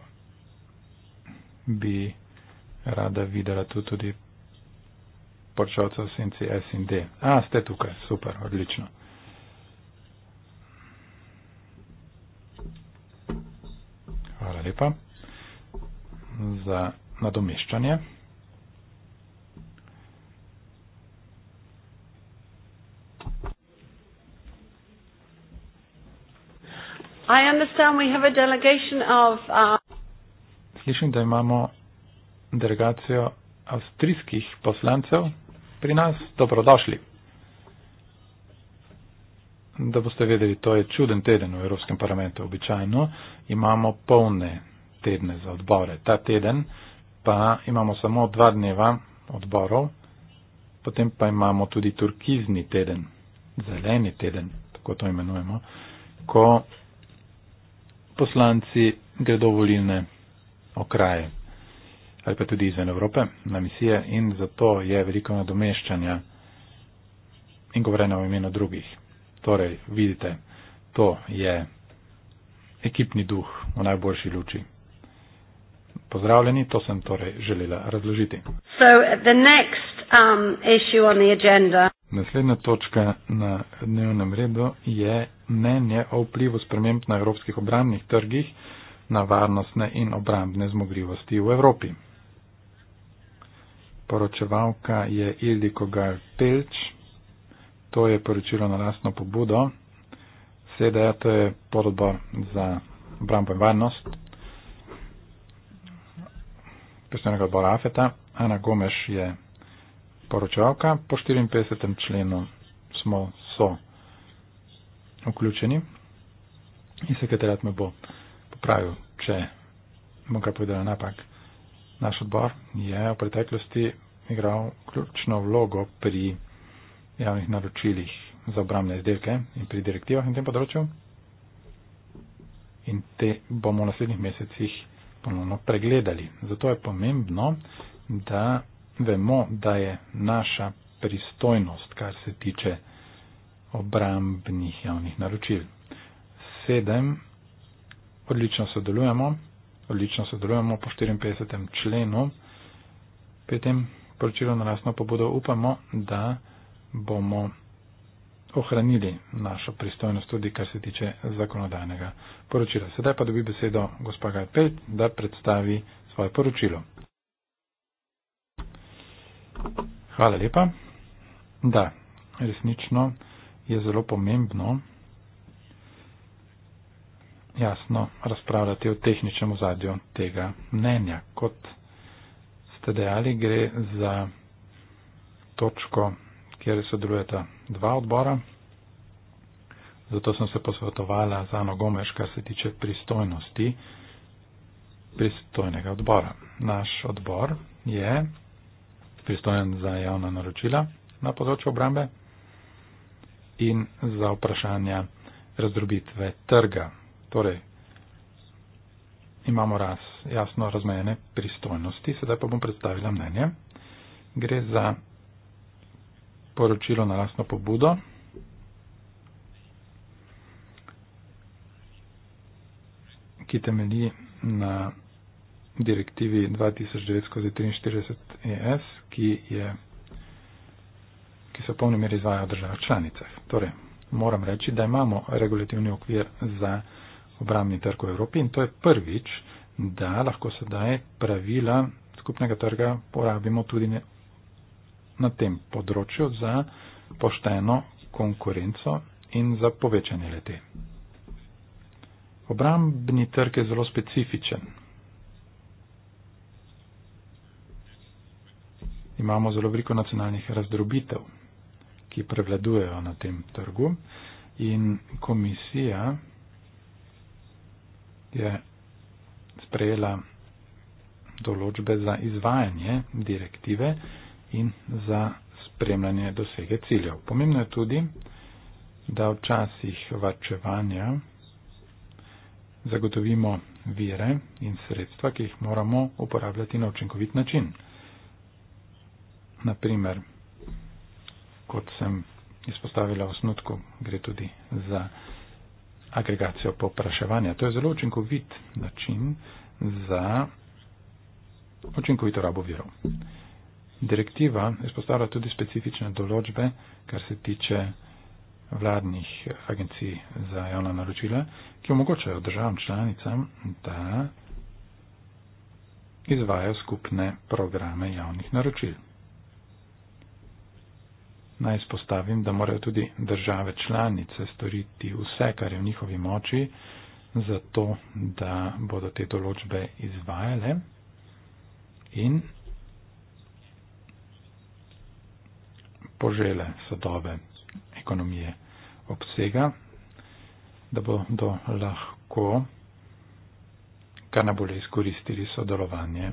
bi rada videla tu tudi počalce v senci S in D. A, ste tukaj, super, odlično. Hvala lepa za nadomeščanje. I understand we have a delegation of uh, Slišim, da imamo delegacijo avstrijskih poslancev pri nas. Dobrodošli. Da boste vedeli, to je čuden teden v Evropskem parlamentu. Običajno imamo polne tedne za odbore. Ta teden pa imamo samo dva dneva odborov, potem pa imamo tudi turkizni teden, zeleni teden, tako to imenujemo, ko poslanci gredo volilne okraje ali pa tudi izven Evrope na misije in zato je veliko nadomeščanja in govorena v imenu drugih. Torej, vidite, to je ekipni duh v najboljši luči. Pozdravljeni, to sem torej želela razložiti. So, the next, um, issue on the agenda. Naslednja točka na dnevnem redu je mnenje o vplivu sprememb na evropskih obrambnih trgih na varnostne in obrambne zmogljivosti v Evropi. Poročevalka je Ildiko Garpelč, to je poročilo na lastno pobudo, sedaj ja, to je pododbor za obrambo in varnost, predstavnega odbora Afeta, Ana Gomeš je poročevalka, po 54. členu smo so vključeni in sekretarat me bo popravil, če bom kaj povedal napak. Naš odbor je v preteklosti igral ključno vlogo pri javnih naročilih za obramne izdelke in pri direktivah na tem področju in te bomo v naslednjih mesecih ponovno pregledali. Zato je pomembno, da vemo, da je naša pristojnost, kar se tiče obrambnih javnih naročil. Sedem, odlično sodelujemo, odlično sodelujemo po 54. členu, pri tem poročilu na lastno pobudo upamo, da bomo ohranili našo pristojnost tudi, kar se tiče zakonodajnega poročila. Sedaj pa dobi besedo gospa Gajpelj, da predstavi svoje poročilo. Hvala lepa. Da, resnično je zelo pomembno jasno razpravljati o tehničnem ozadju tega mnenja. Kot ste dejali, gre za točko, kjer sodelujeta dva odbora. Zato sem se posvetovala z Ano Gomeš, kar se tiče pristojnosti pristojnega odbora. Naš odbor je pristojen za javna naročila na področju obrambe, in za vprašanja razdrobitve trga. Torej, imamo raz jasno razmejene pristojnosti, sedaj pa bom predstavila mnenje. Gre za poročilo na lastno pobudo. ki temelji na direktivi 2009-43 ES, ki je ki se v polni meri izvaja v državah članicah. Torej, moram reči, da imamo regulativni okvir za obramni trg v Evropi in to je prvič, da lahko sedaj pravila skupnega trga porabimo tudi na tem področju za pošteno konkurenco in za povečanje leti. Obrambni trg je zelo specifičen. Imamo zelo veliko nacionalnih razdrobitev ki prevladujejo na tem trgu. In komisija je sprejela določbe za izvajanje direktive in za spremljanje dosege ciljev. Pomembno je tudi, da včasih vačevanja zagotovimo vire in sredstva, ki jih moramo uporabljati na učinkovit način. Naprimer, kot sem izpostavila v osnutku, gre tudi za agregacijo popraševanja. To je zelo učinkovit način za učinkovito rabo virov. Direktiva izpostavlja tudi specifične določbe, kar se tiče vladnih agencij za javna naročila, ki omogočajo državam članicam, da izvajo skupne programe javnih naročil. Naj spostavim, da morajo tudi države članice storiti vse, kar je v njihovi moči, zato da bodo te določbe izvajale in požele sodobe ekonomije obsega, da bodo lahko kar najbolje izkoristili sodelovanje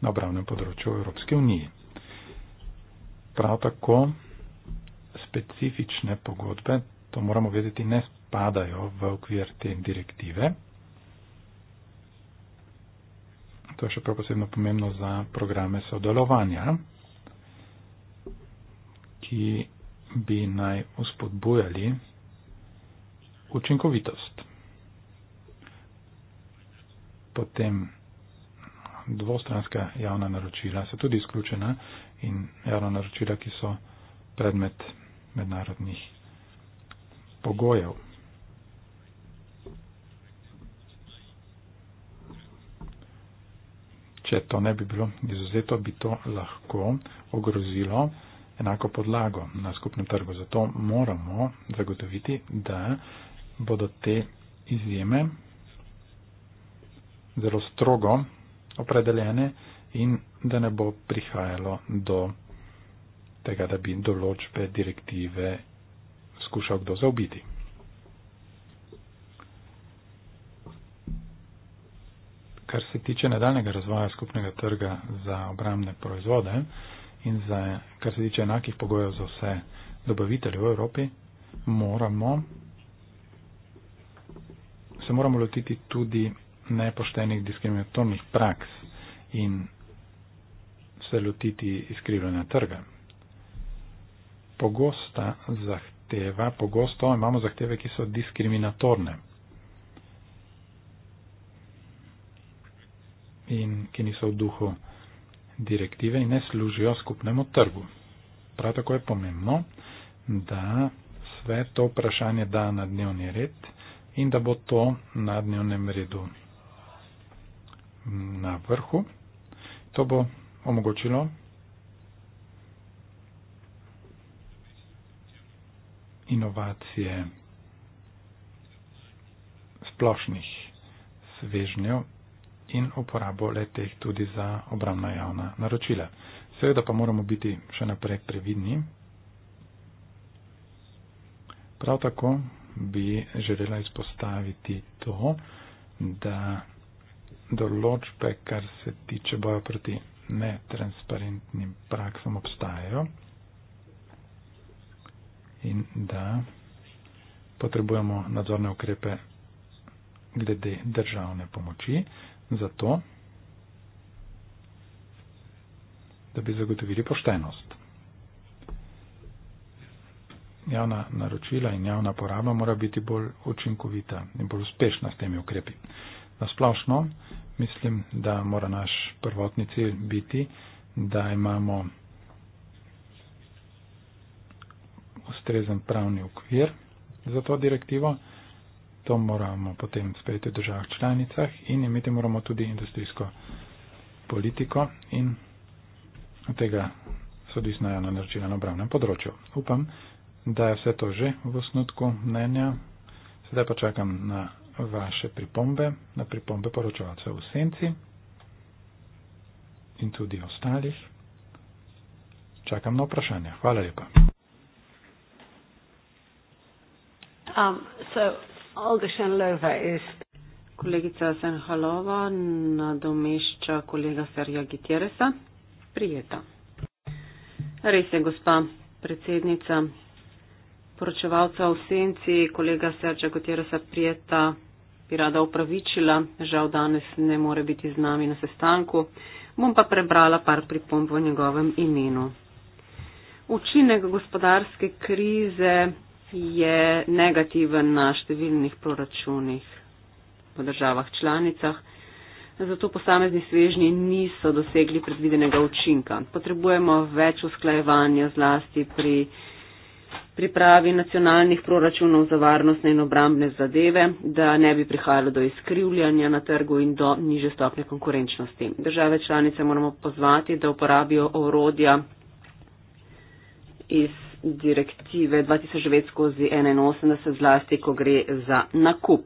na obravnem področju Evropske unije. Prav tako specifične pogodbe, to moramo vedeti, ne spadajo v okvir te direktive. To je še prav posebno pomembno za programe sodelovanja, ki bi naj uspodbujali učinkovitost. Potem dvostranska javna naročila so tudi izključena, in aeronaročila, ki so predmet mednarodnih pogojev. Če to ne bi bilo izuzeto, bi to lahko ogrozilo enako podlago na skupnem trgu. Zato moramo zagotoviti, da bodo te izjeme zelo strogo opredeljene in da ne bo prihajalo do tega, da bi določbe direktive skušal kdo zaobiti. Kar se tiče nadaljnega razvoja skupnega trga za obramne proizvode in za, kar se tiče enakih pogojev za vse dobavitelje v Evropi, moramo, se moramo lotiti tudi nepoštenih diskriminatornih praks in se lotiti izkrivljanja trga. Pogosta zahteva, pogosto imamo zahteve, ki so diskriminatorne in ki niso v duhu direktive in ne služijo skupnemu trgu. Prav tako je pomembno, da sve to vprašanje da na dnevni red in da bo to na dnevnem redu na vrhu. To bo omogočilo. Inovacije splošnih svežnjev in uporabo leteh tudi za obramna javna naročila. Seveda pa moramo biti še naprej previdni. Prav tako bi želela izpostaviti to, da določbe, kar se tiče boja proti netransparentnim praksam obstajajo in da potrebujemo nadzorne ukrepe glede državne pomoči zato, da bi zagotovili poštenost. Javna naročila in javna poraba mora biti bolj učinkovita in bolj uspešna s temi ukrepi. Na splošno mislim, da mora naš prvotni cilj biti, da imamo ustrezen pravni okvir za to direktivo. To moramo potem sprejeti v državah članicah in imeti moramo tudi industrijsko politiko in od tega so odvisna na naročila na obravnem področju. Upam, da je vse to že v osnutku mnenja. Sedaj pa čakam na vaše pripombe na pripombe poročevalcev v senci in tudi ostalih. Čakam na vprašanje. Hvala lepa. Um, so Olga Šenlova iz kolegica Senhalova nadomešča kolega Serja Gitjeresa. Prijeta. Res je, gospa predsednica, poročevalca v senci, kolega Serča Gutierreza Prijeta, bi rada upravičila, žal danes ne more biti z nami na sestanku, bom pa prebrala par pripomb v njegovem imenu. Učinek gospodarske krize je negativen na številnih proračunih v državah članicah, zato posamezni svežnji niso dosegli predvidenega učinka. Potrebujemo več usklajevanja zlasti pri pripravi nacionalnih proračunov za varnostne in obrambne zadeve, da ne bi prihajalo do izkrivljanja na trgu in do niže stopne konkurenčnosti. Države članice moramo pozvati, da uporabijo orodja iz direktive 2009 skozi 81 zlasti, ko gre za nakup.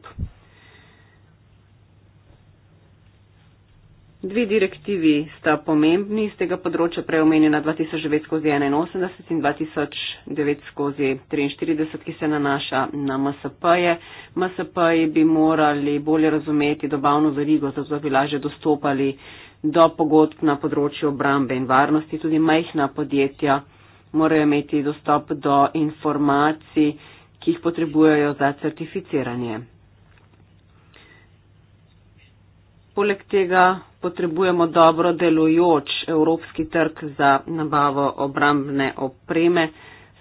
Dve direktivi sta pomembni iz tega področja, prej omenjena 2009-81 in 2009-43, ki se nanaša na MSP-je. MSP-ji bi morali bolje razumeti dobavno zarigo, zato da bi lažje dostopali do pogodb na področju obrambe in varnosti. Tudi majhna podjetja morajo imeti dostop do informacij, ki jih potrebujejo za certificiranje. Poleg tega potrebujemo dobro delujoč evropski trg za nabavo obrambne opreme.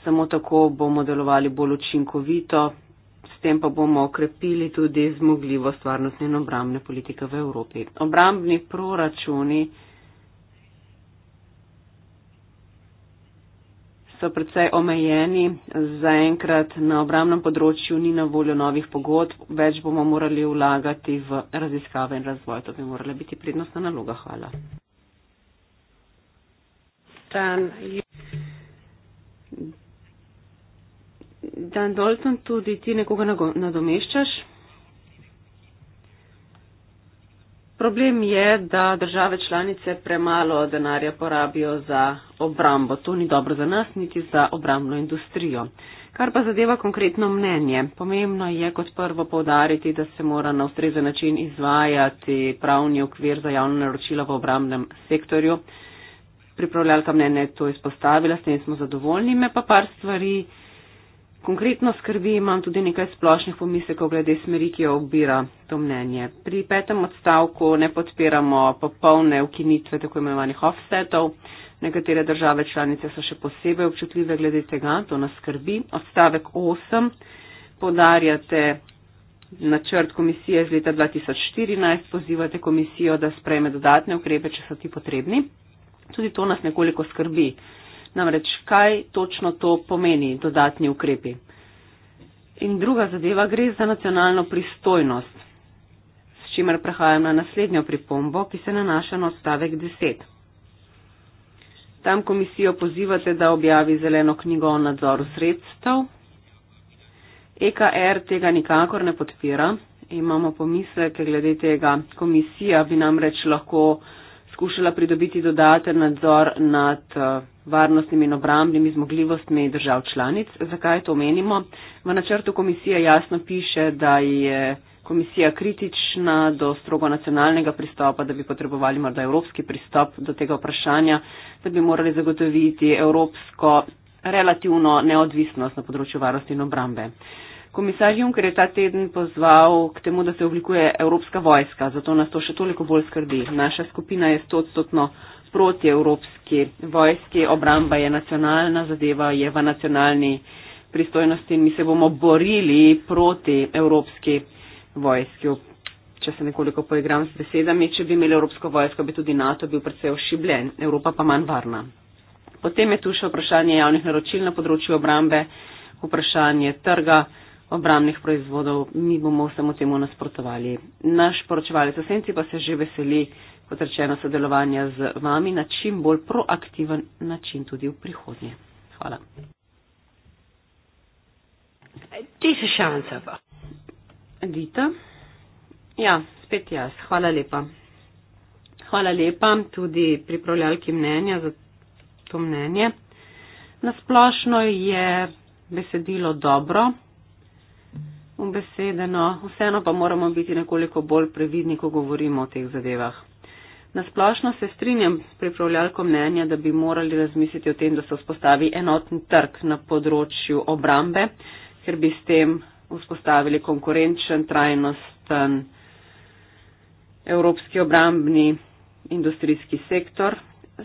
Samo tako bomo delovali bolj učinkovito, s tem pa bomo okrepili tudi zmogljivost varnostne in obrambne politike v Evropi. Obrambni proračuni so predvsej omejeni, zaenkrat na obramnem področju ni na voljo novih pogodb, več bomo morali vlagati v raziskave in razvoj. To bi morala biti prednostna naloga. Hvala. Dan, Dan Dolton, tudi ti nekoga nadomeščaš? problem je, da države članice premalo denarja porabijo za obrambo. To ni dobro za nas, niti za obrambno industrijo. Kar pa zadeva konkretno mnenje. Pomembno je kot prvo povdariti, da se mora na ustrezen način izvajati pravni okvir za javno naročilo v obramnem sektorju. Pripravljalka mnenja je to izpostavila, s tem smo zadovoljni, me pa par stvari konkretno skrbi, imam tudi nekaj splošnih pomislekov glede smeri, ki jo obira to mnenje. Pri petem odstavku ne podpiramo popolne ukinitve tako imenovanih offsetov. Nekatere države članice so še posebej občutljive glede tega, to nas skrbi. Odstavek 8 podarjate načrt komisije z leta 2014, pozivate komisijo, da sprejme dodatne ukrepe, če so ti potrebni. Tudi to nas nekoliko skrbi. Namreč, kaj točno to pomeni dodatni ukrepi? In druga zadeva gre za nacionalno pristojnost, s čimer prehajam na naslednjo pripombo, ki se nanaša na odstavek 10. Tam komisijo pozivate, da objavi zeleno knjigo o nadzoru sredstev. EKR er tega nikakor ne podpira. Imamo pomisleke glede tega. Komisija bi namreč lahko skušala pridobiti dodaten nadzor nad eh, varnostnimi in obrambnimi zmogljivostmi držav članic. Zakaj to menimo? V načrtu komisije jasno piše, da je komisija kritična do strogo nacionalnega pristopa, da bi potrebovali morda evropski pristop do tega vprašanja, da bi morali zagotoviti evropsko relativno neodvisnost na področju varnosti in obrambe. Komisar Juncker je ta teden pozval k temu, da se oblikuje evropska vojska, zato nas to še toliko bolj skrbi. Naša skupina je stotstotno proti evropski vojski, obramba je nacionalna zadeva, je v nacionalni pristojnosti in mi se bomo borili proti evropski vojski. Če se nekoliko poigram s besedami, če bi imeli evropsko vojsko, bi tudi NATO bil predvsej ošibljen, Evropa pa manj varna. Potem je tu še vprašanje javnih naročil na področju obrambe, vprašanje trga obramnih proizvodov, mi bomo vsemu temu nasprotovali. Naš poročevalec Osenci pa se že veseli, kot rečeno, sodelovanja z vami na čim bolj proaktiven način tudi v prihodnje. Hvala. Diese Chance aber. Dieter? Ja, spet jaz. Hvala lepa. Hvala lepa tudi pripravljalki mnenja za to mnenje. Nasplošno je besedilo dobro v besede, no vseeno pa moramo biti nekoliko bolj previdni, ko govorimo o teh zadevah. Nasplošno se strinjam s pripravljalko mnenja, da bi morali razmisliti o tem, da se vzpostavi enoten trg na področju obrambe, ker bi s tem vzpostavili konkurenčen, trajnosten evropski obrambni industrijski sektor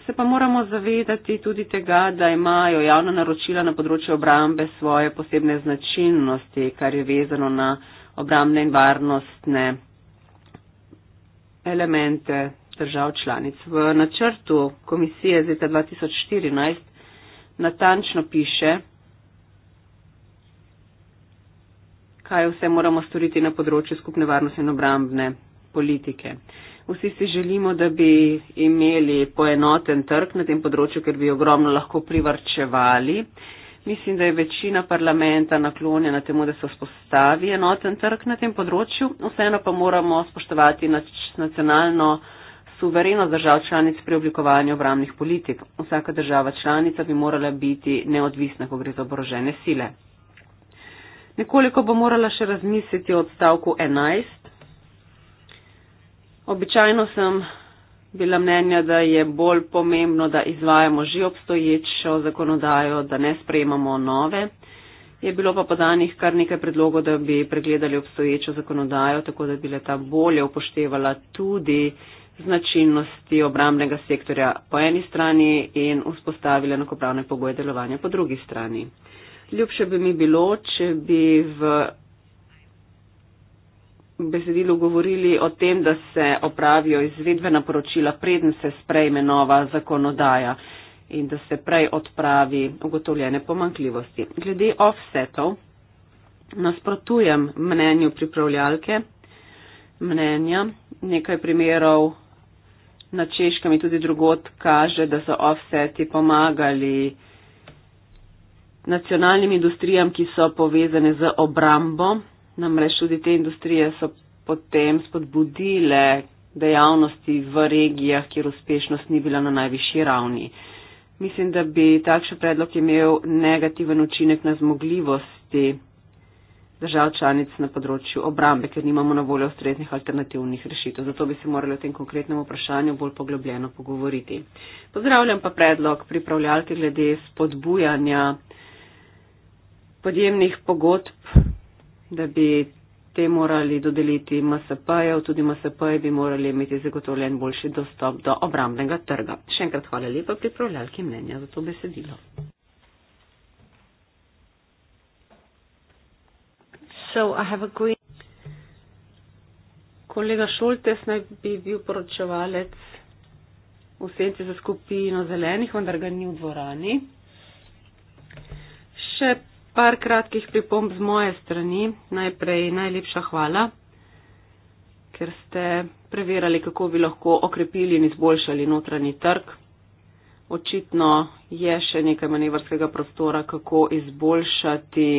se pa moramo zavedati tudi tega, da imajo javna naročila na področju obrambe svoje posebne značilnosti, kar je vezano na obrambne in varnostne elemente držav članic. V načrtu komisije z leta 2014 natančno piše, kaj vse moramo storiti na področju skupne varnostne in obrambne politike. Vsi si želimo, da bi imeli poenoten trg na tem področju, ker bi ogromno lahko privrčevali. Mislim, da je večina parlamenta naklonjena temu, da se vzpostavi enoten trg na tem področju. Vseeno pa moramo spoštovati nacionalno suverenost držav članic pri oblikovanju obramnih politik. Vsaka država članica bi morala biti neodvisna, ko gre za oborožene sile. Nekoliko bo morala še razmisliti o odstavku 11 Običajno sem bila mnenja, da je bolj pomembno, da izvajamo že obstoječo zakonodajo, da ne sprejemamo nove. Je bilo pa podanih kar nekaj predlogov, da bi pregledali obstoječo zakonodajo, tako da bi le ta bolje upoštevala tudi značilnosti obramnega sektorja po eni strani in vzpostavila enakopravne pogoje delovanja po drugi strani. Ljubše bi mi bilo, če bi v besedilu govorili o tem, da se opravijo izvedbena poročila, preden se sprejme nova zakonodaja in da se prej odpravi ugotovljene pomankljivosti. Glede offsetov nasprotujem mnenju pripravljalke, mnenja nekaj primerov na češkem in tudi drugot kaže, da so offseti pomagali nacionalnim industrijam, ki so povezane z obrambo Namreč tudi te industrije so potem spodbudile dejavnosti v regijah, kjer uspešnost ni bila na najvišji ravni. Mislim, da bi takšen predlog imel negativen učinek na zmogljivosti držav članic na področju obrambe, ker nimamo na voljo ustreznih alternativnih rešitev. Zato bi se morali o tem konkretnem vprašanju bolj poglobljeno pogovoriti. Pozdravljam pa predlog pripravljalke glede spodbujanja podjemnih pogodb da bi te morali dodeliti MSP-jev, tudi MSP-je bi morali imeti zagotovljen boljši dostop do obramnega trga. Še enkrat hvala lepa pripravljalki mnenja za to besedilo. So, Kolega Šultes naj bi bil poročevalec v senci za skupino zelenih, vendar ga ni v dvorani. Še par kratkih pripomb z moje strani. Najprej najlepša hvala, ker ste preverjali, kako bi lahko okrepili in izboljšali notranji trg. Očitno je še nekaj manevrskega prostora, kako izboljšati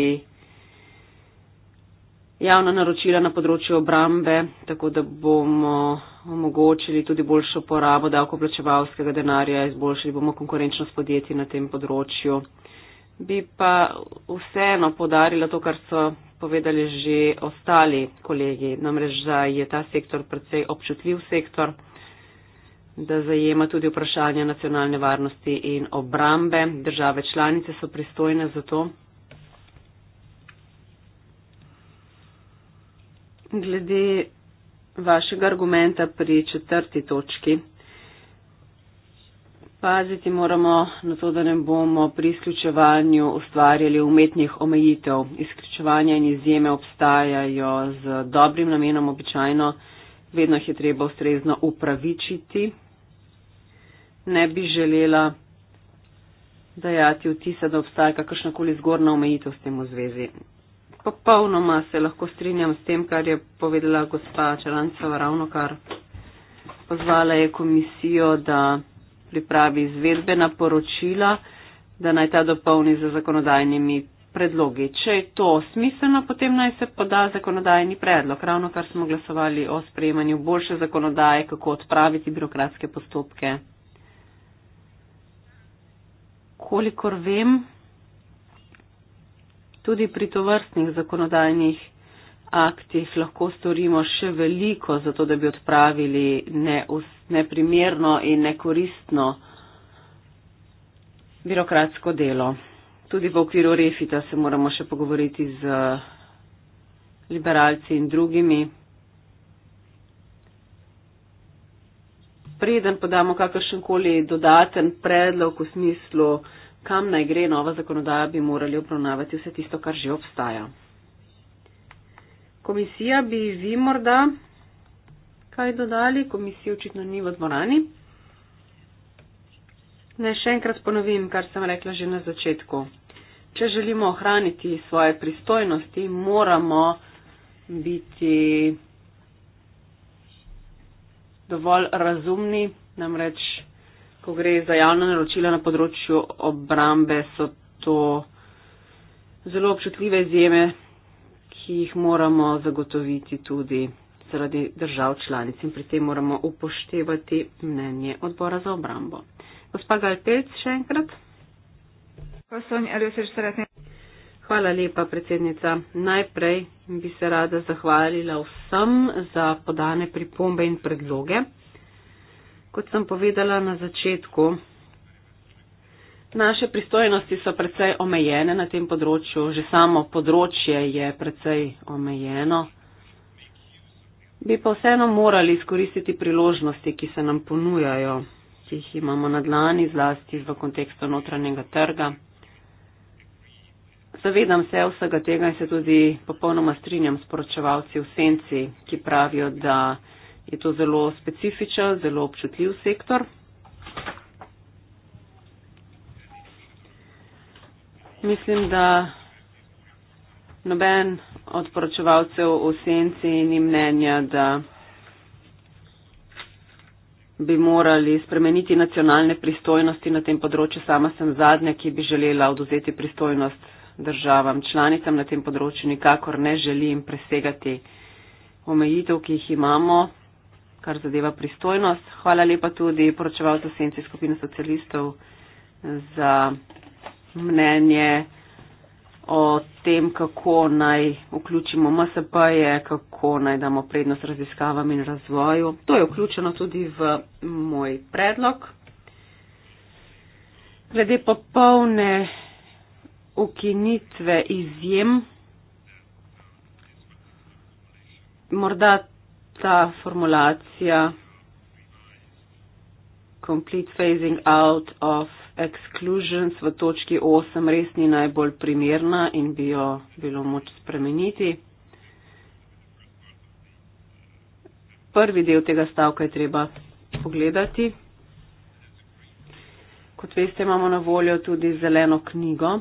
javna naročila na področju obrambe, tako da bomo omogočili tudi boljšo porabo davkoplačevalskega denarja, izboljšali bomo konkurenčnost podjetij na tem področju. Bi pa vseeno podarila to, kar so povedali že ostali kolegi, namreč, da je ta sektor predvsej občutljiv sektor, da zajema tudi vprašanje nacionalne varnosti in obrambe. Države članice so pristojne za to. Glede vašega argumenta pri četrti točki, Paziti moramo na to, da ne bomo pri izključevanju ustvarjali umetnih omejitev. Izključevanja in izjeme obstajajo z dobrim namenom običajno, vedno jih je treba ustrezno upravičiti. Ne bi želela dajati vtisa, da obstaja kakršnakoli zgorna omejitev s tem v zvezi. Popolnoma se lahko strinjam s tem, kar je povedala gospa Čelanceva ravno kar. Pozvala je komisijo, da pripravi izvedbena poročila, da naj ta dopolni z zakonodajnimi predlogi. Če je to smiselno, potem naj se poda zakonodajni predlog. Ravno kar smo glasovali o sprejemanju boljše zakonodaje, kako odpraviti birokratske postopke. Kolikor vem, tudi pri tovrstnih zakonodajnih aktih lahko storimo še veliko, zato da bi odpravili neustavljanje neprimerno in nekoristno birokratsko delo. Tudi v okviru refita se moramo še pogovoriti z liberalci in drugimi. Preden podamo kakršenkoli dodaten predlog v smislu, kam naj gre nova zakonodaja, bi morali obravnavati vse tisto, kar že obstaja. Komisija bi vi morda kaj dodali, komisija očitno ni v dvorani. Naj še enkrat ponovim, kar sem rekla že na začetku. Če želimo ohraniti svoje pristojnosti, moramo biti dovolj razumni, namreč, ko gre za javna naročila na področju obrambe, so to zelo občutljive izjeme, ki jih moramo zagotoviti tudi zaradi držav članic in pri tem moramo upoštevati mnenje odbora za obrambo. Gospa Galpelc, še enkrat. Hvala lepa, predsednica. Najprej bi se rada zahvalila vsem za podane pripombe in predloge. Kot sem povedala na začetku, naše pristojnosti so precej omejene na tem področju, že samo področje je precej omejeno bi pa vseeno morali izkoristiti priložnosti, ki se nam ponujajo, ki jih imamo na dlani, zlasti v kontekstu notranjega trga. Zavedam se vsega tega in se tudi popolnoma strinjam s poročevalci v senci, ki pravijo, da je to zelo specifičen, zelo občutljiv sektor. Mislim, da noben od poročevalcev v senci ni mnenja, da bi morali spremeniti nacionalne pristojnosti na tem področju. Sama sem zadnja, ki bi želela oduzeti pristojnost državam članicam na tem področju. Nikakor ne želim presegati omejitev, ki jih imamo, kar zadeva pristojnost. Hvala lepa tudi poročevalcu senci skupine socialistov za mnenje o tem, kako naj vključimo MSP-je, kako naj damo prednost raziskavam in razvoju. To je vključeno tudi v moj predlog. Glede popolne ukinitve izjem, morda ta formulacija complete phasing out of exclusions v točki 8 res ni najbolj primerna in bi jo bilo moč spremeniti. Prvi del tega stavka je treba pogledati. Kot veste, imamo na voljo tudi zeleno knjigo.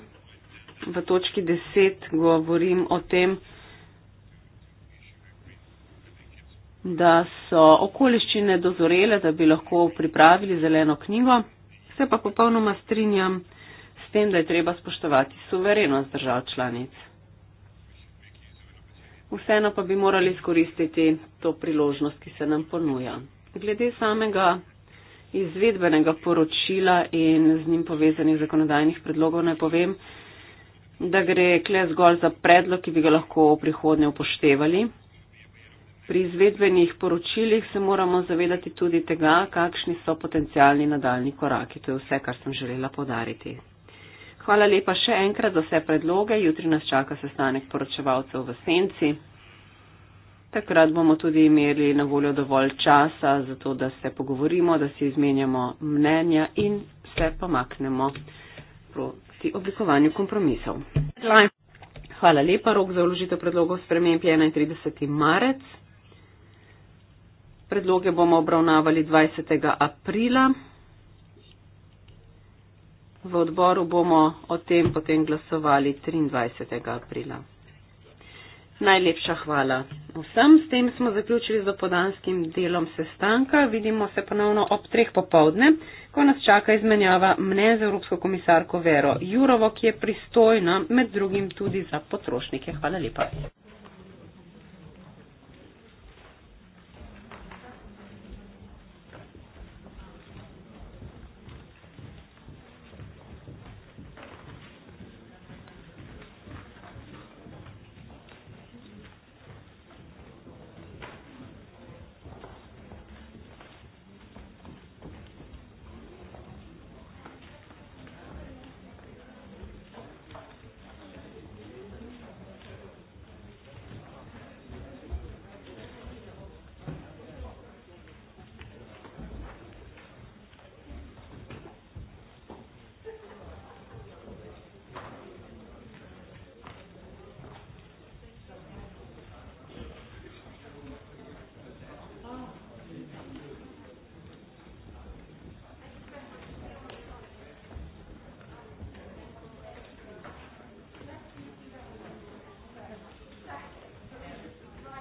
V točki 10 govorim o tem, da so okoliščine dozorele, da bi lahko pripravili zeleno knjigo. Se pa popolnoma strinjam s tem, da je treba spoštovati suverenost držav članic. Vseeno pa bi morali izkoristiti to priložnost, ki se nam ponuja. Glede samega izvedbenega poročila in z njim povezanih zakonodajnih predlogov naj povem, da gre kle zgolj za predlog, ki bi ga lahko v prihodnje upoštevali, Pri izvedbenih poročilih se moramo zavedati tudi tega, kakšni so potencijalni nadaljni koraki. To je vse, kar sem želela podariti. Hvala lepa še enkrat za vse predloge. Jutri nas čaka sestanek poročevalcev v Senci. Takrat bomo tudi imeli na voljo dovolj časa za to, da se pogovorimo, da si izmenjamo mnenja in se pomaknemo proti oblikovanju kompromisov. Hvala lepa, rok za vložitev predlogov sprememb je 31. marec. Predloge bomo obravnavali 20. aprila. V odboru bomo o tem potem glasovali 23. aprila. Najlepša hvala vsem. S tem smo zaključili z opodanskim delom sestanka. Vidimo se ponovno ob treh popovdne, ko nas čaka izmenjava mne z Evropsko komisarko Vero Jurovo, ki je pristojna med drugim tudi za potrošnike. Hvala lepa.